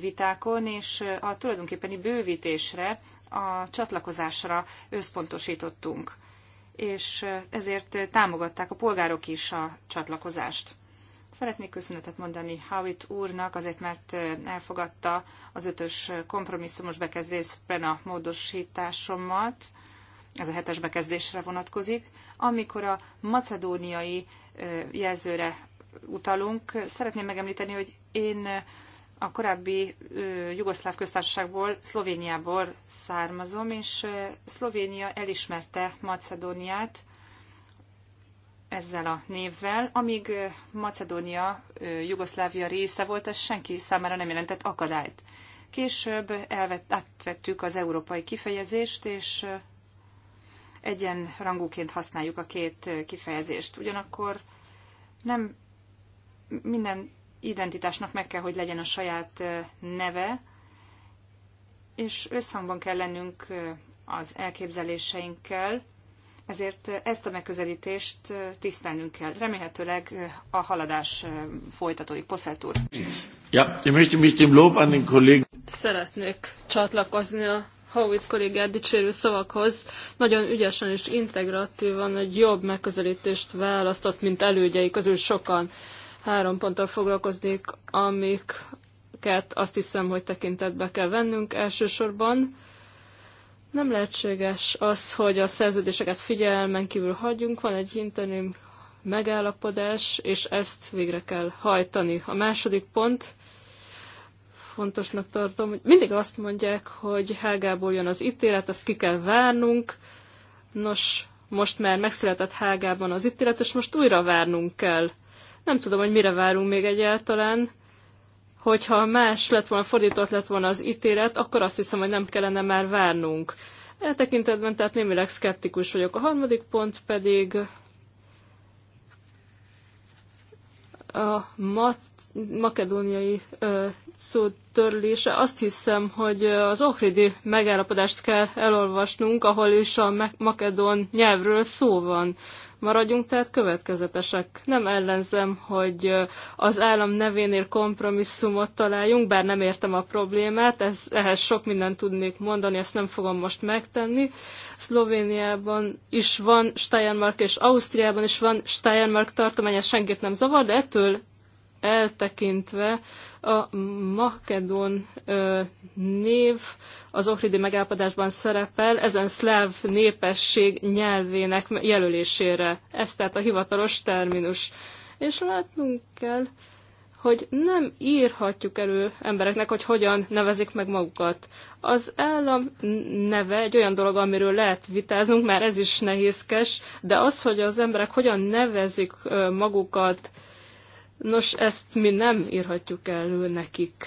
vitákon, és a tulajdonképpeni bővítésre, a csatlakozásra összpontosítottunk. És ezért támogatták a polgárok is a csatlakozást. Szeretnék köszönetet mondani Howitt úrnak, azért mert elfogadta az ötös kompromisszumos bekezdésben a módosításomat, ez a hetes bekezdésre vonatkozik, amikor a macedóniai jelzőre utalunk. Szeretném megemlíteni, hogy én a korábbi Jugoszláv köztársaságból, Szlovéniából származom, és Szlovénia elismerte Macedóniát ezzel a névvel. Amíg Macedónia Jugoszlávia része volt, ez senki számára nem jelentett akadályt. Később elvett, átvettük az európai kifejezést, és egyenrangúként használjuk a két kifejezést. Ugyanakkor nem minden identitásnak meg kell, hogy legyen a saját neve, és összhangban kell lennünk az elképzeléseinkkel, ezért ezt a megközelítést tisztelnünk kell. Remélhetőleg a haladás folytatódik. Poszert úr. Ja, Szeretnék csatlakozni a Howitt kollégát dicsérő szavakhoz. Nagyon ügyesen és integratívan egy jobb megközelítést választott, mint elődjei közül sokan. Három ponttal foglalkoznék, amiket azt hiszem, hogy tekintetbe kell vennünk elsősorban nem lehetséges az, hogy a szerződéseket figyelmen kívül hagyjunk, van egy interim megállapodás, és ezt végre kell hajtani. A második pont, fontosnak tartom, hogy mindig azt mondják, hogy Hágából jön az ítélet, ezt ki kell várnunk. Nos, most már megszületett Hágában az ítélet, és most újra várnunk kell. Nem tudom, hogy mire várunk még egyáltalán hogyha más lett volna, fordított lett volna az ítélet, akkor azt hiszem, hogy nem kellene már várnunk. E tekintetben tehát némileg szkeptikus vagyok. A harmadik pont pedig a mat makedóniai ö, szó törlése. Azt hiszem, hogy az Ohridi megállapodást kell elolvasnunk, ahol is a makedón nyelvről szó van. Maradjunk tehát következetesek. Nem ellenzem, hogy az állam nevénél kompromisszumot találjunk, bár nem értem a problémát, ez, ehhez sok mindent tudnék mondani, ezt nem fogom most megtenni. Szlovéniában is van Steiermark, és Ausztriában is van Steiermark tartomány, ez senkit nem zavar, de ettől eltekintve a makedon név az Ohridi megállapodásban szerepel ezen szláv népesség nyelvének jelölésére. Ez tehát a hivatalos terminus. És látnunk kell, hogy nem írhatjuk elő embereknek, hogy hogyan nevezik meg magukat. Az állam neve egy olyan dolog, amiről lehet vitáznunk, mert ez is nehézkes, de az, hogy az emberek hogyan nevezik magukat, Nos, ezt mi nem írhatjuk elő nekik.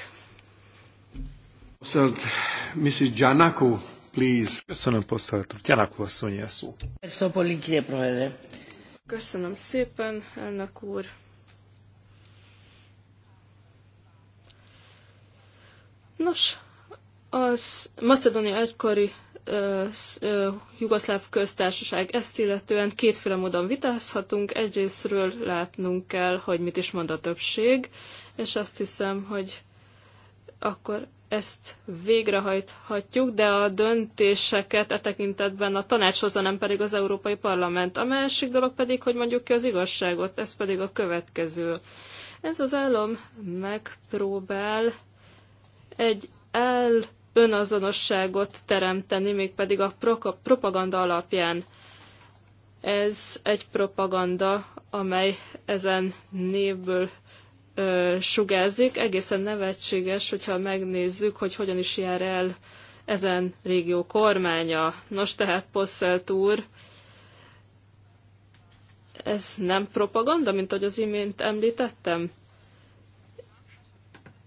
Köszönöm, Mrs. Janaku, please. Köszönöm, Poszalt. Giannaku asszony a szó. Köszönöm szépen, elnök úr. Nos, az Macedónia egykori Jugoszláv köztársaság. Ezt illetően kétféle módon vitázhatunk. Egyrésztről látnunk kell, hogy mit is mond a többség, és azt hiszem, hogy akkor ezt végrehajthatjuk, de a döntéseket e tekintetben a tanácshoz, nem pedig az Európai Parlament. A másik dolog pedig, hogy mondjuk ki az igazságot, ez pedig a következő. Ez az állam megpróbál egy el önazonosságot teremteni, mégpedig a propaganda alapján. Ez egy propaganda, amely ezen névből ö, sugázik. Egészen nevetséges, hogyha megnézzük, hogy hogyan is jár el ezen régió kormánya. Nos, tehát Posselt úr, ez nem propaganda, mint ahogy az imént említettem?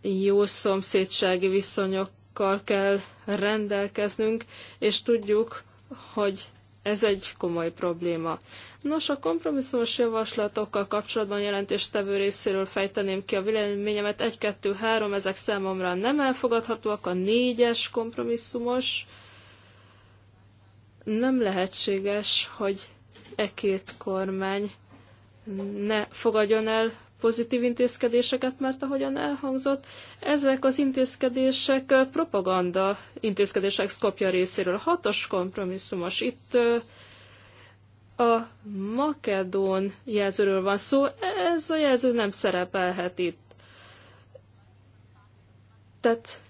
Jó szomszédsági viszonyok adatokkal kell rendelkeznünk, és tudjuk, hogy ez egy komoly probléma. Nos, a kompromisszumos javaslatokkal kapcsolatban jelentéstevő részéről fejteném ki a véleményemet. egy-kettő-három ezek számomra nem elfogadhatóak, a négyes kompromisszumos. Nem lehetséges, hogy e két kormány ne fogadjon el pozitív intézkedéseket, mert ahogyan elhangzott, ezek az intézkedések propaganda intézkedések Skopja részéről. A hatos kompromisszumos. Itt a makedón jelzőről van szó, ez a jelző nem szerepelhet itt. Tehát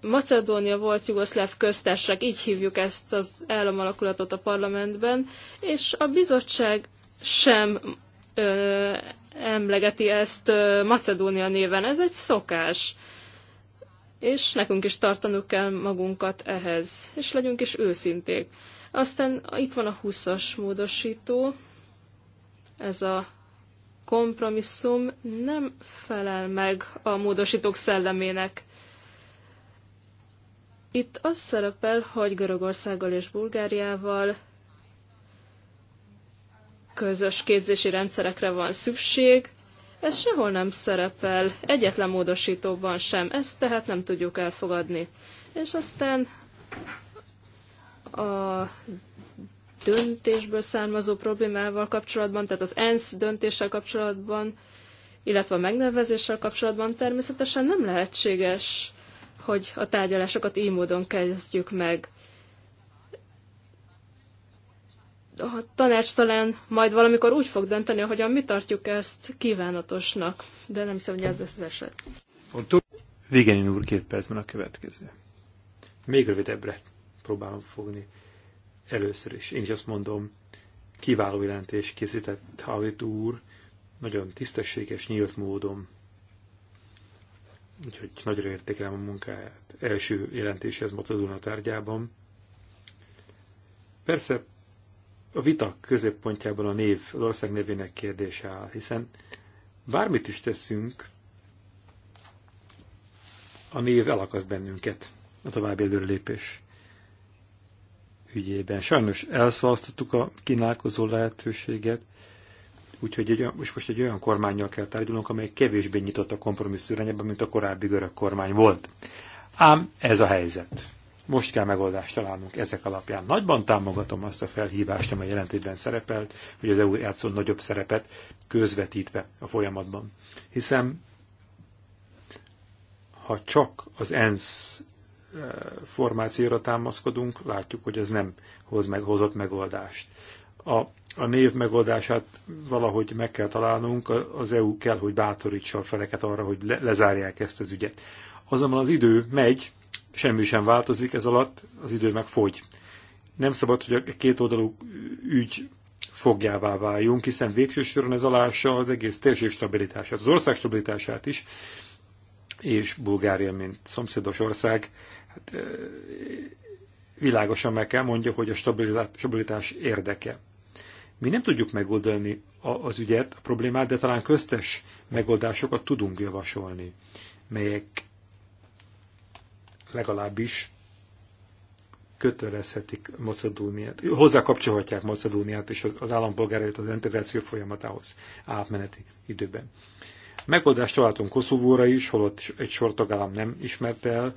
Macedónia volt jugoszláv köztársaság, így hívjuk ezt az államalakulatot a parlamentben, és a bizottság sem ö, emlegeti ezt Macedónia néven. Ez egy szokás. És nekünk is tartanunk kell magunkat ehhez. És legyünk is őszinték. Aztán itt van a 20-as módosító. Ez a kompromisszum nem felel meg a módosítók szellemének. Itt az szerepel, hogy Görögországgal és Bulgáriával közös képzési rendszerekre van szükség, ez sehol nem szerepel, egyetlen módosítóban sem, ezt tehát nem tudjuk elfogadni. És aztán a döntésből származó problémával kapcsolatban, tehát az ENSZ döntéssel kapcsolatban, illetve a megnevezéssel kapcsolatban természetesen nem lehetséges, hogy a tárgyalásokat így módon kezdjük meg. a tanács talán majd valamikor úgy fog dönteni, ahogyan mi tartjuk ezt kívánatosnak, de nem hiszem, hogy ez lesz az eset. Végenin úr, két percben a következő. Még rövidebbre próbálom fogni. Először is. Én is azt mondom, kiváló jelentés készített Havit úr, nagyon tisztességes, nyílt módon. Úgyhogy nagyra értékelem a munkáját. Első jelentéshez a tárgyában. Persze a vita középpontjában a név, az ország nevének kérdése áll, hiszen bármit is teszünk, a név elakaszt bennünket a további előrelépés ügyében. Sajnos elszalasztottuk a kínálkozó lehetőséget, úgyhogy egy, most, most egy olyan kormányjal kell tárgyalnunk, amely kevésbé nyitott a kompromisszú irányába, mint a korábbi görög kormány volt. Ám ez a helyzet. Most kell megoldást találnunk ezek alapján. Nagyban támogatom azt a felhívást, amely jelentésben szerepelt, hogy az EU játszon nagyobb szerepet közvetítve a folyamatban. Hiszen ha csak az ENSZ eh, formációra támaszkodunk, látjuk, hogy ez nem hoz meg, hozott megoldást. A, a név megoldását valahogy meg kell találnunk, az EU kell, hogy bátorítsa a feleket arra, hogy le, lezárják ezt az ügyet. Azonban az idő megy, semmi sem változik ez alatt, az idő meg fogy. Nem szabad, hogy a két oldalú ügy fogjává váljunk, hiszen végső soron ez alássa az egész térség stabilitását, az ország stabilitását is, és Bulgária, mint szomszédos ország, hát, világosan meg kell mondja, hogy a stabilitás érdeke. Mi nem tudjuk megoldani az ügyet, a problémát, de talán köztes megoldásokat tudunk javasolni, melyek legalábbis kötelezhetik Macedóniát, hozzákapcsolhatják Macedóniát és az, az állampolgárait az integráció folyamatához átmeneti időben. Megoldást találtunk Koszovóra is, holott egy sor tagállam nem ismerte el,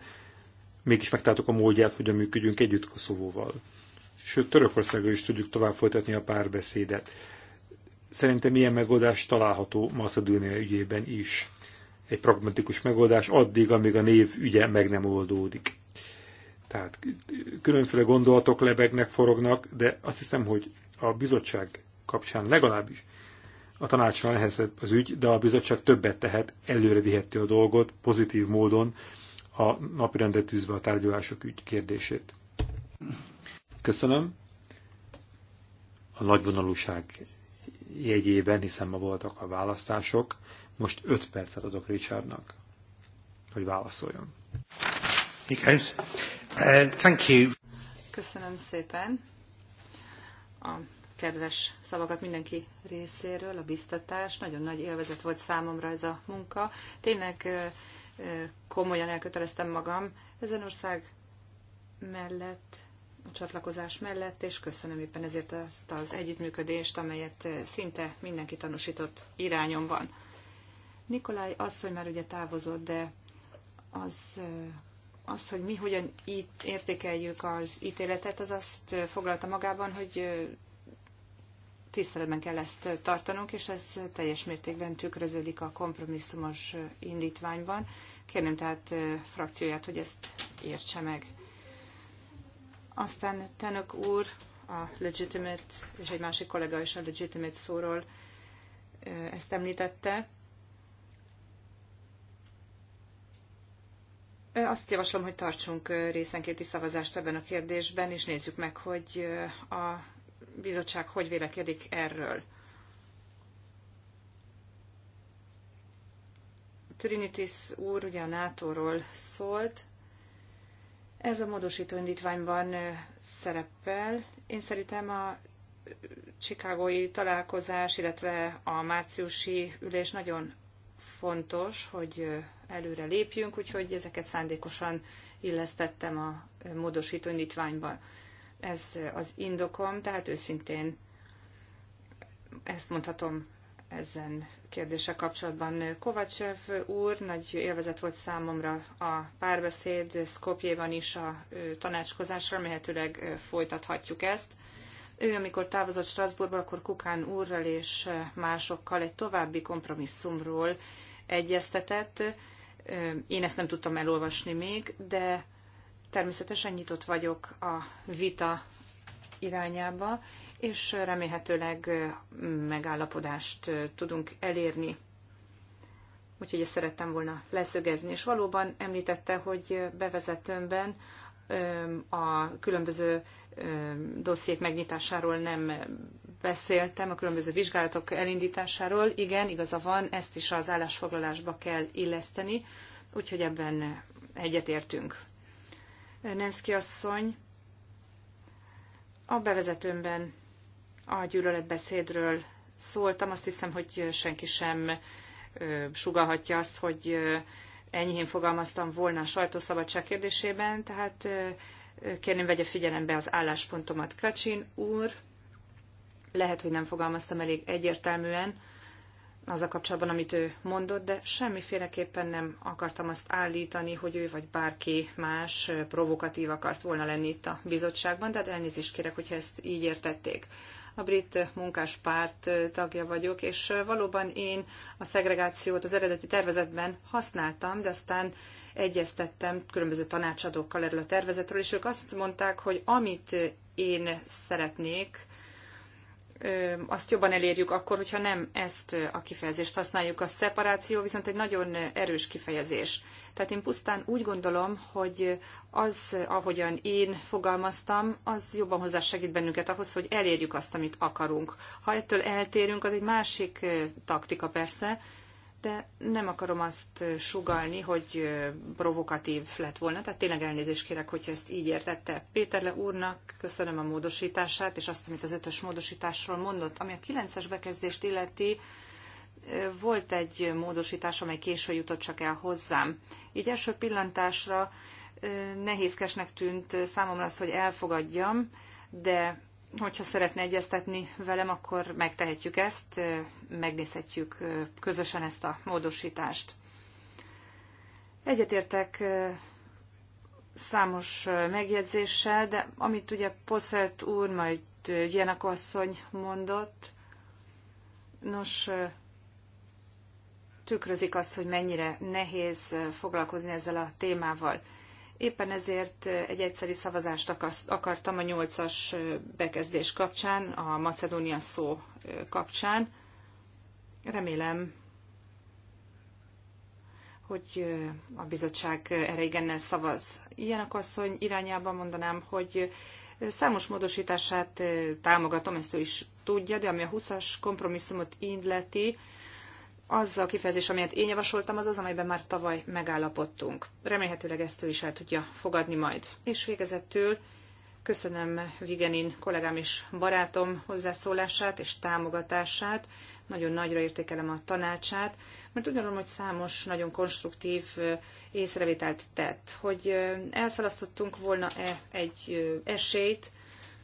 mégis megtaláltuk a módját, a működjünk együtt Koszovóval. Sőt, Törökországgal is tudjuk tovább folytatni a párbeszédet. Szerintem ilyen megoldás található Macedónia ügyében is egy pragmatikus megoldás addig, amíg a név ügye meg nem oldódik. Tehát különféle gondolatok lebegnek, forognak, de azt hiszem, hogy a bizottság kapcsán legalábbis a tanácsra nehezebb az ügy, de a bizottság többet tehet, előre viheti a dolgot pozitív módon a napirendet tűzve a tárgyalások ügy kérdését. Köszönöm. A nagyvonalúság jegyében, hiszen ma voltak a választások, most 5 percet adok Richardnak, hogy válaszoljon. Uh, thank you. Köszönöm szépen a kedves szavakat mindenki részéről, a biztatás. Nagyon nagy élvezet volt számomra ez a munka. Tényleg uh, uh, komolyan elköteleztem magam ezen ország mellett, a csatlakozás mellett, és köszönöm éppen ezért azt az együttműködést, amelyet szinte mindenki tanúsított irányomban. Nikolaj asszony már ugye távozott, de az, az, hogy mi hogyan itt értékeljük az ítéletet, az azt foglalta magában, hogy tiszteletben kell ezt tartanunk, és ez teljes mértékben tükröződik a kompromisszumos indítványban. Kérném tehát frakcióját, hogy ezt értse meg. Aztán Tenök úr a legitimate, és egy másik kollega is a legitimate szóról ezt említette. Azt javaslom, hogy tartsunk részenkéti szavazást ebben a kérdésben, és nézzük meg, hogy a bizottság hogy vélekedik erről. Trinitis úr ugye a NATO-ról szólt. Ez a módosító indítványban szerepel. Én szerintem a csikágói találkozás, illetve a márciusi ülés nagyon fontos, hogy előre lépjünk, úgyhogy ezeket szándékosan illesztettem a módosító indítványba. Ez az indokom, tehát őszintén ezt mondhatom ezen kérdése kapcsolatban. Kovacsev úr, nagy élvezet volt számomra a párbeszéd, Szkopjéban is a tanácskozásra, mehetőleg folytathatjuk ezt. Ő, amikor távozott Strasbourgba, akkor Kukán úrral és másokkal egy további kompromisszumról egyeztetett, én ezt nem tudtam elolvasni még, de természetesen nyitott vagyok a vita irányába, és remélhetőleg megállapodást tudunk elérni. Úgyhogy ezt szerettem volna leszögezni. És valóban említette, hogy bevezetőmben a különböző dossziék megnyitásáról nem beszéltem, a különböző vizsgálatok elindításáról. Igen, igaza van, ezt is az állásfoglalásba kell illeszteni, úgyhogy ebben egyetértünk. Nenszki asszony, a bevezetőmben a gyűlöletbeszédről szóltam, azt hiszem, hogy senki sem sugalhatja azt, hogy enyhén fogalmaztam volna a sajtószabadság kérdésében, tehát kérném vegye figyelembe az álláspontomat. Kacsin úr, lehet, hogy nem fogalmaztam elég egyértelműen az a kapcsolatban, amit ő mondott, de semmiféleképpen nem akartam azt állítani, hogy ő vagy bárki más provokatív akart volna lenni itt a bizottságban, tehát elnézést kérek, hogyha ezt így értették a brit munkáspárt tagja vagyok, és valóban én a szegregációt az eredeti tervezetben használtam, de aztán egyeztettem különböző tanácsadókkal erről a tervezetről, és ők azt mondták, hogy amit én szeretnék, azt jobban elérjük akkor, hogyha nem ezt a kifejezést használjuk. A szeparáció viszont egy nagyon erős kifejezés. Tehát én pusztán úgy gondolom, hogy az, ahogyan én fogalmaztam, az jobban hozzásegít bennünket ahhoz, hogy elérjük azt, amit akarunk. Ha ettől eltérünk, az egy másik taktika persze, de nem akarom azt sugalni, hogy provokatív lett volna, tehát tényleg elnézést kérek, hogyha ezt így értette. Péterle úrnak köszönöm a módosítását, és azt, amit az ötös módosításról mondott, ami a kilences bekezdést illeti, volt egy módosítás, amely később jutott csak el hozzám. Így első pillantásra nehézkesnek tűnt számomra az, hogy elfogadjam, de hogyha szeretne egyeztetni velem, akkor megtehetjük ezt, megnézhetjük közösen ezt a módosítást. Egyetértek számos megjegyzéssel, de amit ugye Poszelt úr, majd Jenako asszony mondott, nos, tükrözik azt, hogy mennyire nehéz foglalkozni ezzel a témával. Éppen ezért egy egyszeri szavazást akartam a nyolcas bekezdés kapcsán, a Macedónia szó kapcsán. Remélem, hogy a bizottság erre igennel szavaz. Ilyenek asszony irányában mondanám, hogy számos módosítását támogatom, ezt ő is tudja, de ami a 20-as kompromisszumot illeti, az a kifejezés, amelyet én javasoltam, az az, amelyben már tavaly megállapodtunk. Remélhetőleg ezt ő is el tudja fogadni majd. És végezetül köszönöm Vigenin kollégám és barátom hozzászólását és támogatását. Nagyon nagyra értékelem a tanácsát, mert úgy gondolom, hogy számos nagyon konstruktív észrevételt tett, hogy elszalasztottunk volna-e egy esélyt,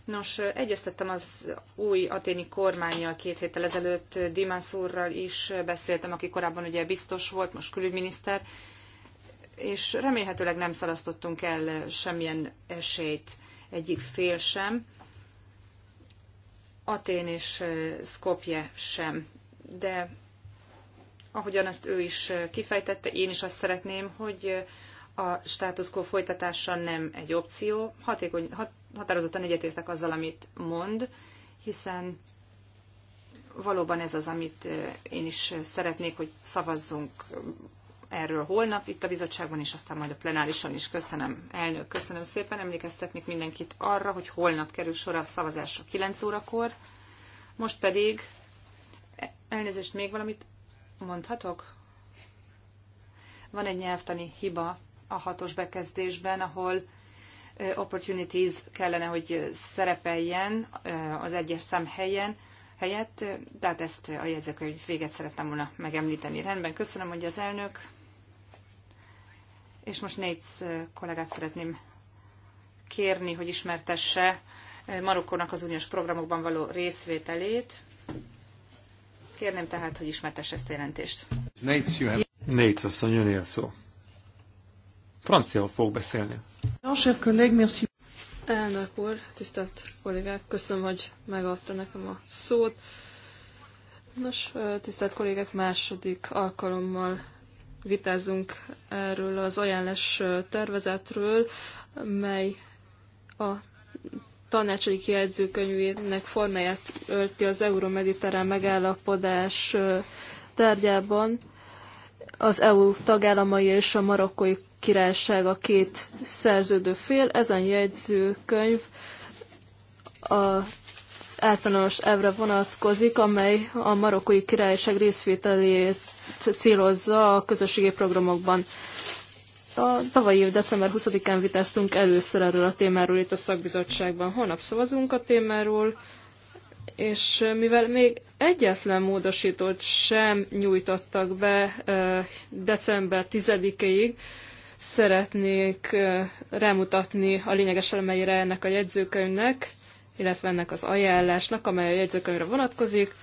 Nos, egyeztettem az új aténi kormányjal két héttel ezelőtt, Dimas úrral is beszéltem, aki korábban ugye biztos volt, most külügyminiszter, és remélhetőleg nem szalasztottunk el semmilyen esélyt egyik fél sem, Atén és Skopje sem. De ahogyan azt ő is kifejtette, én is azt szeretném, hogy a status quo folytatása nem egy opció, hatékony, hat, határozottan egyetértek azzal, amit mond, hiszen valóban ez az, amit én is szeretnék, hogy szavazzunk erről holnap itt a bizottságban, és aztán majd a plenárison is. Köszönöm, elnök, köszönöm szépen. Emlékeztetnék mindenkit arra, hogy holnap kerül sor a szavazásra 9 órakor. Most pedig, elnézést, még valamit mondhatok? Van egy nyelvtani hiba a hatos bekezdésben, ahol Eh, opportunities kellene, hogy eh, szerepeljen eh, az egyes szám helyen, helyett, tehát ezt a jegyzőkönyv véget szerettem volna megemlíteni. Rendben, köszönöm, hogy az elnök. És most négy kollégát szeretném kérni, hogy ismertesse Marokkónak az uniós programokban való részvételét. Kérném tehát, hogy ismertesse ezt a jelentést. Négy asszony, jön szó. Franciául fog beszélni. Elnök úr, tisztelt kollégák, köszönöm, hogy megadta nekem a szót. Nos, tisztelt kollégák, második alkalommal vitázunk erről az ajánlás tervezetről, mely a tanácsai jegyzőkönyvének formáját ölti az euromediterrán megállapodás tárgyában az EU tagállamai és a marokkói Királyság a két szerződő fél. Ezen jegyzőkönyv az általános evre vonatkozik, amely a marokkói királyság részvételét célozza a közösségi programokban. A tavalyi év december 20-án vitáztunk először erről a témáról itt a szakbizottságban. Holnap szavazunk a témáról, és mivel még egyetlen módosítót sem nyújtottak be december 10-ig, Szeretnék rámutatni a lényeges elemeire ennek a jegyzőkönyvnek, illetve ennek az ajánlásnak, amely a jegyzőkönyvre vonatkozik,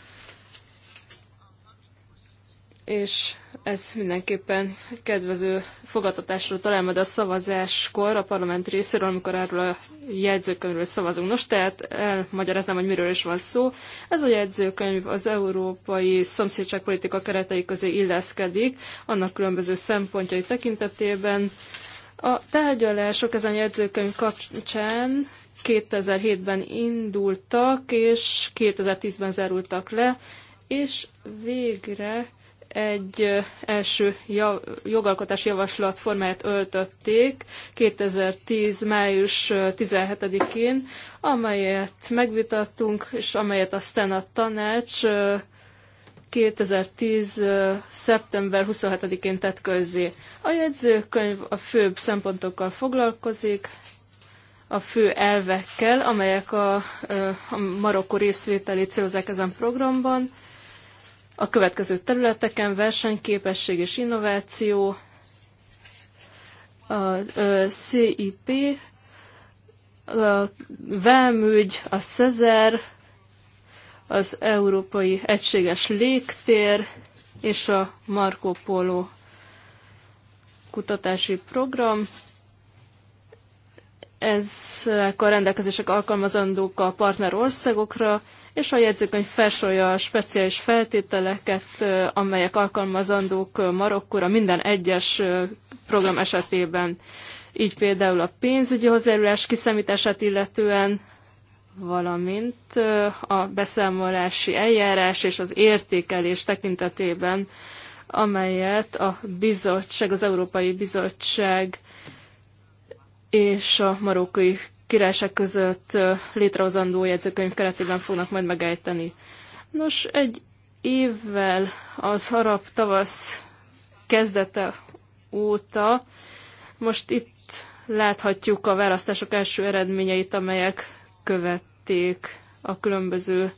és ez mindenképpen kedvező fogadtatásról talál majd a szavazáskor a parlament részéről, amikor erről a jegyzőkönyvről szavazunk. Nos, tehát elmagyaráznám, hogy miről is van szó. Ez a jegyzőkönyv az európai szomszédságpolitika keretei közé illeszkedik, annak különböző szempontjai tekintetében. A tárgyalások ezen jegyzőkönyv kapcsán 2007-ben indultak, és 2010-ben zárultak le, és végre egy első jogalkotási javaslat formáját öltötték 2010. május 17-én, amelyet megvitattunk, és amelyet aztán a tanács 2010. szeptember 27-én tett közzé. A jegyzőkönyv a főbb szempontokkal foglalkozik, a fő elvekkel, amelyek a, a marokkó részvételét célozzák ezen programban, a következő területeken versenyképesség és innováció, a CIP, a Vámügy, a Szezer, az Európai Egységes Légtér és a Marco Polo kutatási program ez a rendelkezések alkalmazandók a partner országokra, és a jegyzőkönyv felsorolja a speciális feltételeket, amelyek alkalmazandók Marokkóra minden egyes program esetében. Így például a pénzügyi hozzájárulás kiszámítását illetően, valamint a beszámolási eljárás és az értékelés tekintetében, amelyet a bizottság, az Európai Bizottság és a marokkói királyság között létrehozandó jegyzőkönyv keretében fognak majd megejteni. Nos, egy évvel az harap tavasz kezdete óta most itt láthatjuk a választások első eredményeit, amelyek követték a különböző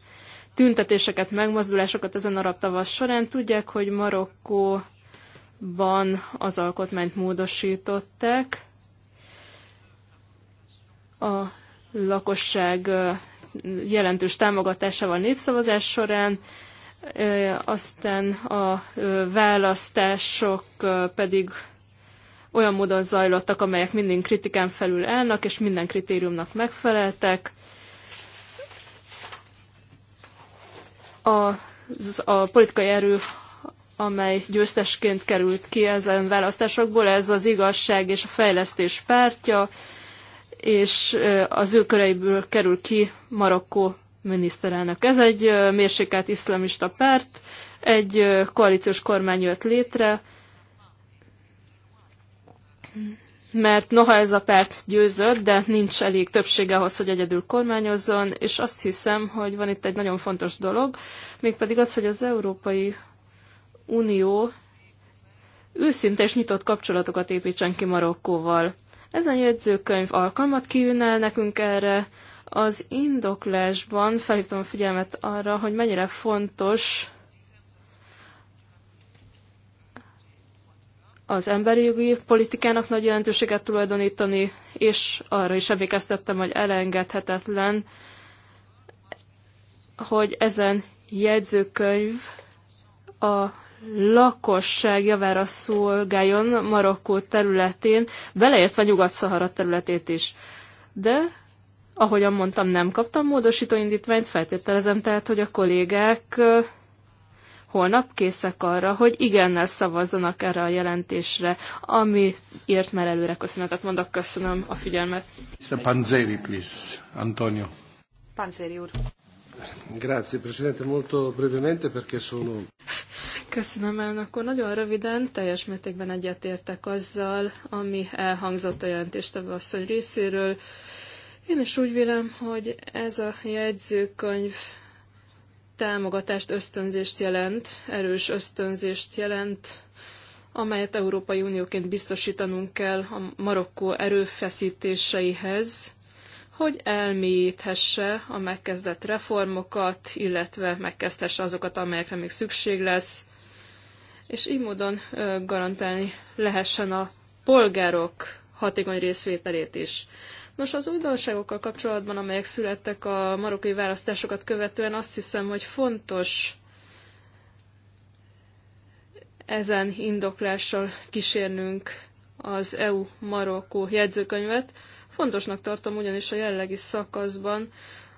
tüntetéseket, megmozdulásokat ezen arab tavasz során. Tudják, hogy Marokkóban az alkotmányt módosították, a lakosság jelentős támogatásával népszavazás során, aztán a választások pedig olyan módon zajlottak, amelyek minden kritikán felül állnak, és minden kritériumnak megfeleltek. A, a politikai erő, amely győztesként került ki ezen választásokból, ez az igazság és a fejlesztés pártja, és az ő köreiből kerül ki Marokkó miniszterelnök. Ez egy mérsékelt iszlamista párt, egy koalíciós kormány jött létre, mert noha ez a párt győzött, de nincs elég többsége ahhoz, hogy egyedül kormányozzon, és azt hiszem, hogy van itt egy nagyon fontos dolog, mégpedig az, hogy az Európai Unió őszinte és nyitott kapcsolatokat építsen ki Marokkóval. Ezen a jegyzőkönyv alkalmat kívül nekünk erre. Az indoklásban felhívtam a figyelmet arra, hogy mennyire fontos az emberi jogi politikának nagy jelentőséget tulajdonítani, és arra is emlékeztettem, hogy elengedhetetlen, hogy ezen jegyzőkönyv a lakosság javára szolgáljon Marokkó területén, beleértve Nyugat-Szahara területét is. De, ahogyan mondtam, nem kaptam módosító indítványt, feltételezem tehát, hogy a kollégák holnap készek arra, hogy igennel szavazzanak erre a jelentésre, ami ért már előre köszönetek. mondok, köszönöm a figyelmet. Mr. Panzeri, please. Antonio. Panzeri úr. Grazie, Presidente, molto brevemente perché sono... Köszönöm, el, akkor Nagyon röviden, teljes mértékben egyetértek azzal, ami elhangzott a jelentéstevő asszony részéről. Én is úgy vélem, hogy ez a jegyzőkönyv támogatást, ösztönzést jelent, erős ösztönzést jelent, amelyet Európai Unióként biztosítanunk kell a Marokkó erőfeszítéseihez, hogy elmélyíthesse a megkezdett reformokat, illetve megkezdhesse azokat, amelyekre még szükség lesz, és így módon garantálni lehessen a polgárok hatékony részvételét is. Nos, az újdonságokkal kapcsolatban, amelyek születtek a marokkai választásokat követően, azt hiszem, hogy fontos ezen indoklással kísérnünk az EU-Marokkó jegyzőkönyvet, Fontosnak tartom ugyanis a jelenlegi szakaszban,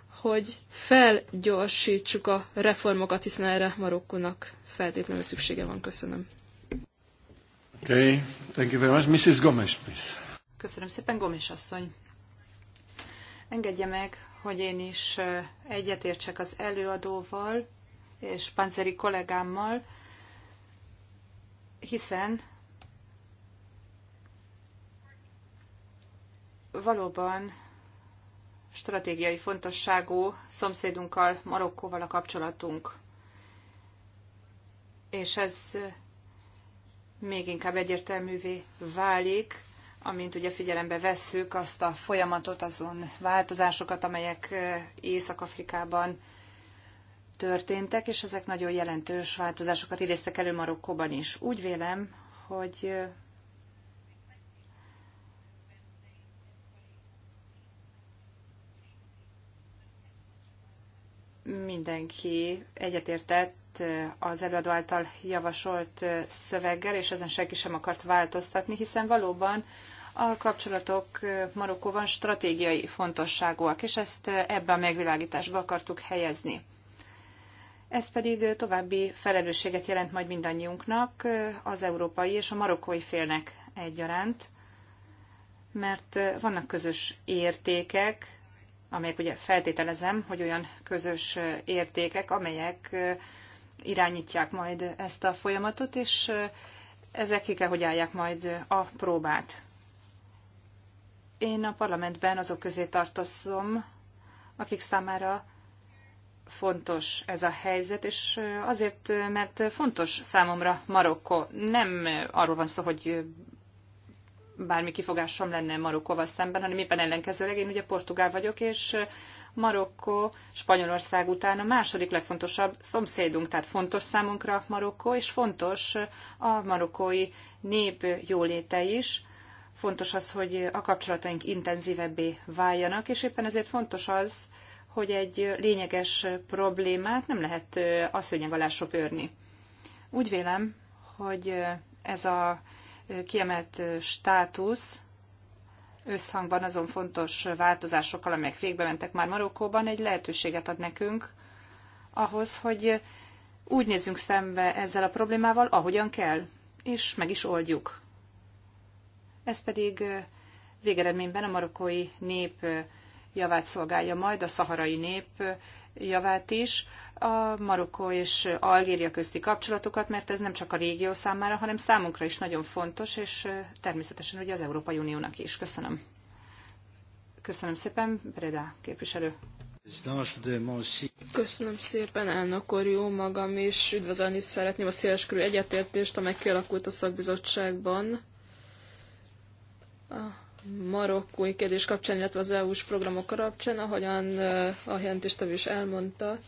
hogy felgyorsítsuk a reformokat, hiszen erre Marokkónak feltétlenül szüksége van. Köszönöm. Okay, thank you very much. Mrs. Gomes, please. Köszönöm szépen, Gomes asszony. Engedje meg, hogy én is egyetértsek az előadóval és Panzeri kollégámmal, hiszen valóban stratégiai fontosságú szomszédunkkal, Marokkóval a kapcsolatunk. És ez még inkább egyértelművé válik, amint ugye figyelembe vesszük azt a folyamatot, azon változásokat, amelyek Észak-Afrikában történtek, és ezek nagyon jelentős változásokat idéztek elő Marokkóban is. Úgy vélem, hogy mindenki egyetértett eh, az előadó által javasolt eh, szöveggel, és ezen senki sem akart változtatni, hiszen valóban a kapcsolatok eh, Marokkóban stratégiai fontosságúak, és ezt ebbe a megvilágításba akartuk helyezni. Ez pedig további felelősséget jelent majd mindannyiunknak, az európai és a marokkói félnek egyaránt, mert vannak közös értékek, amelyek ugye feltételezem, hogy olyan közös értékek, amelyek irányítják majd ezt a folyamatot, és ezek ki kell, hogy állják majd a próbát. Én a parlamentben azok közé tartozom, akik számára fontos ez a helyzet, és azért, mert fontos számomra Marokko. Nem arról van szó, hogy bármi kifogásom lenne Marokkóval szemben, hanem éppen ellenkezőleg én ugye portugál vagyok, és Marokkó Spanyolország után a második legfontosabb szomszédunk, tehát fontos számunkra Marokkó, és fontos a marokkói nép jóléte is. Fontos az, hogy a kapcsolataink intenzívebbé váljanak, és éppen ezért fontos az, hogy egy lényeges problémát nem lehet a szőnyeg alá sopörni. Úgy vélem, hogy ez a kiemelt státusz összhangban azon fontos változásokkal, amelyek végbe mentek már Marokkóban, egy lehetőséget ad nekünk ahhoz, hogy úgy nézzünk szembe ezzel a problémával, ahogyan kell, és meg is oldjuk. Ez pedig végeredményben a marokkói nép javát szolgálja majd, a szaharai nép javát is, a Marokkó és Algéria közti kapcsolatokat, mert ez nem csak a régió számára, hanem számunkra is nagyon fontos, és természetesen ugye az Európai Uniónak is. Köszönöm. Köszönöm szépen, Breda képviselő. Köszönöm szépen, elnök úr, jó magam is. Üdvözölni szeretném a széleskörű egyetértést, amely kialakult a szakbizottságban. A marokkói kérdés kapcsán, illetve az EU-s programok kapcsán, ahogyan a jelentéstevő is elmondta,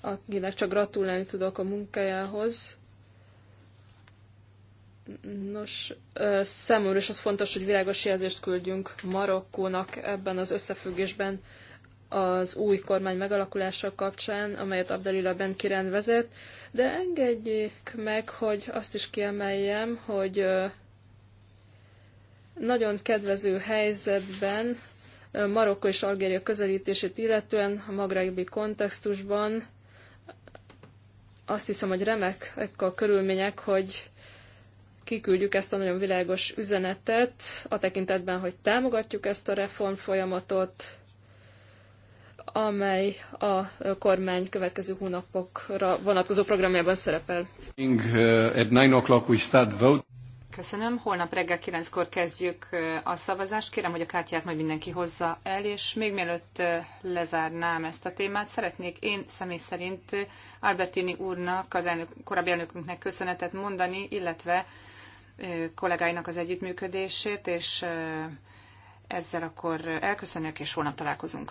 akinek csak gratulálni tudok a munkájához. Nos, számomra is az fontos, hogy világos jelzést küldjünk Marokkónak ebben az összefüggésben az új kormány megalakulása kapcsán, amelyet Abdelila Ben Kirán vezet, de engedjék meg, hogy azt is kiemeljem, hogy nagyon kedvező helyzetben Marokko és Algéria közelítését illetően a magrebi kontextusban azt hiszem, hogy remek a körülmények, hogy kiküldjük ezt a nagyon világos üzenetet a tekintetben, hogy támogatjuk ezt a reform folyamatot, amely a kormány következő hónapokra vonatkozó programjában szerepel. At 9 o'clock we start vote. Köszönöm. Holnap reggel 9-kor kezdjük a szavazást. Kérem, hogy a kártyát majd mindenki hozza el, és még mielőtt lezárnám ezt a témát, szeretnék én személy szerint Albertini úrnak, az elnök, korábbi elnökünknek köszönetet mondani, illetve kollégáinak az együttműködését, és ezzel akkor elköszönök, és holnap találkozunk.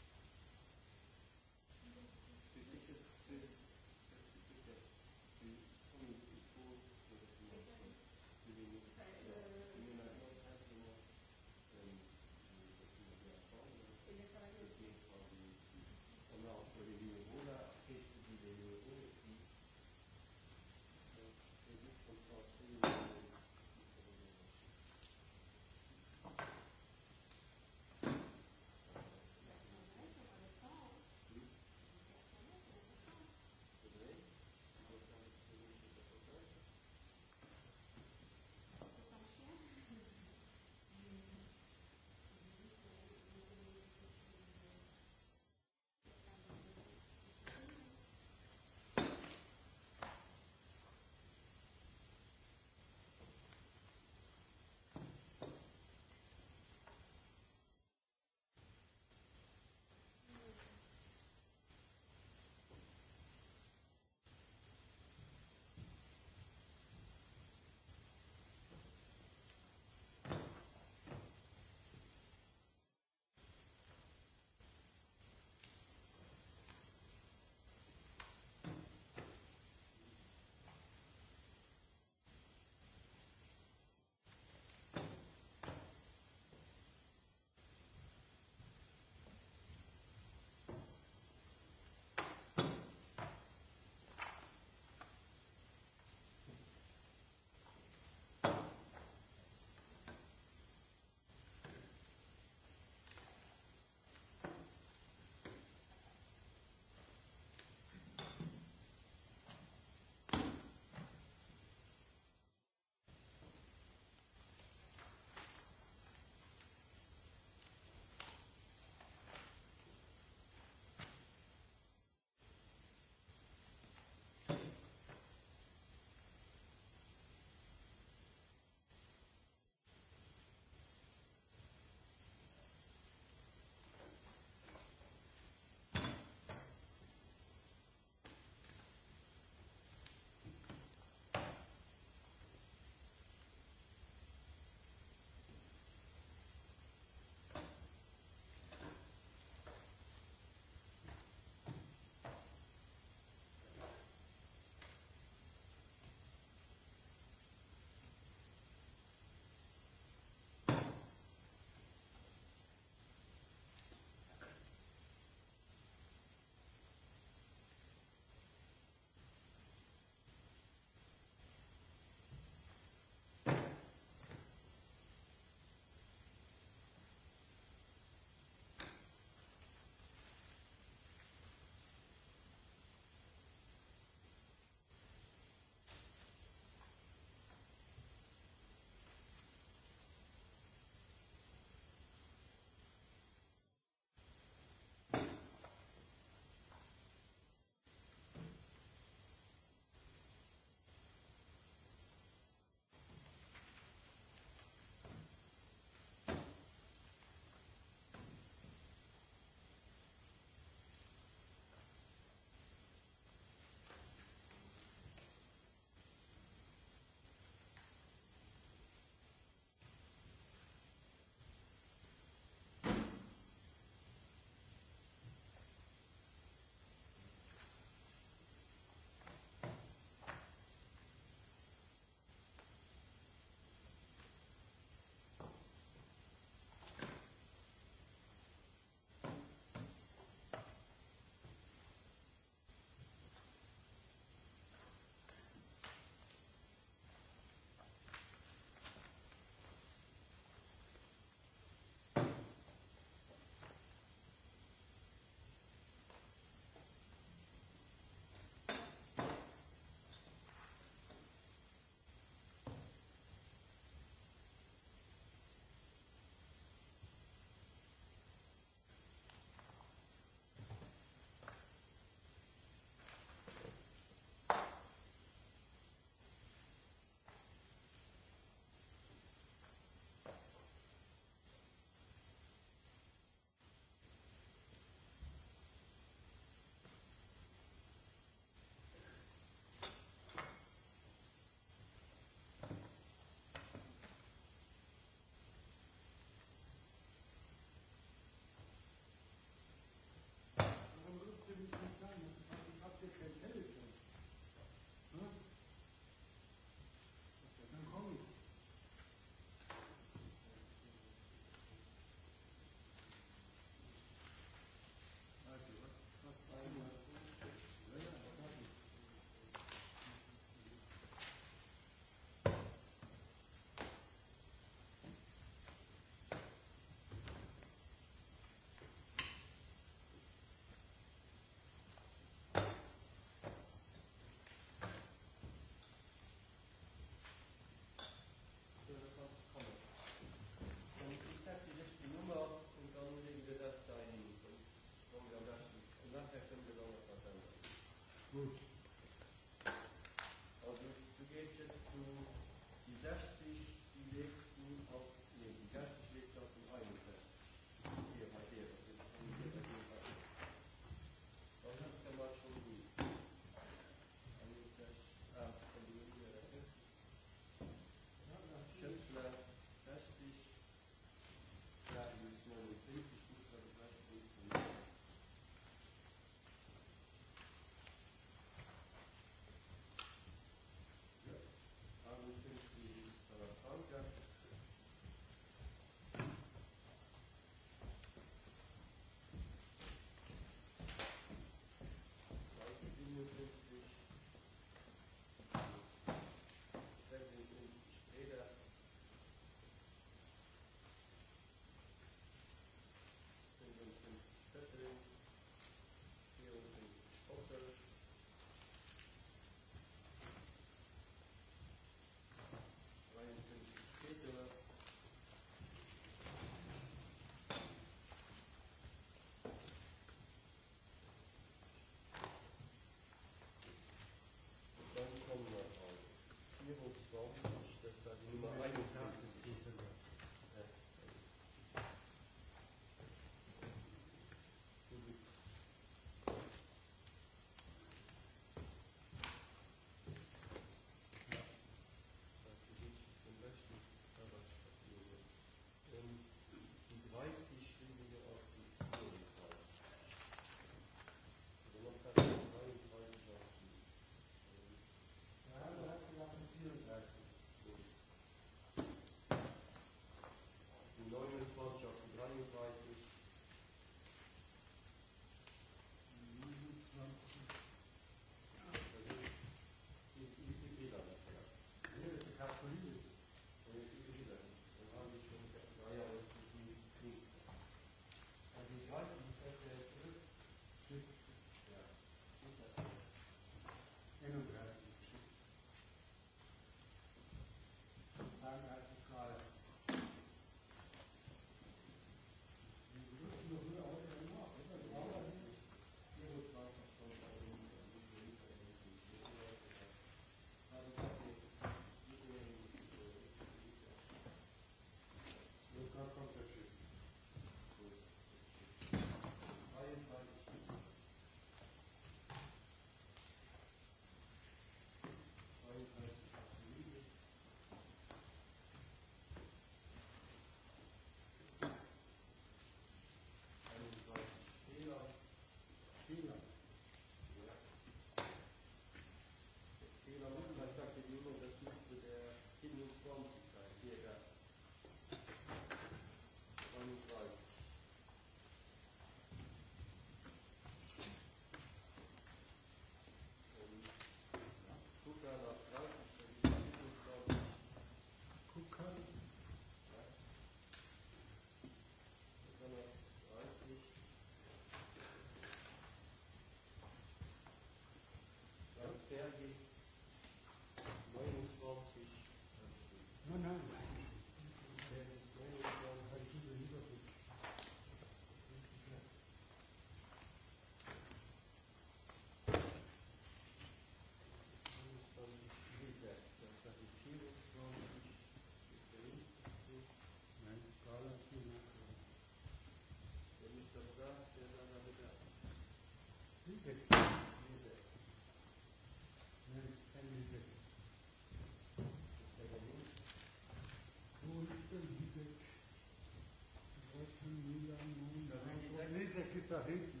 Da hinten.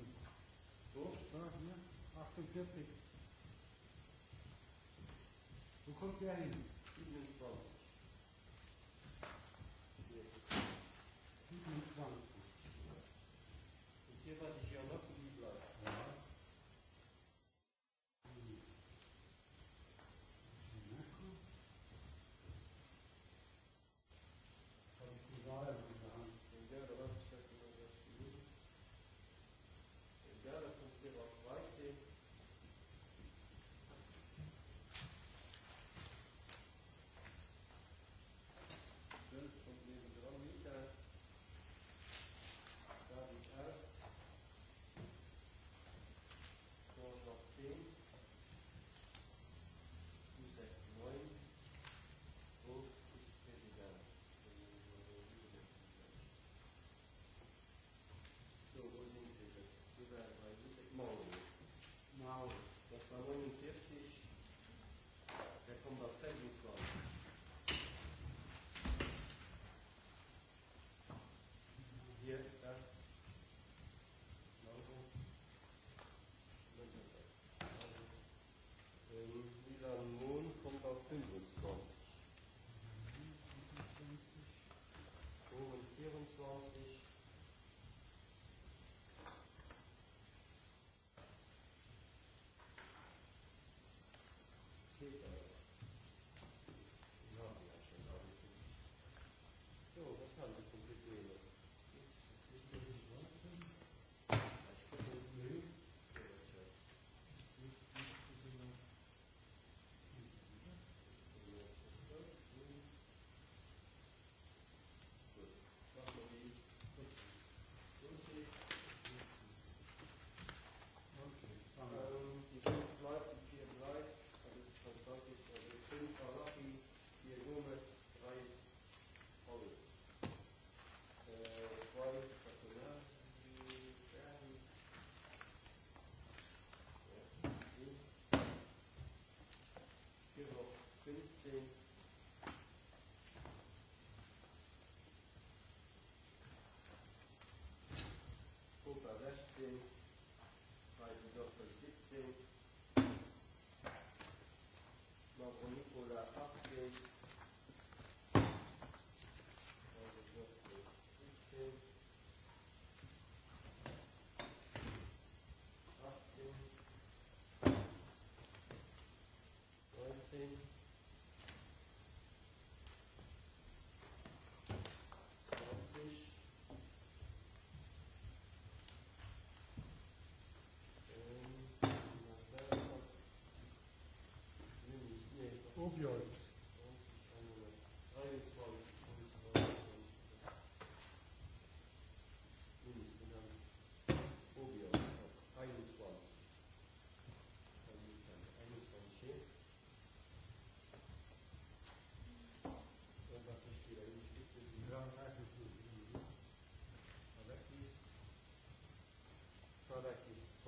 So, da hier, 48. Wo kommt der hin?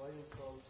bajunkkal, szóval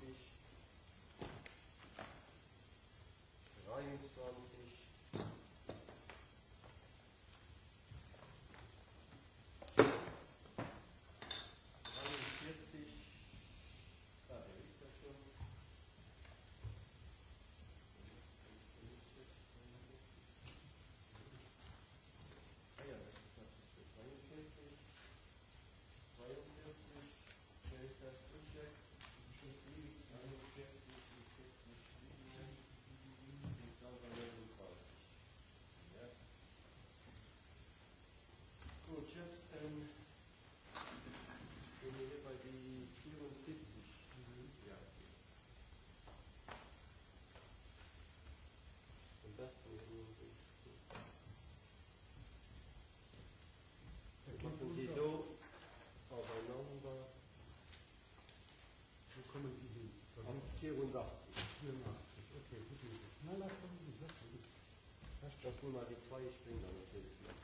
tun, also zwei natürlich noch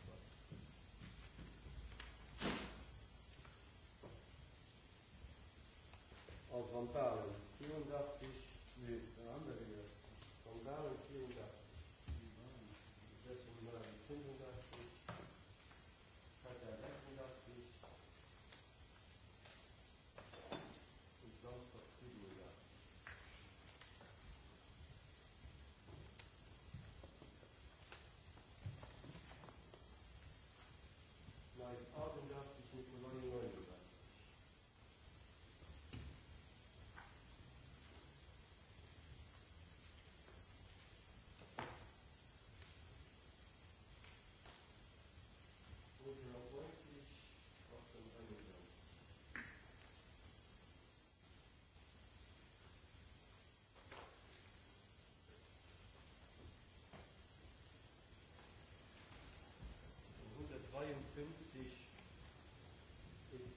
zwei. van hogy az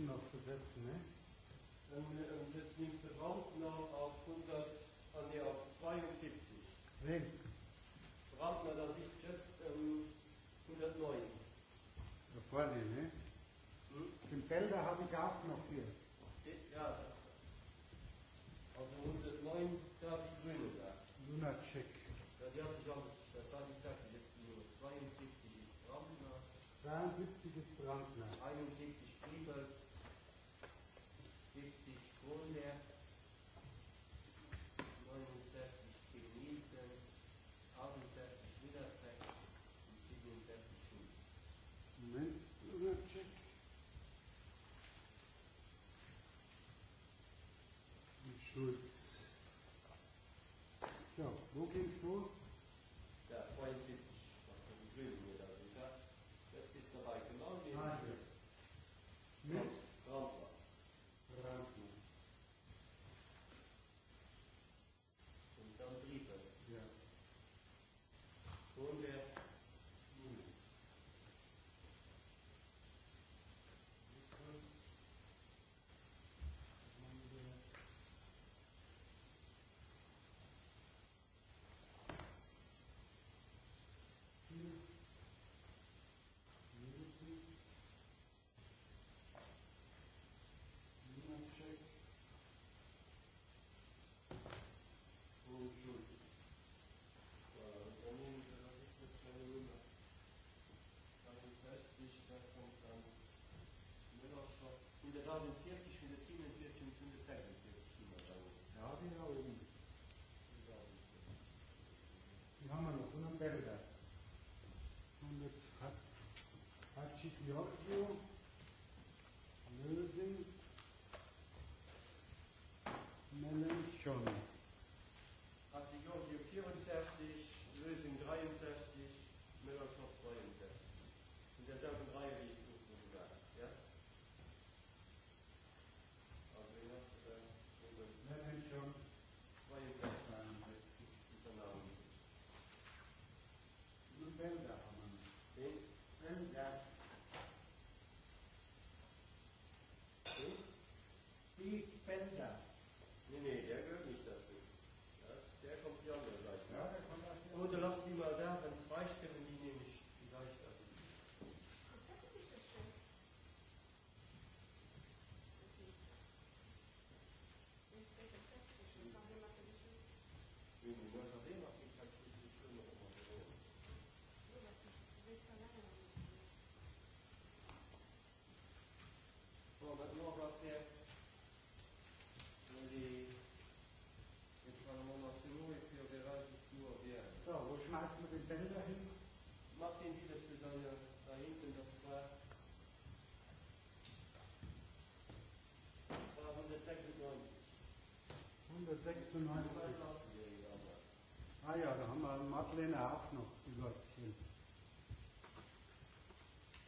Minuten noch zu setzen, ne? Und ähm, ähm, jetzt nimmt der Brandner auf 100, an die auf 72. Wen? Brandner, das ist jetzt ähm, 109. Da vorne, ne? Hm? Den Felder habe ich auch noch hier. Ja, also 109, da die Grüne da. Lunacek. Ja, die hat sich auch, das war die Stadt, die letzten 72 ist Brandner. 72 ist Brandner. 71 Friedel. Good. ablehnen auch noch die Wörtchen.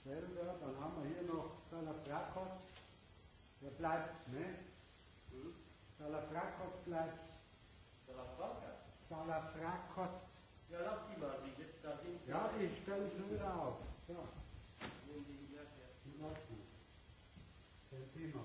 Selber, dann haben wir hier noch Salafrakos, der bleibt, ne? Hm? bleibt. Salafrakos? Salafrakos. Ja, lass die mal, die jetzt da sind. Ja, ich stelle schon wieder auf. So. Nehmen die hier her. Die lassen. Den Thema.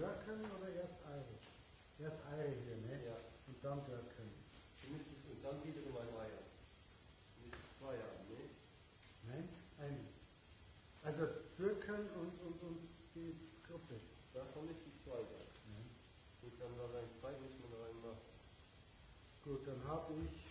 Dörken oder erst Eire? Erst Eire hier, ne? Ja. Und dann Dörken. Und dann wieder mal Eier. Nicht zwei Eier, ne? Nein, eine. Also Dürken und, und, und die Gruppe. Da Davon nicht die zweite. Eier. Mhm. Gut, dann war ein zwei, muss man reinmachen. Gut, dann habe ich